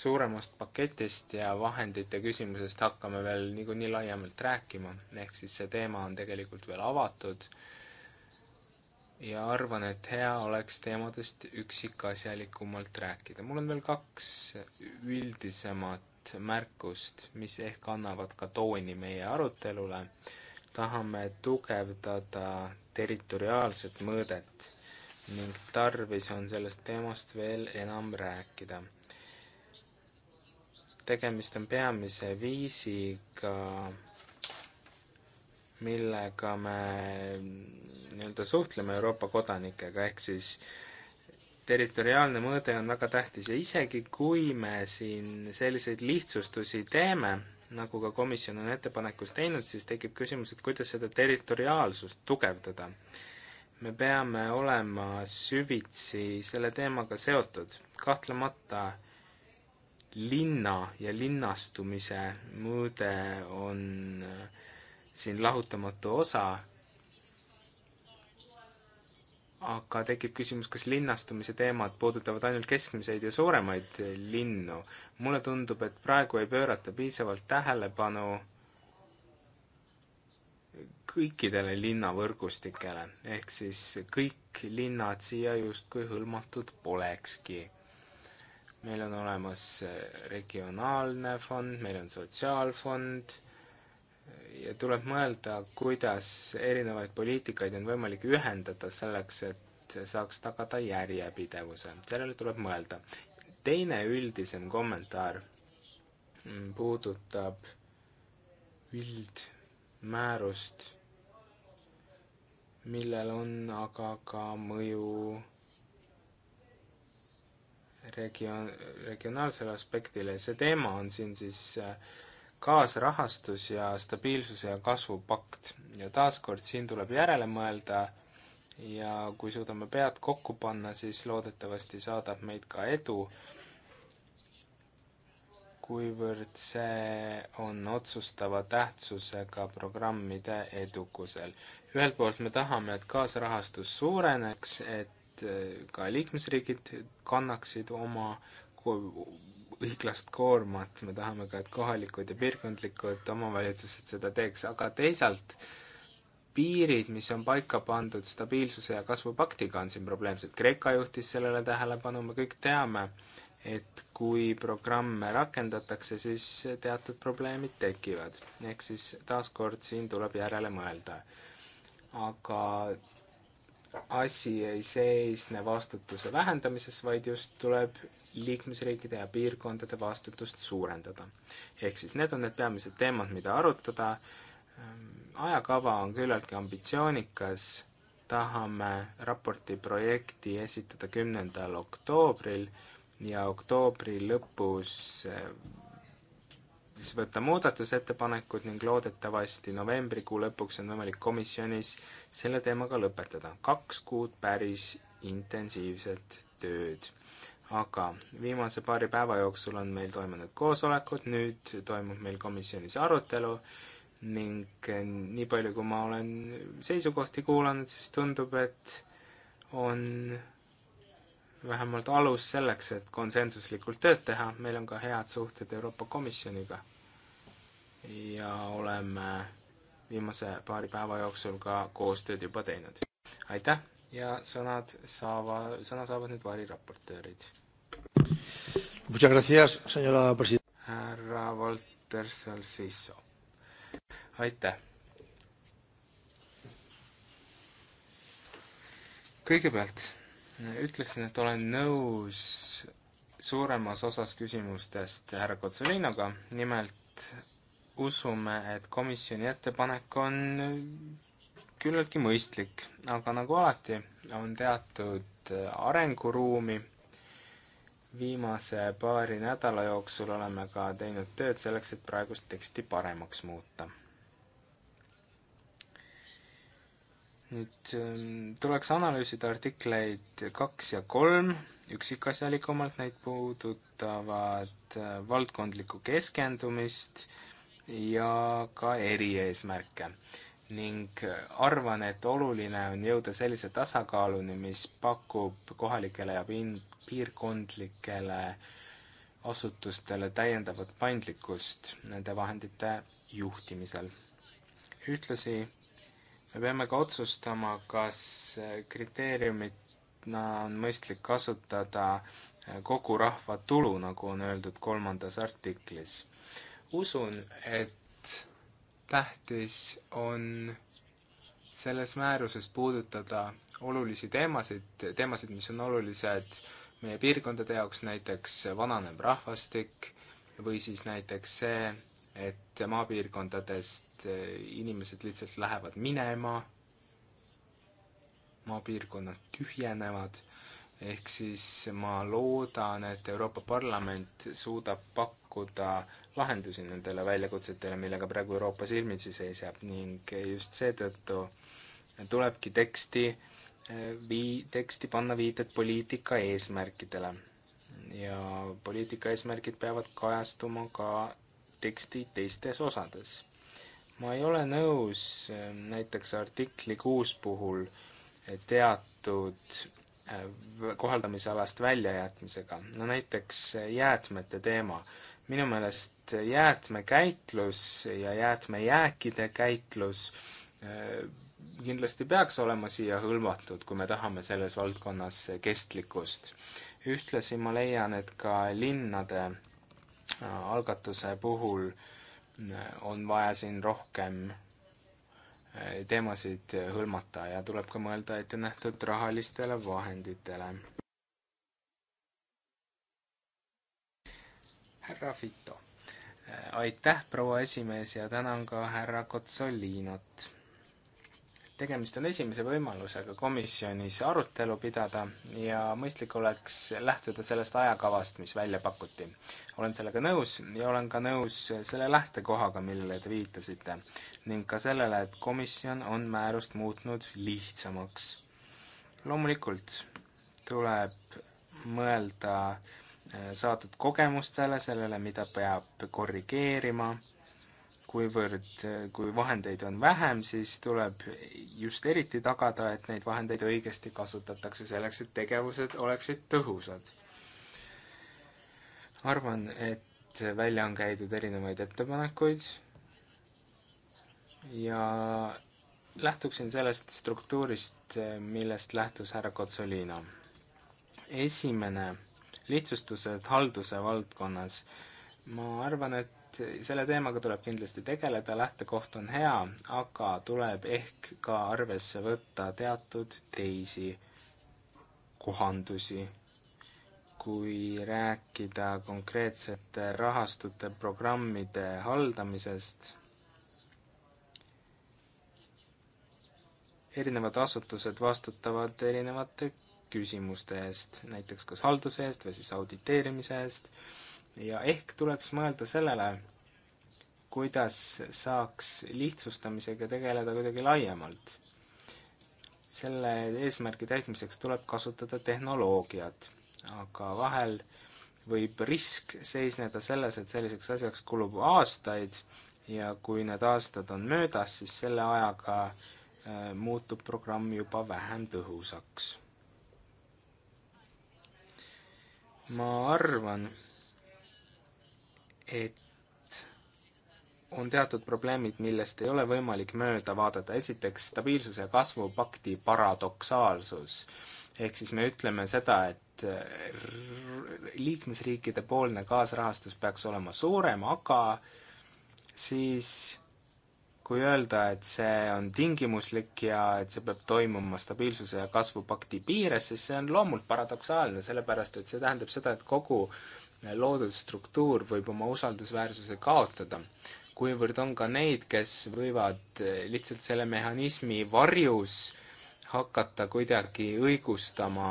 suuremast paketist ja vahendite küsimusest hakkame veel niikuinii laiemalt rääkima, ehk siis see teema on tegelikult veel avatud ja arvan, et hea oleks teemadest üksikasjalikumalt rääkida. mul on veel kaks üldisemat märkust, mis ehk annavad ka tooni meie arutelule tahame tugevdada territoriaalset mõõdet ning tarvis on sellest teemast veel enam rääkida. tegemist on peamise viisiga, millega me nii-öelda suhtleme Euroopa kodanikega, ehk siis territoriaalne mõõde on väga tähtis ja isegi kui me siin selliseid lihtsustusi teeme, nagu ka komisjon on ettepanekus teinud, siis tekib küsimus, et kuidas seda territoriaalsust tugevdada. me peame olema süvitsi selle teemaga seotud. kahtlemata linna ja linnastumise mõõde on äh, siin lahutamatu osa aga tekib küsimus, kas linnastumise teemad puudutavad ainult keskmiseid ja suuremaid linnu. mulle tundub, et praegu ei pöörata piisavalt tähelepanu kõikidele linnavõrgustikele, ehk siis kõik linnad siia justkui hõlmatud polekski. meil on olemas regionaalne fond, meil on sotsiaalfond ja tuleb mõelda, kuidas erinevaid poliitikaid on võimalik ühendada selleks, et saaks tagada järjepidevuse, sellele tuleb mõelda. teine üldisem kommentaar puudutab üldmäärust, millel on aga ka mõju regioon, regionaalsele aspektile, see teema on siin siis äh, kaasrahastus ja stabiilsuse ja kasvu pakt. ja taaskord, siin tuleb järele mõelda ja kui suudame pead kokku panna, siis loodetavasti saadab meid ka edu, kuivõrd see on otsustava tähtsusega programmide edukusel. ühelt poolt me tahame, et kaasrahastus suureneks, et ka liikmesriigid kannaksid oma õiglast koormat, me tahame ka, et kohalikud ja piirkondlikud omavalitsused seda teeks, aga teisalt piirid, mis on paika pandud stabiilsuse ja kasvu paktiga, on siin probleemsed. Kreeka juhtis sellele tähelepanu, me kõik teame, et kui programme rakendatakse, siis teatud probleemid tekivad. ehk siis taaskord siin tuleb järele mõelda. aga asi ei seisne vastutuse vähendamises, vaid just tuleb liikmesriikide ja piirkondade vastutust suurendada. ehk siis need on need peamised teemad, mida arutada, ähm, ajakava on küllaltki ambitsioonikas, tahame raporti projekti esitada kümnendal oktoobril ja oktoobri lõpus äh, siis võtta muudatusettepanekud ning loodetavasti novembrikuu lõpuks on võimalik komisjonis selle teemaga lõpetada. kaks kuud päris intensiivset tööd. aga viimase paari päeva jooksul on meil toimunud koosolekud, nüüd toimub meil komisjonis arutelu ning nii palju, kui ma olen seisukohti kuulanud, siis tundub, et on vähemalt alus selleks, et konsensuslikult tööd teha, meil on ka head suhted Euroopa Komisjoniga ja oleme viimase paari päeva jooksul ka koostööd juba teinud. aitäh ja sõnad saavad, sõna saavad nüüd variraportöörid. härra Valter Salsisso, aitäh. kõigepealt ütleksin, et olen nõus suuremas osas küsimustest härra Kotsolinoga, nimelt usume, et komisjoni ettepanek on äh, küllaltki mõistlik, aga nagu alati, on teatud äh, arenguruumi. viimase paari nädala jooksul oleme ka teinud tööd selleks, et praegust teksti paremaks muuta. nüüd ähm, tuleks analüüsida artikleid kaks ja kolm üksikasjalikumalt, neid puudutavad äh, valdkondlikku keskendumist, ja ka erieesmärke. ning arvan, et oluline on jõuda sellise tasakaaluni, mis pakub kohalikele ja piin-, piirkondlikele asutustele täiendavat paindlikkust nende vahendite juhtimisel. ühtlasi me peame ka otsustama, kas kriteeriumina on mõistlik kasutada kogu rahva tulu, nagu on öeldud kolmandas artiklis usun, et tähtis on selles määruses puudutada olulisi teemasid, teemasid, mis on olulised meie piirkondade jaoks, näiteks vananev rahvastik või siis näiteks see, et maapiirkondadest inimesed lihtsalt lähevad minema, maapiirkonnad tühjenevad, ehk siis ma loodan, et Euroopa Parlament suudab pakkuda lahendusi nendele väljakutsetele, millega praegu Euroopa silmitsi seisab ning just seetõttu tulebki teksti eh, vii-, teksti panna viited poliitika eesmärkidele. ja poliitika eesmärgid peavad kajastuma ka teksti teistes osades. ma ei ole nõus eh, näiteks artikli kuus puhul eh, teatud kohaldamisalast väljajätmisega, no näiteks jäätmete teema minu meelest jäätmekäitlus ja jäätmejääkide käitlus eh, kindlasti peaks olema siia hõlmatud, kui me tahame selles valdkonnas kestlikkust. ühtlasi ma leian, et ka linnade eh, algatuse puhul eh, on vaja siin rohkem teemasid hõlmata ja tuleb ka mõelda ettenähtud rahalistele vahenditele härra Fito. aitäh, proua esimees, ja tänan ka härra Kotsolinot. tegemist on esimese võimalusega komisjonis arutelu pidada ja mõistlik oleks lähtuda sellest ajakavast, mis välja pakuti. olen sellega nõus ja olen ka nõus selle lähtekohaga, millele te viitasite ning ka sellele, et komisjon on määrust muutnud lihtsamaks. loomulikult tuleb mõelda äh, Äh, saadud kogemustele, sellele, mida peab korrigeerima, kuivõrd, äh, kui vahendeid on vähem, siis tuleb just eriti tagada, et neid vahendeid õigesti kasutatakse selleks, et tegevused oleksid tõhusad. arvan, et välja on käidud erinevaid ettepanekuid ja lähtuksin sellest struktuurist, millest lähtus härra Kotsolino. esimene lihtsustused halduse valdkonnas. ma arvan, et selle teemaga tuleb kindlasti tegeleda, lähtekoht on hea, aga tuleb ehk ka arvesse võtta teatud teisi kohandusi kui rääkida konkreetsete rahastute programmide haldamisest, erinevad asutused vastutavad erinevate küsimuste eest, näiteks kas halduse eest või siis auditeerimise eest, ja ehk tuleb siis mõelda sellele, kuidas saaks lihtsustamisega tegeleda kuidagi laiemalt. selle eesmärgi täitmiseks tuleb kasutada tehnoloogiat, aga vahel võib risk seisneda selles, et selliseks asjaks kulub aastaid ja kui need aastad on möödas, siis selle ajaga äh, muutub programm juba vähem tõhusaks ma arvan, et on teatud probleemid, millest ei ole võimalik mööda vaadata. esiteks stabiilsuse ja kasvupakti paradoksaalsus. ehk siis me ütleme seda, et liikmesriikide poolne kaasrahastus peaks olema suurem, aga siis kui öelda, et see on tingimuslik ja et see peab toimuma stabiilsuse ja kasvu pakti piires, siis see on loomult paradoksaalne, sellepärast et see tähendab seda, et kogu loodud struktuur võib oma usaldusväärsuse kaotada, kuivõrd on ka neid, kes võivad lihtsalt selle mehhanismi varjus hakata kuidagi õigustama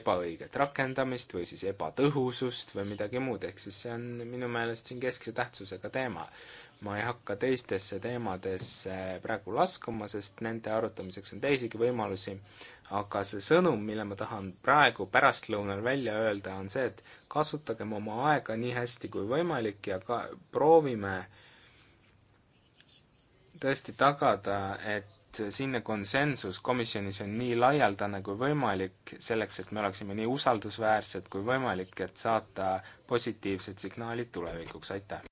ebaõiget rakendamist või siis ebatõhusust või midagi muud, ehk siis see on minu meelest siin keskse tähtsusega teema ma ei hakka teistesse teemadesse praegu laskuma, sest nende arutamiseks on teisigi võimalusi, aga see sõnum, mille ma tahan praegu pärastlõunal välja öelda, on see, et kasutagem oma aega nii hästi kui võimalik ja ka proovime tõesti tagada, et siinne konsensus komisjonis on nii laialdane kui võimalik, selleks et me oleksime nii usaldusväärsed kui võimalik, et saata positiivsed signaalid tulevikuks, aitäh!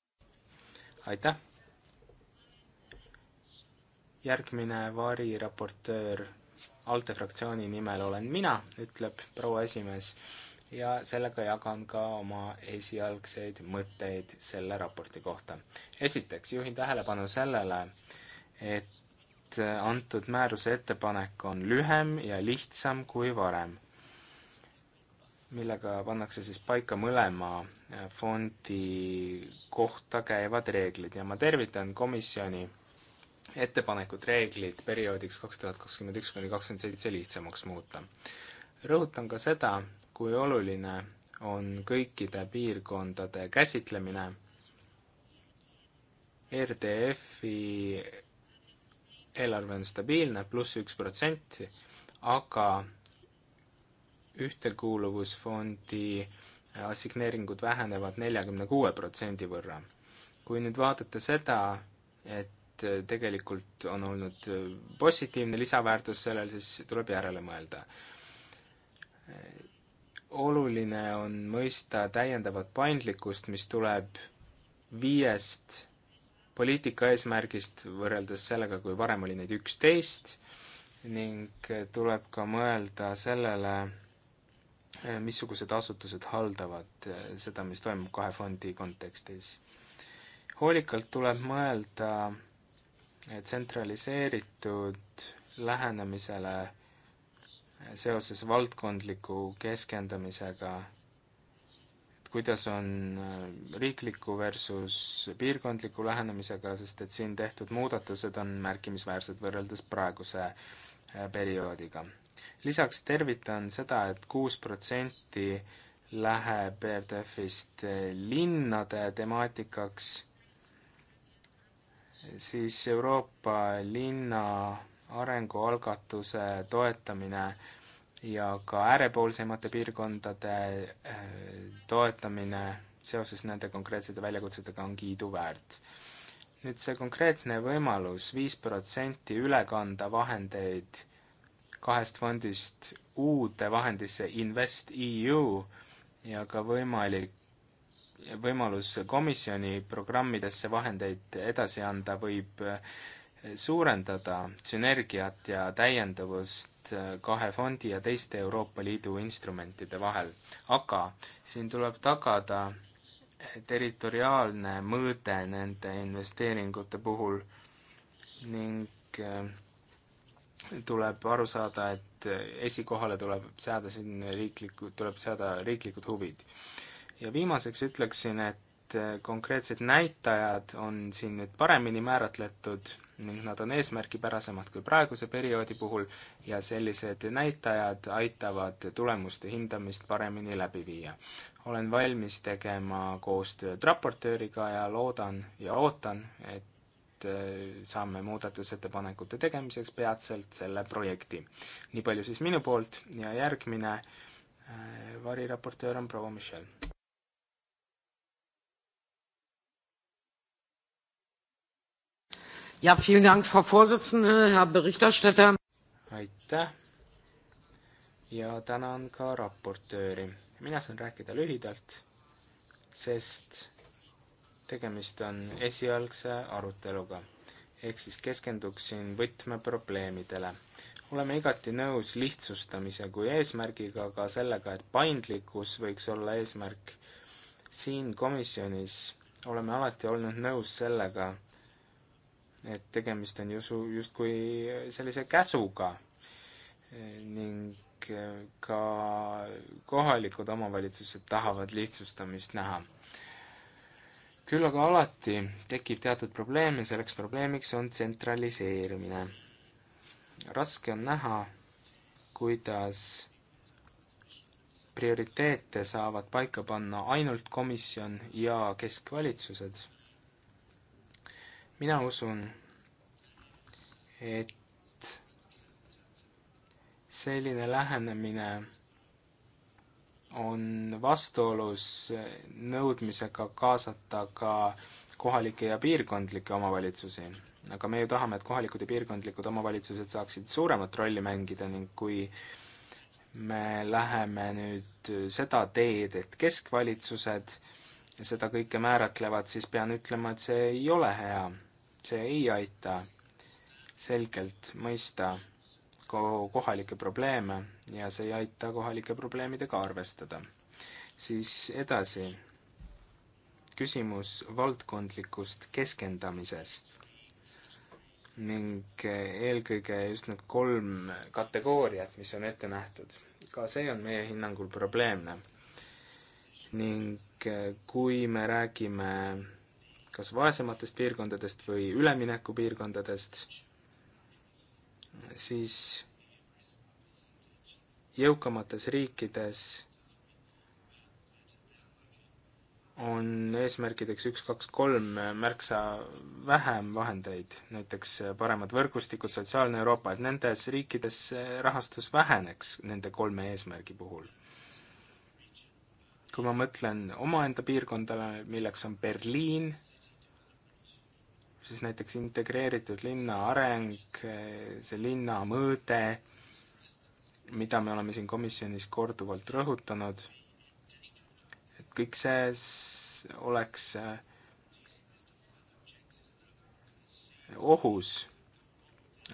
aitäh! järgmine variraportöör ALDE fraktsiooni nimel olen mina, ütleb proua esimees ja sellega jagan ka oma esialgseid mõtteid selle raporti kohta. esiteks juhin tähelepanu sellele, et antud määruse ettepanek on lühem ja lihtsam kui varem millega pannakse siis paika mõlema äh, fondi kohta käivad reeglid ja ma tervitan komisjoni ettepanekut reeglid perioodiks kaks tuhat kakskümmend üks kuni kakskümmend seitse lihtsamaks muuta. rõhutan ka seda, kui oluline on kõikide piirkondade käsitlemine RDF-i eelarve on stabiilne, pluss üks protsenti, aga ühtekuuluvusfondi assigneeringud vähenevad neljakümne kuue protsendi võrra. kui nüüd vaadata seda, et tegelikult on olnud positiivne lisaväärtus sellel, siis tuleb järele mõelda. oluline on mõista täiendavat paindlikkust, mis tuleb viiest poliitika eesmärgist võrreldes sellega, kui varem oli neid üksteist, ning tuleb ka mõelda sellele, Eh, missugused asutused haldavad eh, seda, mis toimub kahe fondi kontekstis. hoolikalt tuleb mõelda eh, tsentraliseeritud lähenemisele seoses valdkondliku keskendamisega, et kuidas on riikliku versus piirkondliku lähenemisega, sest et siin tehtud muudatused on märkimisväärsed võrreldes praeguse perioodiga lisaks tervitan seda et, et kuus protsenti läheb RDF-ist eh, linnade temaatikaks, siis Euroopa linna arengualgatuse toetamine ja ka äärepoolsemate piirkondade eh, toetamine seoses nende konkreetsete väljakutsetega on kiiduväärt. nüüd see konkreetne võimalus viis protsenti üle kanda vahendeid kahest fondist uude vahendisse InvestEU ja ka võimalik, võimalus komisjoni programmidesse vahendeid edasi anda võib eh, suurendada sünergiat ja täiendavust eh, kahe fondi ja teiste Euroopa Liidu instrumentide vahel. aga siin tuleb tagada eh, territoriaalne mõõde nende investeeringute puhul ning tuleb aru saada, et esikohale tuleb seada siin riiklikud, tuleb seada riiklikud huvid. ja viimaseks ütleksin, et konkreetsed näitajad on siin nüüd paremini määratletud ning nad on eesmärgipärasemad kui praeguse perioodi puhul ja sellised näitajad aitavad tulemuste hindamist paremini läbi viia. olen valmis tegema koostööd raportööriga ja loodan ja ootan, et et eh, saame muudatusettepanekute tegemiseks peatselt selle projekti. nii palju siis minu poolt ja järgmine eh, variraportöör on proua Michel. Ja, vielen Dank, Frau Vorsitzende, Herr Berichterstatter. aitäh ja tänan ka raportööri. mina saan rääkida lühidalt, sest tegemist on esialgse aruteluga, ehk siis keskenduksin võtmeprobleemidele. oleme igati nõus lihtsustamise kui eesmärgiga, aga sellega, et paindlikkus võiks olla eesmärk. siin komisjonis oleme alati olnud nõus sellega, et tegemist on ju justkui sellise käsuga ning ka kohalikud omavalitsused tahavad lihtsustamist näha küll aga alati tekib teatud probleem ja selleks probleemiks on tsentraliseerimine. raske on näha, kuidas prioriteete saavad paika panna ainult komisjon ja keskvalitsused. mina usun, et selline lähenemine on vastuolus nõudmisega kaasata ka kohalikke ja piirkondlikke omavalitsusi. aga me ju tahame, et kohalikud ja piirkondlikud omavalitsused saaksid suuremat rolli mängida ning kui me läheme nüüd seda teed, et keskvalitsused seda kõike määratlevad, siis pean ütlema, et see ei ole hea. see ei aita selgelt mõista kohalikke probleeme ja see ei aita kohalike probleemidega arvestada. siis edasi, küsimus valdkondlikust keskendamisest ning eelkõige just need kolm kategooriat, mis on ette nähtud. ka see on meie hinnangul probleemne. ning kui me räägime kas vaesematest piirkondadest või üleminekupiirkondadest, siis jõukamates riikides on eesmärkideks üks, kaks, kolm märksa vähem vahendeid, näiteks paremad võrgustikud, sotsiaalne Euroopa, et nendes riikides rahastus väheneks nende kolme eesmärgi puhul. kui ma mõtlen omaenda piirkondale, milleks on Berliin, siis näiteks integreeritud linna areng, see linna mõõde, mida me oleme siin komisjonis korduvalt rõhutanud, et kõik see oleks äh, ohus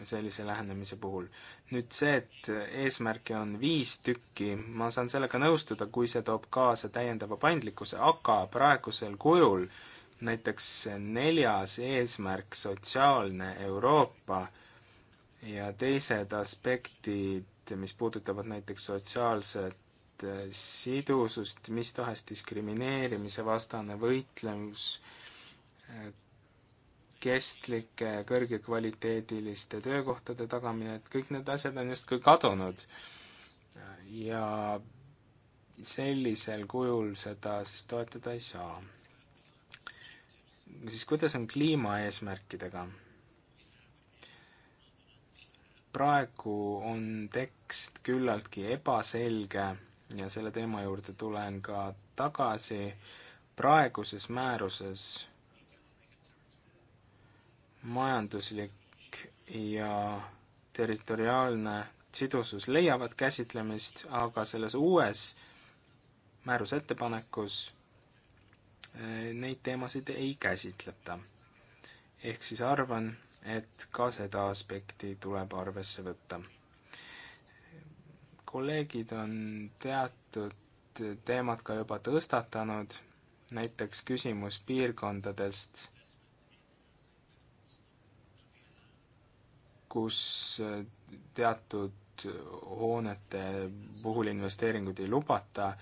sellise lähenemise puhul. nüüd see, et eesmärke on viis tükki, ma saan sellega nõustuda, kui see toob kaasa täiendava paindlikkuse, aga praegusel kujul äh, näiteks neljas eesmärk, sotsiaalne Euroopa ja teised aspektid, mis puudutavad näiteks sotsiaalset äh, sidusust, mis tahes diskrimineerimise vastane võitlus, äh, kestlike kõrgekvaliteediliste töökohtade tagamine, et kõik need asjad on justkui kadunud. ja sellisel kujul seda siis toetada ei saa siis kuidas on kliimaeesmärkidega? praegu on tekst küllaltki ebaselge ja selle teema juurde tulen ka tagasi. praeguses määruses majanduslik ja territoriaalne sidusus leiavad käsitlemist, aga selles uues määruse ettepanekus Äh, neid teemasid ei käsitleta. ehk siis arvan, et ka seda aspekti tuleb arvesse võtta. kolleegid on teatud teemad ka juba tõstatanud, näiteks küsimus piirkondadest, kus teatud hoonete puhul investeeringuid ei lubata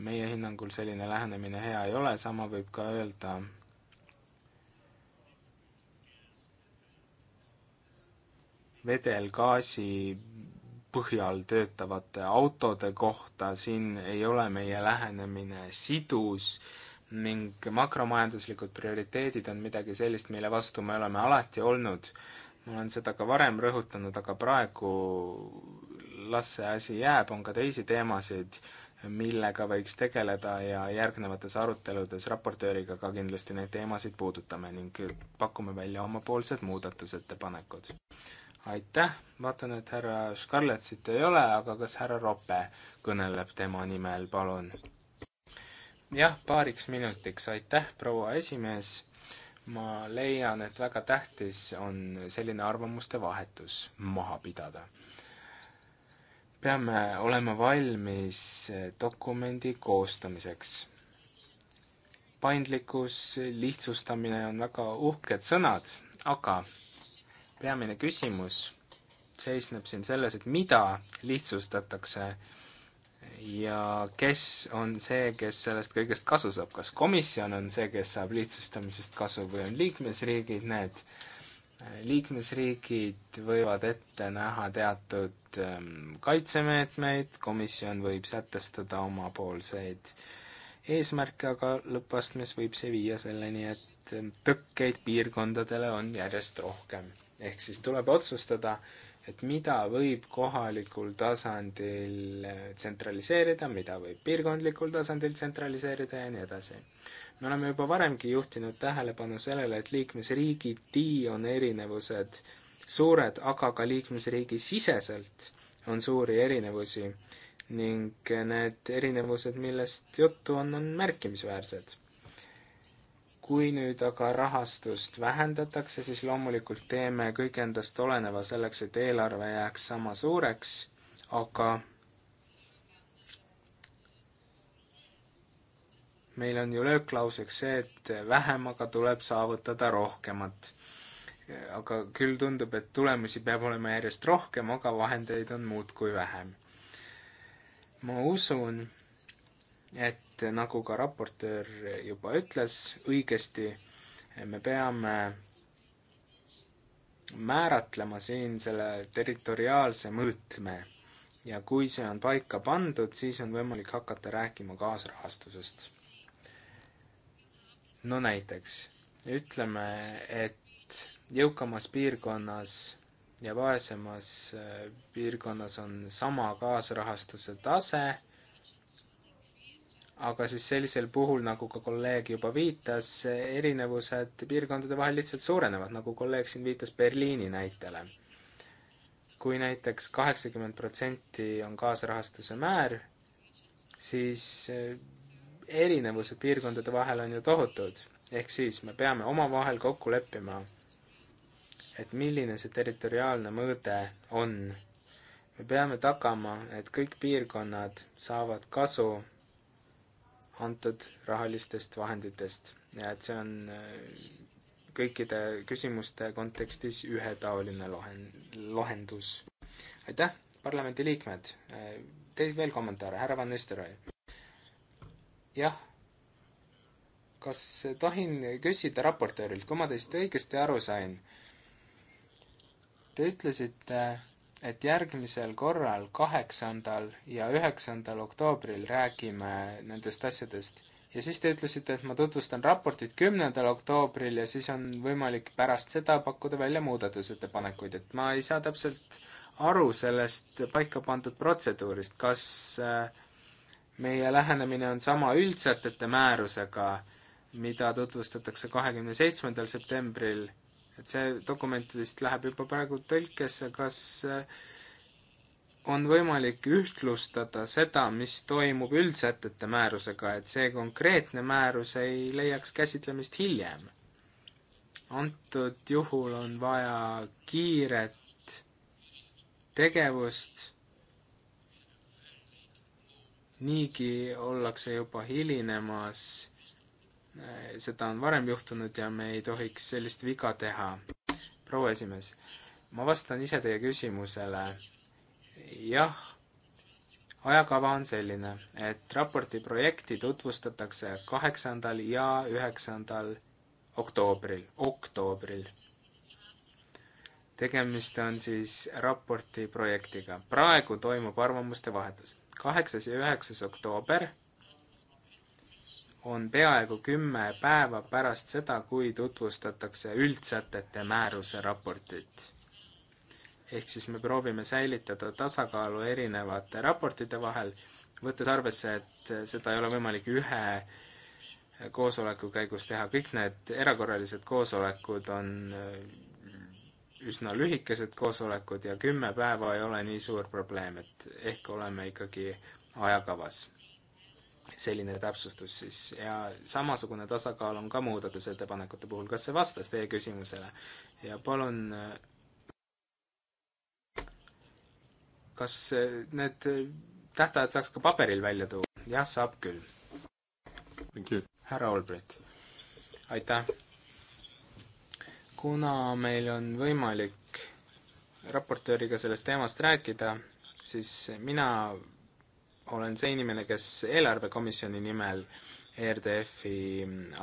meie hinnangul selline lähenemine hea ei ole, sama võib ka öelda vedelgaasi põhjal töötavate autode kohta, siin ei ole meie lähenemine sidus ning makromajanduslikud prioriteedid on midagi sellist, mille vastu me oleme alati olnud. ma olen seda ka varem rõhutanud, aga praegu las see asi jääb, on ka teisi teemasid millega võiks tegeleda ja järgnevates aruteludes raportööriga ka kindlasti neid teemasid puudutame ning pakume välja omapoolsed muudatusettepanekud. aitäh, vaatan, et härra Scarlettit ei ole, aga kas härra Rope kõneleb tema nimel, palun? jah, paariks minutiks, aitäh, proua esimees. ma leian, et väga tähtis on selline arvamuste vahetus maha pidada peame olema valmis dokumendi koostamiseks. paindlikkus, lihtsustamine on väga uhked sõnad, aga peamine küsimus seisneb siin selles, et mida lihtsustatakse ja kes on see, kes sellest kõigest kasu saab, kas komisjon on see, kes saab lihtsustamisest kasu või on liikmesriigid need, liikmesriigid võivad ette näha teatud ähm, kaitsemeetmeid, komisjon võib sätestada omapoolseid eesmärke, aga lõppastmes võib see viia selleni, et ähm, tõkkeid piirkondadele on järjest rohkem. ehk siis tuleb otsustada, et mida võib kohalikul tasandil äh, tsentraliseerida, mida võib piirkondlikul tasandil tsentraliseerida ja nii edasi me oleme juba varemgi juhtinud tähelepanu sellele, et liikmesriigiti on erinevused suured, aga ka liikmesriigi siseselt on suuri erinevusi ning need erinevused, millest juttu on, on märkimisväärsed. kui nüüd aga rahastust vähendatakse, siis loomulikult teeme kõik endast oleneva selleks, et eelarve jääks sama suureks, aga meil on ju lööklauseks see, et vähemaga tuleb saavutada rohkemat. aga küll tundub, et tulemusi peab olema järjest rohkem, aga vahendeid on muudkui vähem. ma usun, et nagu ka raportöör juba ütles õigesti, me peame määratlema siin selle territoriaalse mõõtme ja kui see on paika pandud, siis on võimalik hakata rääkima kaasrahastusest no näiteks, ütleme, et jõukamas piirkonnas ja vaesemas äh, piirkonnas on sama kaasrahastuse tase, aga siis sellisel puhul, nagu ka kolleeg juba viitas, erinevused piirkondade vahel lihtsalt suurenevad, nagu kolleeg siin viitas Berliini näitele. kui näiteks kaheksakümmend protsenti on kaasrahastuse määr, siis äh, erinevused piirkondade vahel on ju tohutud, ehk siis me peame omavahel kokku leppima, et milline see territoriaalne mõõde on. me peame tagama, et kõik piirkonnad saavad kasu antud rahalistest vahenditest ja et see on äh, kõikide küsimuste kontekstis ühetaoline lohen-, lahendus. aitäh, parlamendiliikmed! Äh, teil veel kommentaare, härra Van Nistelrooy? jah, kas tohin küsida raportöörilt, kui ma teist õigesti aru sain? Te ütlesite, et järgmisel korral, kaheksandal ja üheksandal oktoobril räägime nendest asjadest ja siis te ütlesite, et ma tutvustan raportit kümnendal oktoobril ja siis on võimalik pärast seda pakkuda välja muudatusettepanekuid, et ma ei saa täpselt aru sellest paika pandud protseduurist, kas äh, meie lähenemine on sama üldsätete määrusega, mida tutvustatakse kahekümne seitsmendal septembril, et see dokument vist läheb juba praegu tõlkesse, kas äh, on võimalik ühtlustada seda, mis toimub üldsätete määrusega, et see konkreetne määrus ei leiaks käsitlemist hiljem. antud juhul on vaja kiiret tegevust niigi ollakse juba hilinemas, seda on varem juhtunud ja me ei tohiks sellist viga teha. proua esimees, ma vastan ise teie küsimusele. jah, ajakava on selline, et raporti projekti tutvustatakse kaheksandal ja üheksandal oktoobril, oktoobril tegemist on siis raporti projektiga. praegu toimub arvamuste vahetus kaheksas ja üheksas oktoober on peaaegu kümme päeva pärast seda, kui tutvustatakse üldsätete määruse raportit. ehk siis me proovime säilitada tasakaalu erinevate raportite vahel, võttes arvesse, et seda ei ole võimalik ühe koosoleku käigus teha, kõik need erakorralised koosolekud on üsna lühikesed koosolekud ja kümme päeva ei ole nii suur probleem, et ehk oleme ikkagi ajakavas. selline täpsustus siis ja samasugune tasakaal on ka muudatusettepanekute puhul, kas see vastas teie küsimusele? ja palun, kas need tähtajad saaks ka paberil välja tuua? jah, saab küll. härra Olbrit, aitäh! kuna meil on võimalik raportööriga sellest teemast rääkida, siis mina olen see inimene, kes eelarvekomisjoni nimel ERDF-i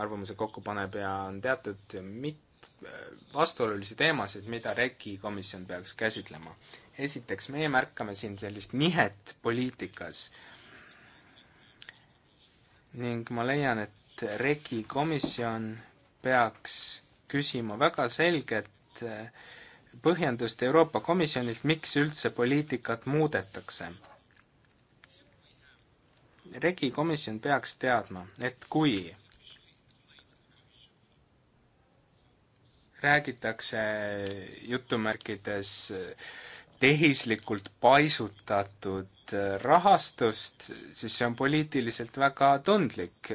arvamuse kokku paneb ja on teatud mit-, vastuolulisi teemasid, mida REKI komisjon peaks käsitlema. esiteks, meie märkame siin sellist nihet poliitikas ning ma leian, et REKI komisjon peaks küsima väga selget eh, põhjendust Euroopa Komisjonilt, miks üldse poliitikat muudetakse. regi komisjon peaks teadma, et kui räägitakse jutumärkides tehislikult paisutatud eh, rahastust, siis see on poliitiliselt väga tundlik.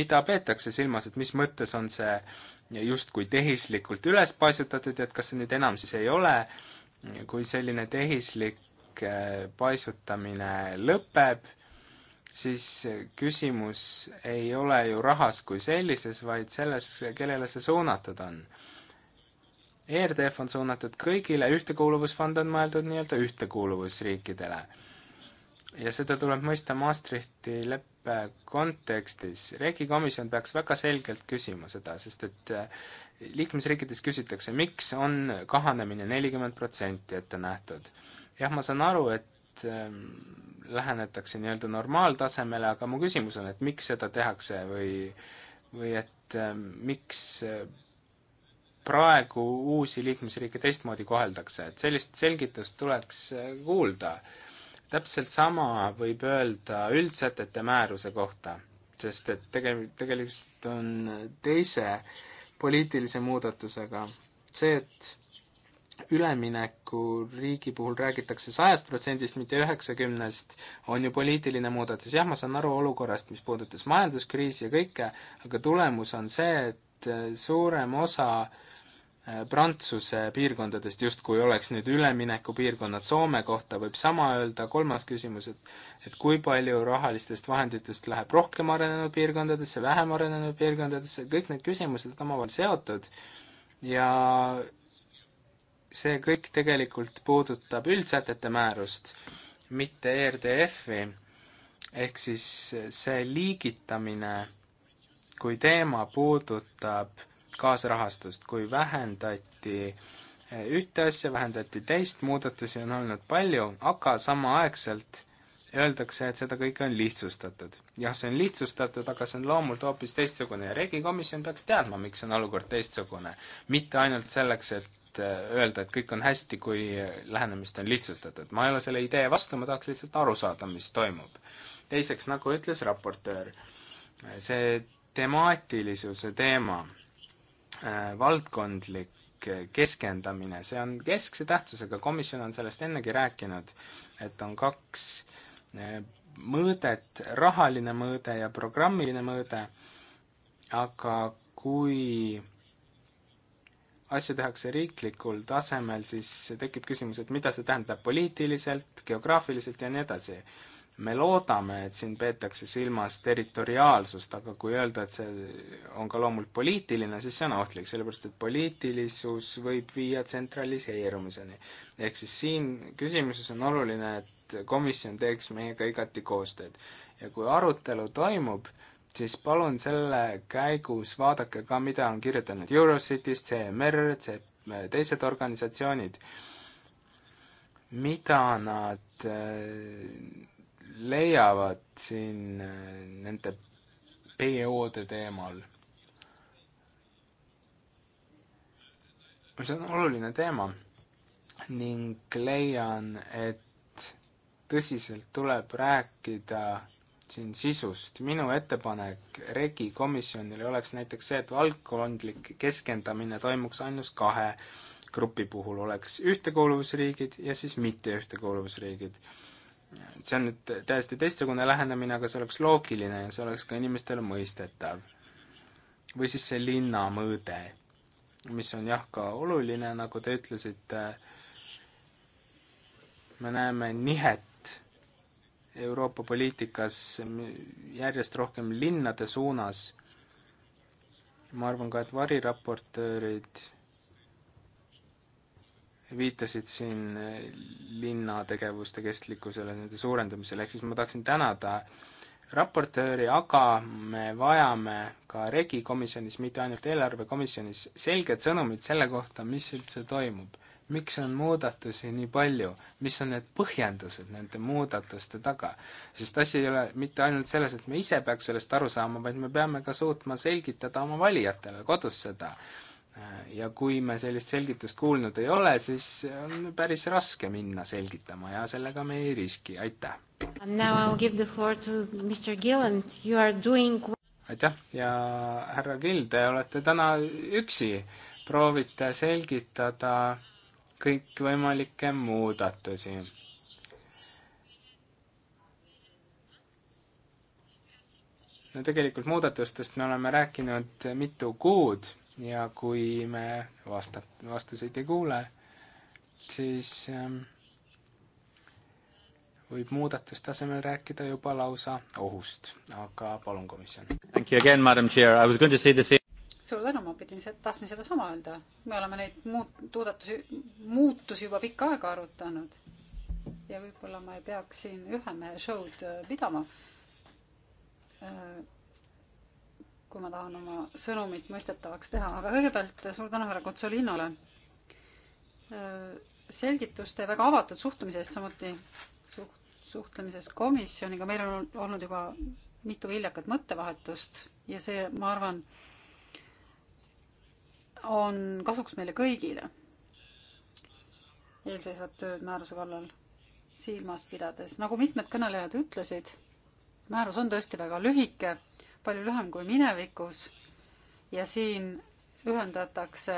mida peetakse silmas, et mis mõttes on see äh, justkui tehislikult üles paisutatud ja et kas see nüüd enam siis ei ole, kui selline tehislik äh, paisutamine lõpeb, siis küsimus ei ole ju rahas kui sellises, vaid selles, kellele see suunatud on. ERDF on suunatud kõigile, ühtekuuluvusfond on mõeldud nii-öelda ühtekuuluvusriikidele. ja seda tuleb mõista Maastrichti lep-, kontekstis, regikomisjon peaks väga selgelt küsima seda, sest et eh, liikmesriikides küsitakse, miks on kahanemine nelikümmend protsenti ette nähtud. jah, ma saan aru, et ehm, lähenetakse nii-öelda normaaltasemele, aga mu küsimus on, et miks seda tehakse või, või et ehm, miks eh, praegu uusi liikmesriike teistmoodi koheldakse, et sellist selgitust tuleks eh, kuulda täpselt sama võib öelda üldsätete määruse kohta, sest et tege-, tegelikult on teise poliitilise muudatusega see, et üleminekuriigi puhul räägitakse sajast protsendist, mitte üheksakümnest, on ju poliitiline muudatus. jah, ma saan aru olukorrast, mis puudutas majanduskriisi ja kõike, aga tulemus on see, et suurem osa äh, Äh, Prantsuse piirkondadest, justkui oleks nüüd üleminekupiirkonnad Soome kohta, võib sama öelda, kolmas küsimus, et et kui palju rahalistest vahenditest läheb rohkem arenenud piirkondadesse, vähem arenenud piirkondadesse, kõik need küsimused on omavahel seotud ja see kõik tegelikult puudutab üldsätete määrust, mitte ERDF-i, ehk siis see liigitamine kui teema puudutab kaasrahastust, kui vähendati eh, ühte asja, vähendati teist, muudatusi on olnud palju, aga samaaegselt öeldakse, et seda kõike on lihtsustatud. jah, see on lihtsustatud, aga see on loomult hoopis teistsugune ja regikomisjon peaks teadma, miks on olukord teistsugune. mitte ainult selleks, et eh, öelda, et kõik on hästi, kui lähenemist on lihtsustatud. ma ei ole selle idee vastu, ma tahaks lihtsalt aru saada, mis toimub. teiseks, nagu ütles raportöör, eh, see temaatilisuse teema Äh, valdkondlik äh, keskendamine, see on keskse tähtsusega, komisjon on sellest ennegi rääkinud, et on kaks äh, mõõdet, rahaline mõõde ja programmiline mõõde, aga kui asju tehakse riiklikul tasemel, siis tekib küsimus, et mida see tähendab poliitiliselt, geograafiliselt ja nii edasi me loodame, et siin peetakse silmas territoriaalsust, aga kui öelda, et see on ka loomult poliitiline, siis see on ohtlik, sellepärast et poliitilisus võib viia tsentraliseerumiseni. ehk siis siin küsimuses on oluline, et komisjon teeks meiega igati koostööd. ja kui arutelu toimub, siis palun selle käigus vaadake ka, mida on kirjutanud Eurocities, CMR, teised organisatsioonid, mida nad äh, leiavad siin äh, nende PO-de teemal. see on oluline teema ning leian, et tõsiselt tuleb rääkida siin sisust. minu ettepanek regi komisjonile oleks näiteks see, et valdkondlik keskendamine toimuks ainult kahe grupi puhul, oleks ühtekuuluvusriigid ja siis mitte ühtekuuluvusriigid see on nüüd täiesti teistsugune lähenemine, aga see oleks loogiline ja see oleks ka inimestele mõistetav. või siis see linna mõõde, mis on jah, ka oluline, nagu te ütlesite, me näeme nihet Euroopa poliitikas järjest rohkem linnade suunas, ma arvan ka, et variraportöörid viitasid siin linna tegevuste kestlikkusele, nende suurendamisele, ehk siis ma tahaksin tänada raportööri, aga me vajame ka regi komisjonis, mitte ainult eelarvekomisjonis, selget sõnumit selle kohta, mis üldse toimub. miks on muudatusi nii palju, mis on need põhjendused nende muudatuste taga? sest asi ei ole mitte ainult selles, et me ise peaks sellest aru saama, vaid me peame ka suutma selgitada oma valijatele kodus seda ja kui me sellist selgitust kuulnud ei ole, siis on päris raske minna selgitama ja sellega me ei riski, aitäh. Doing... aitäh ja härra Gill, te olete täna üksi, proovite selgitada kõikvõimalikke muudatusi no tegelikult muudatustest me oleme rääkinud mitu kuud ja kui me vasta-, vastuseid ei kuule, siis ähm, võib muudatustasemel rääkida juba lausa ohust, aga palun, komisjon. suur tänu, ma pidin, tahtsin sedasama öelda. me oleme neid muut-, muudatusi, muutusi juba pikka aega arutanud ja võib-olla ma ei peaks siin ühe mehe show'd äh, pidama äh, kui ma tahan oma sõnumit mõistetavaks teha, aga kõigepealt suur tänu härra Kotsolinole äh, selgituste ja väga avatud suhtumise eest, samuti suht-, suhtlemises komisjoniga, meil on olnud juba mitu viljakat mõttevahetust ja see, ma arvan, on kasuks meile kõigile eelseisvat tööd määruse kallal silmas pidades. nagu mitmed kõnelejad ütlesid, määrus on tõesti väga lühike palju lühem kui minevikus ja siin ühendatakse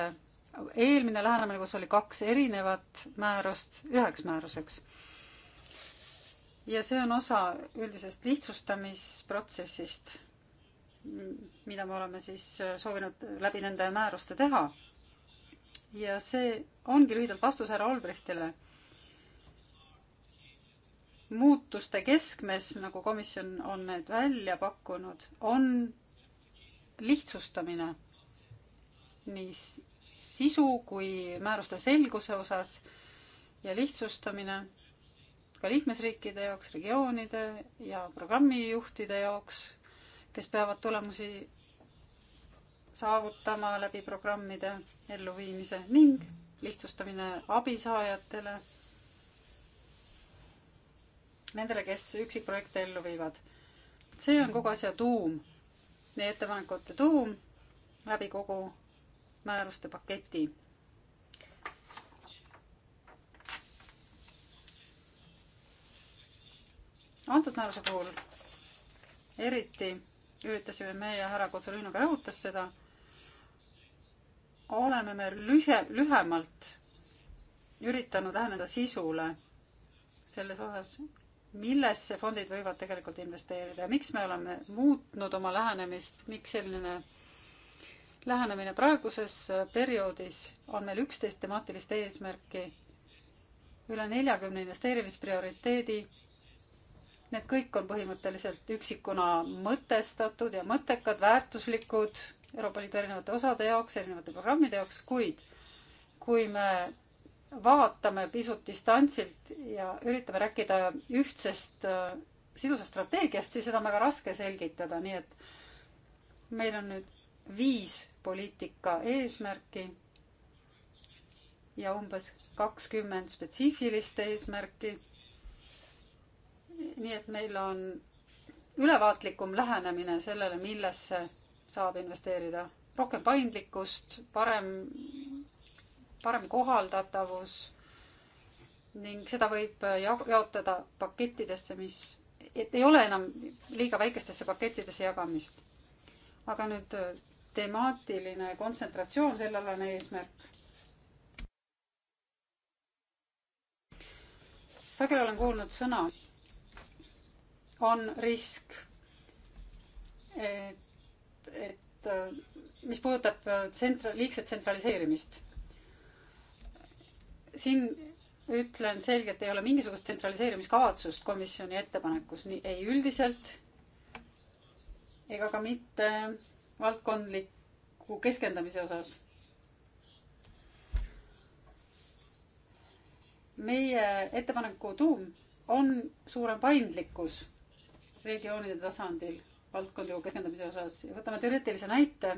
eelmine lähenemine, kus oli kaks erinevat määrust üheks määruseks. ja see on osa üldisest lihtsustamisprotsessist, mida me oleme siis soovinud läbi nende määruste teha. ja see ongi lühidalt vastus härra Olbrichtile muutuste keskmes, nagu komisjon on need välja pakkunud, on lihtsustamine nii sisu kui määruste selguse osas ja lihtsustamine ka liikmesriikide jaoks, regioonide ja programmijuhtide jaoks, kes peavad tulemusi saavutama läbi programmide elluviimise ning lihtsustamine abisaajatele nendele, kes üksikprojekte ellu viivad. see on kogu asja tuum, meie ettepanekute tuum läbi kogu määruste paketi. antud määruse puhul eriti üritasime meie härra Kotsurühmaga rõhutas seda, oleme me lühe, lühemalt üritanud läheneda sisule selles osas, millesse fondid võivad tegelikult investeerida ja miks me oleme muutnud oma lähenemist, miks selline lähenemine praeguses perioodis on meil üksteist temaatilist eesmärki, üle neljakümne investeerimisprioriteedi. Need kõik on põhimõtteliselt üksikuna mõtestatud ja mõttekad, väärtuslikud Euroopa Liidu erinevate osade jaoks, erinevate programmide jaoks, kuid kui me vaatame pisut distantsilt ja üritame rääkida ühtsest äh, sidusast strateegiast, siis seda on väga raske selgitada, nii et meil on nüüd viis poliitika eesmärki ja umbes kakskümmend spetsiifilist eesmärki. nii et meil on ülevaatlikum lähenemine sellele, millesse saab investeerida, rohkem paindlikkust, parem parem kohaldatavus ning seda võib jaotada pakettidesse, mis, et ei ole enam liiga väikestesse pakettidesse jagamist. aga nüüd äh, temaatiline kontsentratsioon, sellel on eesmärk. sageli olen kuulnud sõna, on risk. et, et äh, mis puudutab äh, tsentra-, liigset tsentraliseerimist siin ütlen selgelt, ei ole mingisugust tsentraliseerimiskavatsust komisjoni ettepanekus, nii ei üldiselt ega ka mitte valdkondliku keskendamise osas. meie ettepaneku tuum on suurem paindlikkus regioonide tasandil valdkondliku keskendamise osas ja võtame teoreetilise näite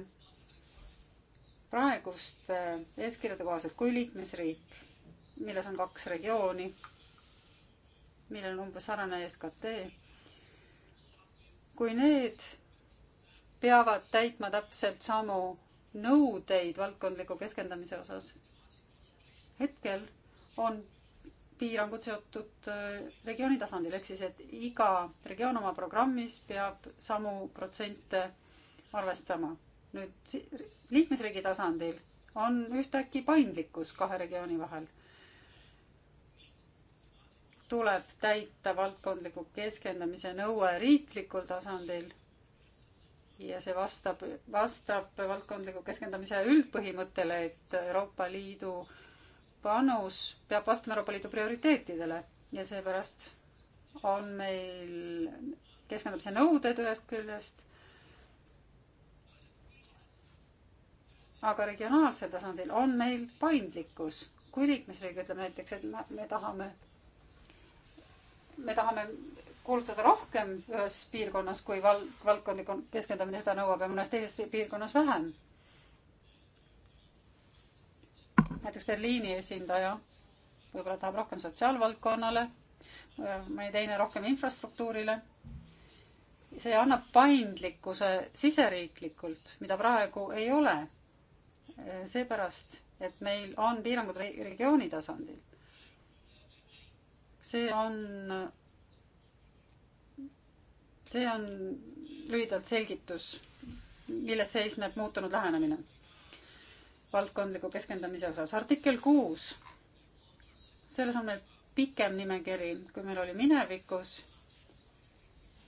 praeguste eeskirjade kohaselt, kui liikmesriik milles on kaks regiooni, millel on umbes sarnane SKT. kui need peavad täitma täpselt samu nõudeid valdkondliku keskendamise osas, hetkel on piirangud seotud äh, regiooni tasandil, ehk siis, et iga regioon oma programmis peab samu protsente arvestama. nüüd liikmesriigi tasandil on ühtäkki paindlikkus kahe regiooni vahel tuleb täita valdkondliku keskendamise nõue riiklikul tasandil. ja see vastab, vastab valdkondliku keskendamise üldpõhimõttele, et Euroopa Liidu panus peab vastama Euroopa Liidu prioriteetidele ja seepärast on meil keskendumise nõuded ühest küljest, aga regionaalsel tasandil on meil paindlikkus, kui liikmesriik ütleb näiteks, et me, me tahame me tahame kuulutada rohkem ühes piirkonnas, kui val-, valdkondlik keskendumine seda nõuab ja mõnes teises piirkonnas vähem. näiteks Berliini esindaja võib-olla tahab rohkem sotsiaalvaldkonnale, mõni teine rohkem infrastruktuurile. see annab paindlikkuse siseriiklikult, mida praegu ei ole. seepärast, et meil on piirangud regiooni tasandil see on, see on lühidalt selgitus, milles seisneb muutunud lähenemine valdkondliku keskendamise osas. artikkel kuus, selles on meil pikem nimekiri, kui meil oli minevikus,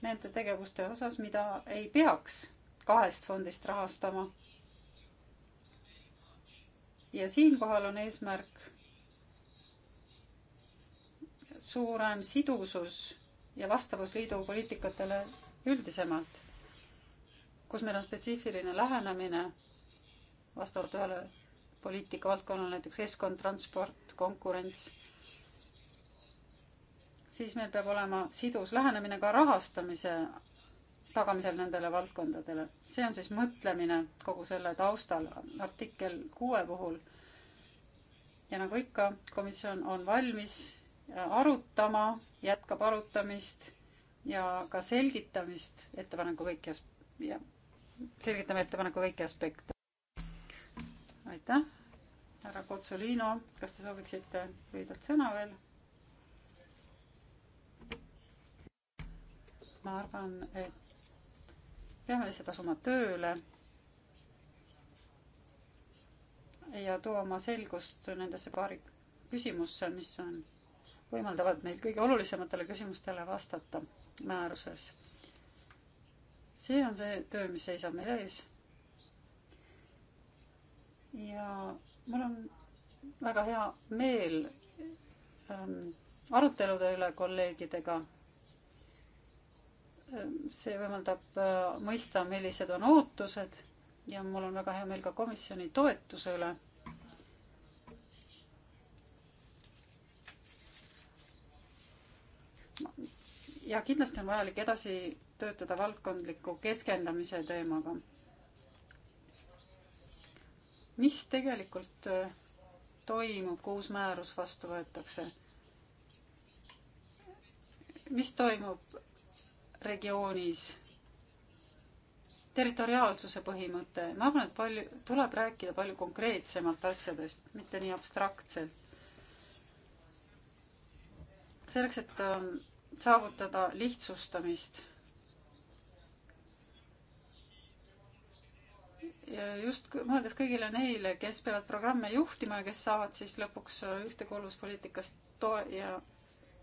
nende tegevuste osas, mida ei peaks kahest fondist rahastama. ja siinkohal on eesmärk suurem sidusus ja vastavus liidu poliitikatele üldisemalt, kus meil on spetsiifiline lähenemine vastavalt ühele poliitikavaldkonnale, näiteks keskkond, transport, konkurents, siis meil peab olema sidus lähenemine ka rahastamise tagamisel nendele valdkondadele. see on siis mõtlemine kogu selle taustal artikkel kuue puhul. ja nagu ikka, komisjon on valmis arutama, jätkab arutamist ja ka selgitamist ettepaneku kõiki as-, ja selgitame ettepaneku kõiki aspekte. aitäh, härra Kotsolino, kas te sooviksite lühidalt sõna veel? ma arvan, et peame lihtsalt asuma tööle ja tooma selgust nendesse paari küsimusse, mis on võimaldavad meil kõige olulisematele küsimustele vastata määruses. see on see töö, mis seisab meil ees. ja mul on väga hea meel ähm, arutelude üle kolleegidega. Ähm, see võimaldab äh, mõista, millised on ootused ja mul on väga hea meel ka komisjoni toetuse üle ja kindlasti on vajalik edasi töötada valdkondliku keskendamise teemaga. mis tegelikult äh, toimub, kui uus määrus vastu võetakse? mis toimub regioonis? territoriaalsuse põhimõte, ma arvan, et palju, tuleb rääkida palju konkreetsemalt asjadest, mitte nii abstraktselt selleks, et ähm, saavutada lihtsustamist. ja just mõeldes kõigile neile, kes peavad programme juhtima ja kes saavad siis lõpuks äh, ühtekuuluvuspoliitikast toe- ja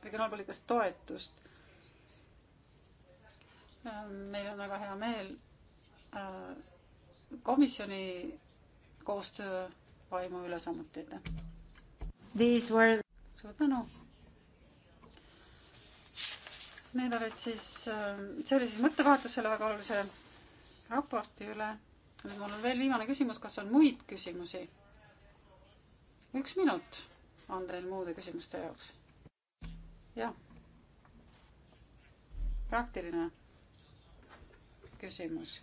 regionaalpoliitikast toetust. Ähm, meil on väga hea meel äh, komisjoni koostöö vaimu üle samuti, aitäh! Were... suur tänu! Need olid siis, äh, see oli siis mõttevahetus selle väga olulise raporti üle. nüüd mul on veel viimane küsimus, kas on muid küsimusi? üks minut on teil muude küsimuste jaoks. jah. praktiline küsimus.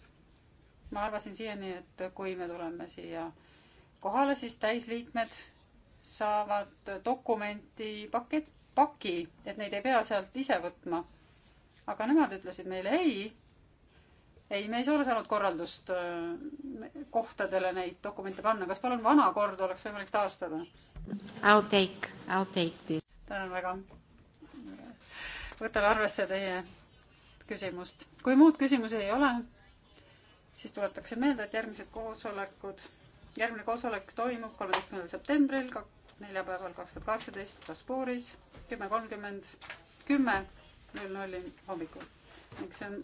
ma arvasin siiani, et kui me tuleme siia kohale, siis täisliikmed saavad dokumenti pakett, paki, et neid ei pea sealt ise võtma aga nemad ütlesid meile ei, ei, me ei saa ole saanud korraldust äh, kohtadele neid dokumente panna, kas palun vana kord oleks võimalik taastada? I'll take, I'll take this. tänan väga. võtan arvesse teie küsimust. kui muud küsimusi ei ole, siis tuletaksin meelde, et järgmised koosolekud, järgmine koosolek toimub kolmeteistkümnendal septembril, neljapäeval kaks tuhat kaheksateist Strasbourgis, kümme kolmkümmend, kümme null nulli hommikul. ning see on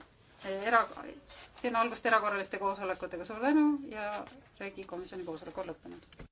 eh, era-, teeme algust erakorraliste koosolekutega, suur tänu ja Regi komisjoni koosolek on lõppenud.